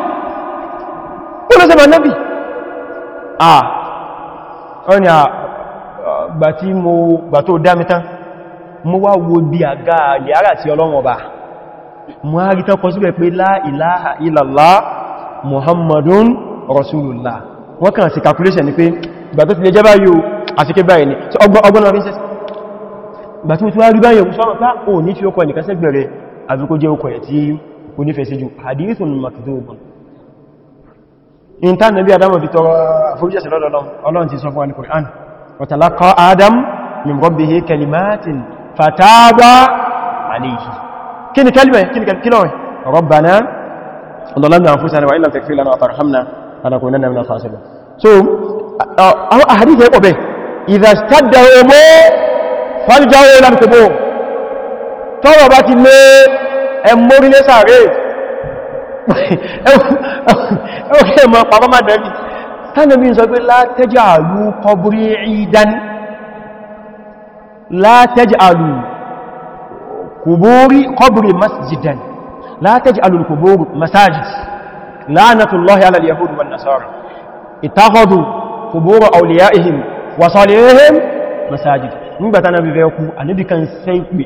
kó ló sẹ́bà nẹ́bì ah ọ́nà àgbà tí mo gbà tó dámitán mo wá wo bí àga àlìyàrá tí ọlọ́run ọba mo á rí tán kọ síbẹ̀ pé la ilaha illallah muhammadun rasulullah wọ́n kàn sí calculation ni pé gbà tó ti lè jẹ́ báyìí o àti ké báyìí ni ọgbọ́n ọ̀rìn sẹ́sì gbà tí mo ti wá rí báyìí òkú sọ́rọ̀ pé ah, ò ní fi ó kọ ẹnìkan sẹ́gbẹ̀rẹ̀ àbíkó jẹ́ ó kọ ẹ̀ tí onífẹ́sẹ́jú hadithun in ta nabi adam fi tọrọ àforíjì lọ́dọ̀ Ọlọ́run ti sọ fún al-Qur'an wa talaqa adam min rabbihi kalimatin fataba alayhi kí ni kalima kí ni kalima rabbana ظلمنا أنفسنا وإن لم تغفر لنا وترحمنا لنكونن من الخاسرين so uh, uh, àwọn ahadith yẹn pọ̀bẹ̀ idha stadda omo faljawo lamtobo tọ́rọ bá ti ẹwọ́kẹ́ ma pàpá má dẹ̀bí tánàbí sọ pé látẹ́jà àlú kọbúrí ìdání látẹ́jà àlú kòbórí kọbúrí masjidan látẹ́jà àlú kòbórí masajid lánàtùlọ́hì alal yahudu wan nasara ìtàkọdù kòbórí auliyaihim wasalihim masajid nígbàtánàbí fẹ́ kú anábì kan sẹ́ ìpè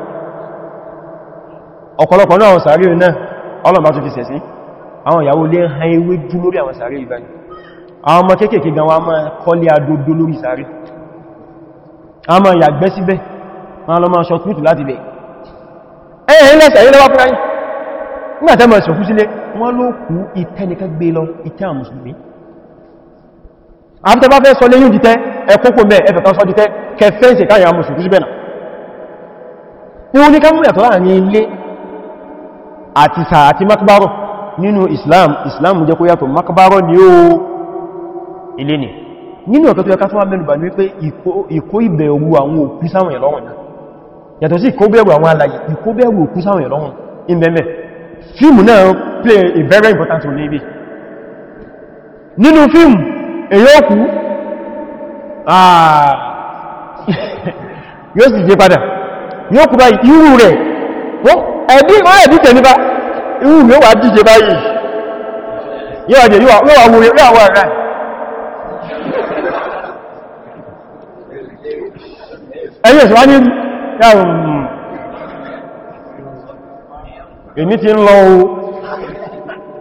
ọ̀pọ̀lọpọ̀ náà àwọn sàárè náà ọlọ́mà tó fi sẹ̀sí àwọn ìyàwó lè han ewé jú lórí àwọn sàárè ìbáyìí àwọn ọmọ kéèkèé gan wa máa kọ́lé adodo lórí sàárè a máa yàgbẹ́ síbẹ̀ wọn lọ máa ṣọtútù láti bẹ̀ ẹ̀yìn lẹ́sẹ̀ yìí lọ́wọ́ fúnra yìí nígbà tẹ́ máa ṣọ̀kú sílé wọ́n ló kú ìtẹ́ nìkan gbé lọ ìtẹ́ àwọn mùsùlùmí àbútẹ́ bá fẹ́ sọ léyìn dìtẹ́ ẹ̀kọ́kọ́ mẹ́ ẹfẹ̀ kan sọ dìtẹ́ kẹfẹ́ǹsì káyà mùsùlùmí síbẹ̀ náà àti sà àti makbaro nínú islam islam jẹ́ kó yàtọ̀ makbaro ni ó ilé ni nínú ọ̀tọ̀ tó yẹ ká tún wá mẹ́nubà ní wípé ìkó ìbẹ̀rù àwọn òkú sáwọn ìlọ́run yàtọ̀ sí ìkó bẹ̀rù àwọn alàyè ìkó bẹ̀rù òkú sáwọn ìlọ́run ìbẹ̀mẹ̀ play a very important role níbi nínú fíìmù èyí òkú ah. [LAUGHS] yóò sì jẹ padà yóò ẹ̀bí wọ́n ẹ̀bí tẹ̀lébá irú mi ó wà díje báyìí yíwa jẹ̀ yíwa wọ́n wà wòye yíwa wà rẹ̀ ẹ̀yẹ́ ìṣẹ́ wá ní ẹni hmm. tí ń lọ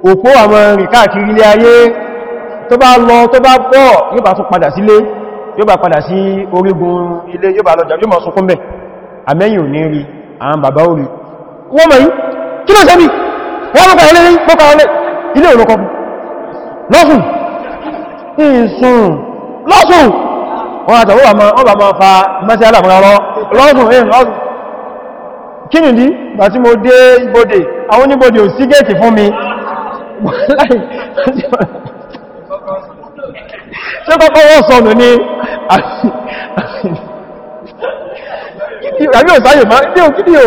òpó àwọn rìkáàkiri ilé ayé tó bá lọ tó bá bọ́ yóò bá tún padà sílé yóò bá padà sí orígun ilé yóò bá lọ jà yóò mọ̀ sunkún bẹ̀ àmẹ́yìn ò ní rí àwọn bàbá orí wọ́n mọ̀ yìí kí ló sẹ́bí wọ́n mọ́kà ilé ní pọ́kà ọlẹ́ ilé òlọ́kọ́ lọ́sùn ìsùn lọ́sùn wọ́n àtàwọ́ ọba ma fa mẹ́sí aláàmúra lọ lọ́sùn ìrìn lọ́sùn kí ni dí bà tí mo dé ibodè àwọn oníbodè ò sí gẹ́ẹ̀tì fún mi ṣe kọ́kọ́ wọ́n sọ̀nù ní àbí òsáyè máa ń dé òkídí ò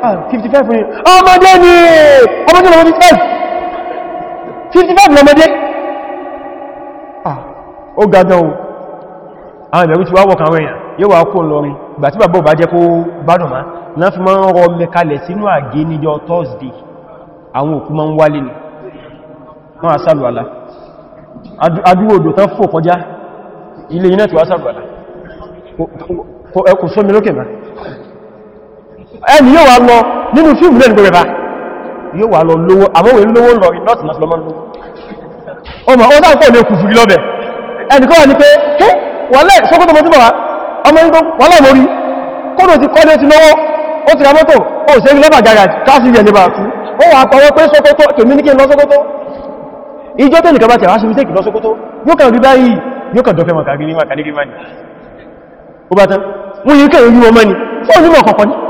55 ah, ni ọmọdé ni ọmọdé lọmọdé 55 ah, lọmọdé ó gádọ́ ohun àwọn ìbẹ̀rù ti wá wọ́n kàwẹ́ èèyàn yóò wá kó lọrin ìgbà tí bàbá ò bá jẹ́ kó bádùn má náà fi máa ń rọ mẹ́kalẹ̀ sínú àgé níjọ Thursday àwọn òkú máa ń wálé ni wọ́n àsàlùwàlá adúgbò odò tán fò kọjá ilé iná ti wá sàlùwàlá kò sómi lókè máa ẹni yóò wà lọ nínú fíìmù lẹ́nu pẹ̀rẹ̀ bá yóò wà lọ lówó àmọ́wẹ̀ lówó lọ not not lọ́mọ́ lówó ọmọ ó sáà pọ̀ ní òkùnfù lọ́bẹ̀ ẹni kọ́ wà ní pé ké wọlé sókótó mọ́ túnbọ̀ wá ọmọ nígbó wọlé mórí kódò ti kọ́lé ti lọ́wọ́ ó ti ra mọ́tò ó sì rí lọ́bà garage káàsì rẹ̀ ní bàtú ó wà pọ̀wọ́ pé sókótó tèmi ní kí lọ sókótó ìjọ tó nìkan bá ti àwáṣe mistake lọ sókótó yóò kàn rí báyìí yóò kàn dọ́fẹ́ mọ̀kàrí ní mọ̀kàrí ní mọ̀kàrí ní mọ̀kàrí ní mọ̀kàrí ní mọ̀kàrí ní mọ̀kàrí ní mọ̀kàrí ní mọ̀kàrí ní mọ̀kàrí ní mọ̀kàrí ní mọ̀kàrí ní mọ̀kàrí ní mọ̀kàrí ní mọ̀kàrí ní mọ̀kàrí ní mọ̀kàrí ní mọ̀kàrí ní mọ̀kàrí ní mọ̀kàrí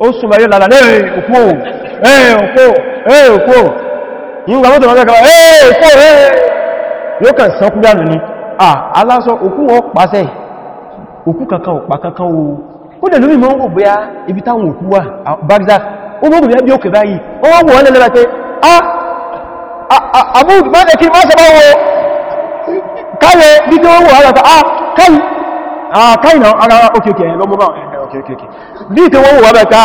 ó súnmọ̀ yóò lálà lẹ́rẹ̀ òpó ẹ̀ẹ̀ òpó ẹ̀ẹ̀ òpó yíò gbàmọ́ tó wọ́n gẹ́gẹ́ ẹ̀ẹ̀ òpó ẹ̀ẹ̀ yóò kàn sán kú dánù ní à aláṣọ òkú wọn pàṣẹ òkú kankan òpá kankan o ó dẹ̀ lórí mọ́ ń wò bóyá ibi táwọn òkú wà bagza ó mọ́ bóyá bí ó kẹ báyìí ó wọ́n wọ́n lẹ́lẹ́lẹ́ pé àbú má lẹ́kí má sọ báwo káyẹ bí kí wọ́n wò ara pé ah káyì náà ara ókèókè lọ́mọ́ báwọn ókèókè bí i tí wọ́n wà bẹ̀ká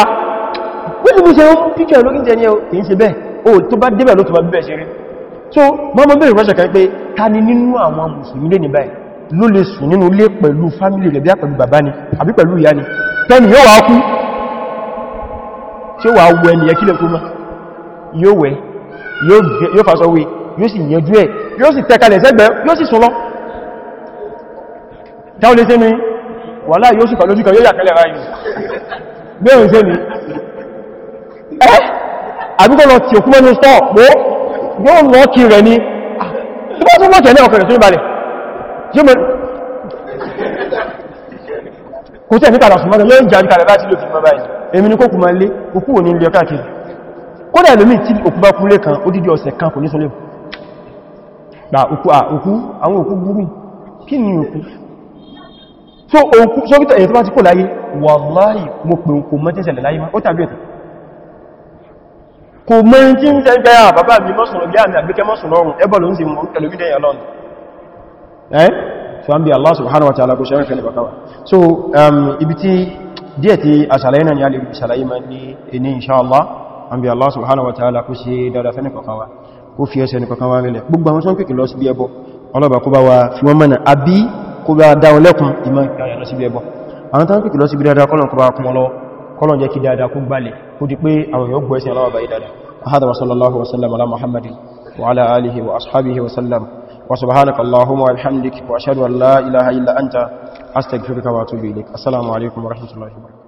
wọ́n mú ṣe píkẹ̀ lórí jẹ ní ẹ̀ ṣe bẹ́ẹ̀ o tó bá débẹ̀ ló tó bá bíbẹ̀ ṣe rí so mọ́mọ́ bèèrè rọ́ṣẹ̀ kan pé ta ni nínú àwọn mùsùlùmí lè ní báyìí ló lè sùn nínú ilé pẹ̀lú fámílì rẹ̀ bí i pẹ̀lú bàbá ni àbí pẹ̀lú ìyá ni tẹ́ni yóò wá kú tí ó wà wọ ẹniyẹ kílẹ̀ tó mọ́ yóò wẹ̀ yóò fásọwé yóò sì yẹjú ẹ̀ yóò sì tẹ́kalẹ̀ sẹ́gbẹ̀ẹ́ yóò sì sùn lọ táwọn lè sẹ́nu wàlá yóò sì pàlójú kan yóò yàkẹ́lẹ̀ ráyìn bẹ́ẹ̀ ṣe ni ẹ́ àbíkọ́ lọ tí òkúmọ́ ní stọ́ pọ́ yóò lọ kí rẹ̀ ní tí wọ́n tó mọ́ tẹ̀lé ọ̀fẹ́rẹ̀ tó níbalẹ̀ kò tẹ́ níkàlà ṣùgbọ́n yóò jà níkàlẹ̀ láti lò fi mọ́ báyìí kí ni òkú so so sóbítọ̀ èyí tó bá ti kò láyé wàláhì mo pè òkú mọ́ tí ń ṣẹlẹ̀ láyé má ó tàbí ẹ̀tẹ̀ kò mọ́ tí ń tẹ́gbẹ́ à bàbá mi mọ́sùnrọ̀ bí àmì àgbékẹ́ mọ́sùnrọ̀ ọ̀run ẹbọ̀ mọ́ ẹlòmídẹ̀ so an bí Allah subhanahu wa ta'ala kò ṣẹ́rẹ̀ fẹ́lẹ̀ bakawa so um, ibi tí díẹ̀ tí a ṣàlàyé náà ni a lè fi ṣàlàyé ma ní kó bá dáun lẹ́kùn ìmọ̀ ìkàyà lọ síbi ẹbọ àwọn tán pìkì lọ síbi dáadáa kọ́lọ̀ kọba kún ọlọ́ kọ́lọ̀ jẹ́ kí dáadáa kún gbalẹ̀ kó di pé àwọn yóò gbọ́ ẹ̀sìn aláwọ̀ báyìí dáadáa ahada wa sallallahu wa sallam ala muhammadin wa ala alihi wa ashabihi wa sallam wa subhanaka allahumma wa alhamdik wa ashhadu an la ilaha illa anta astaghfiruka wa atubu ilaik assalamu alaikum wa rahmatullahi wa barakatuh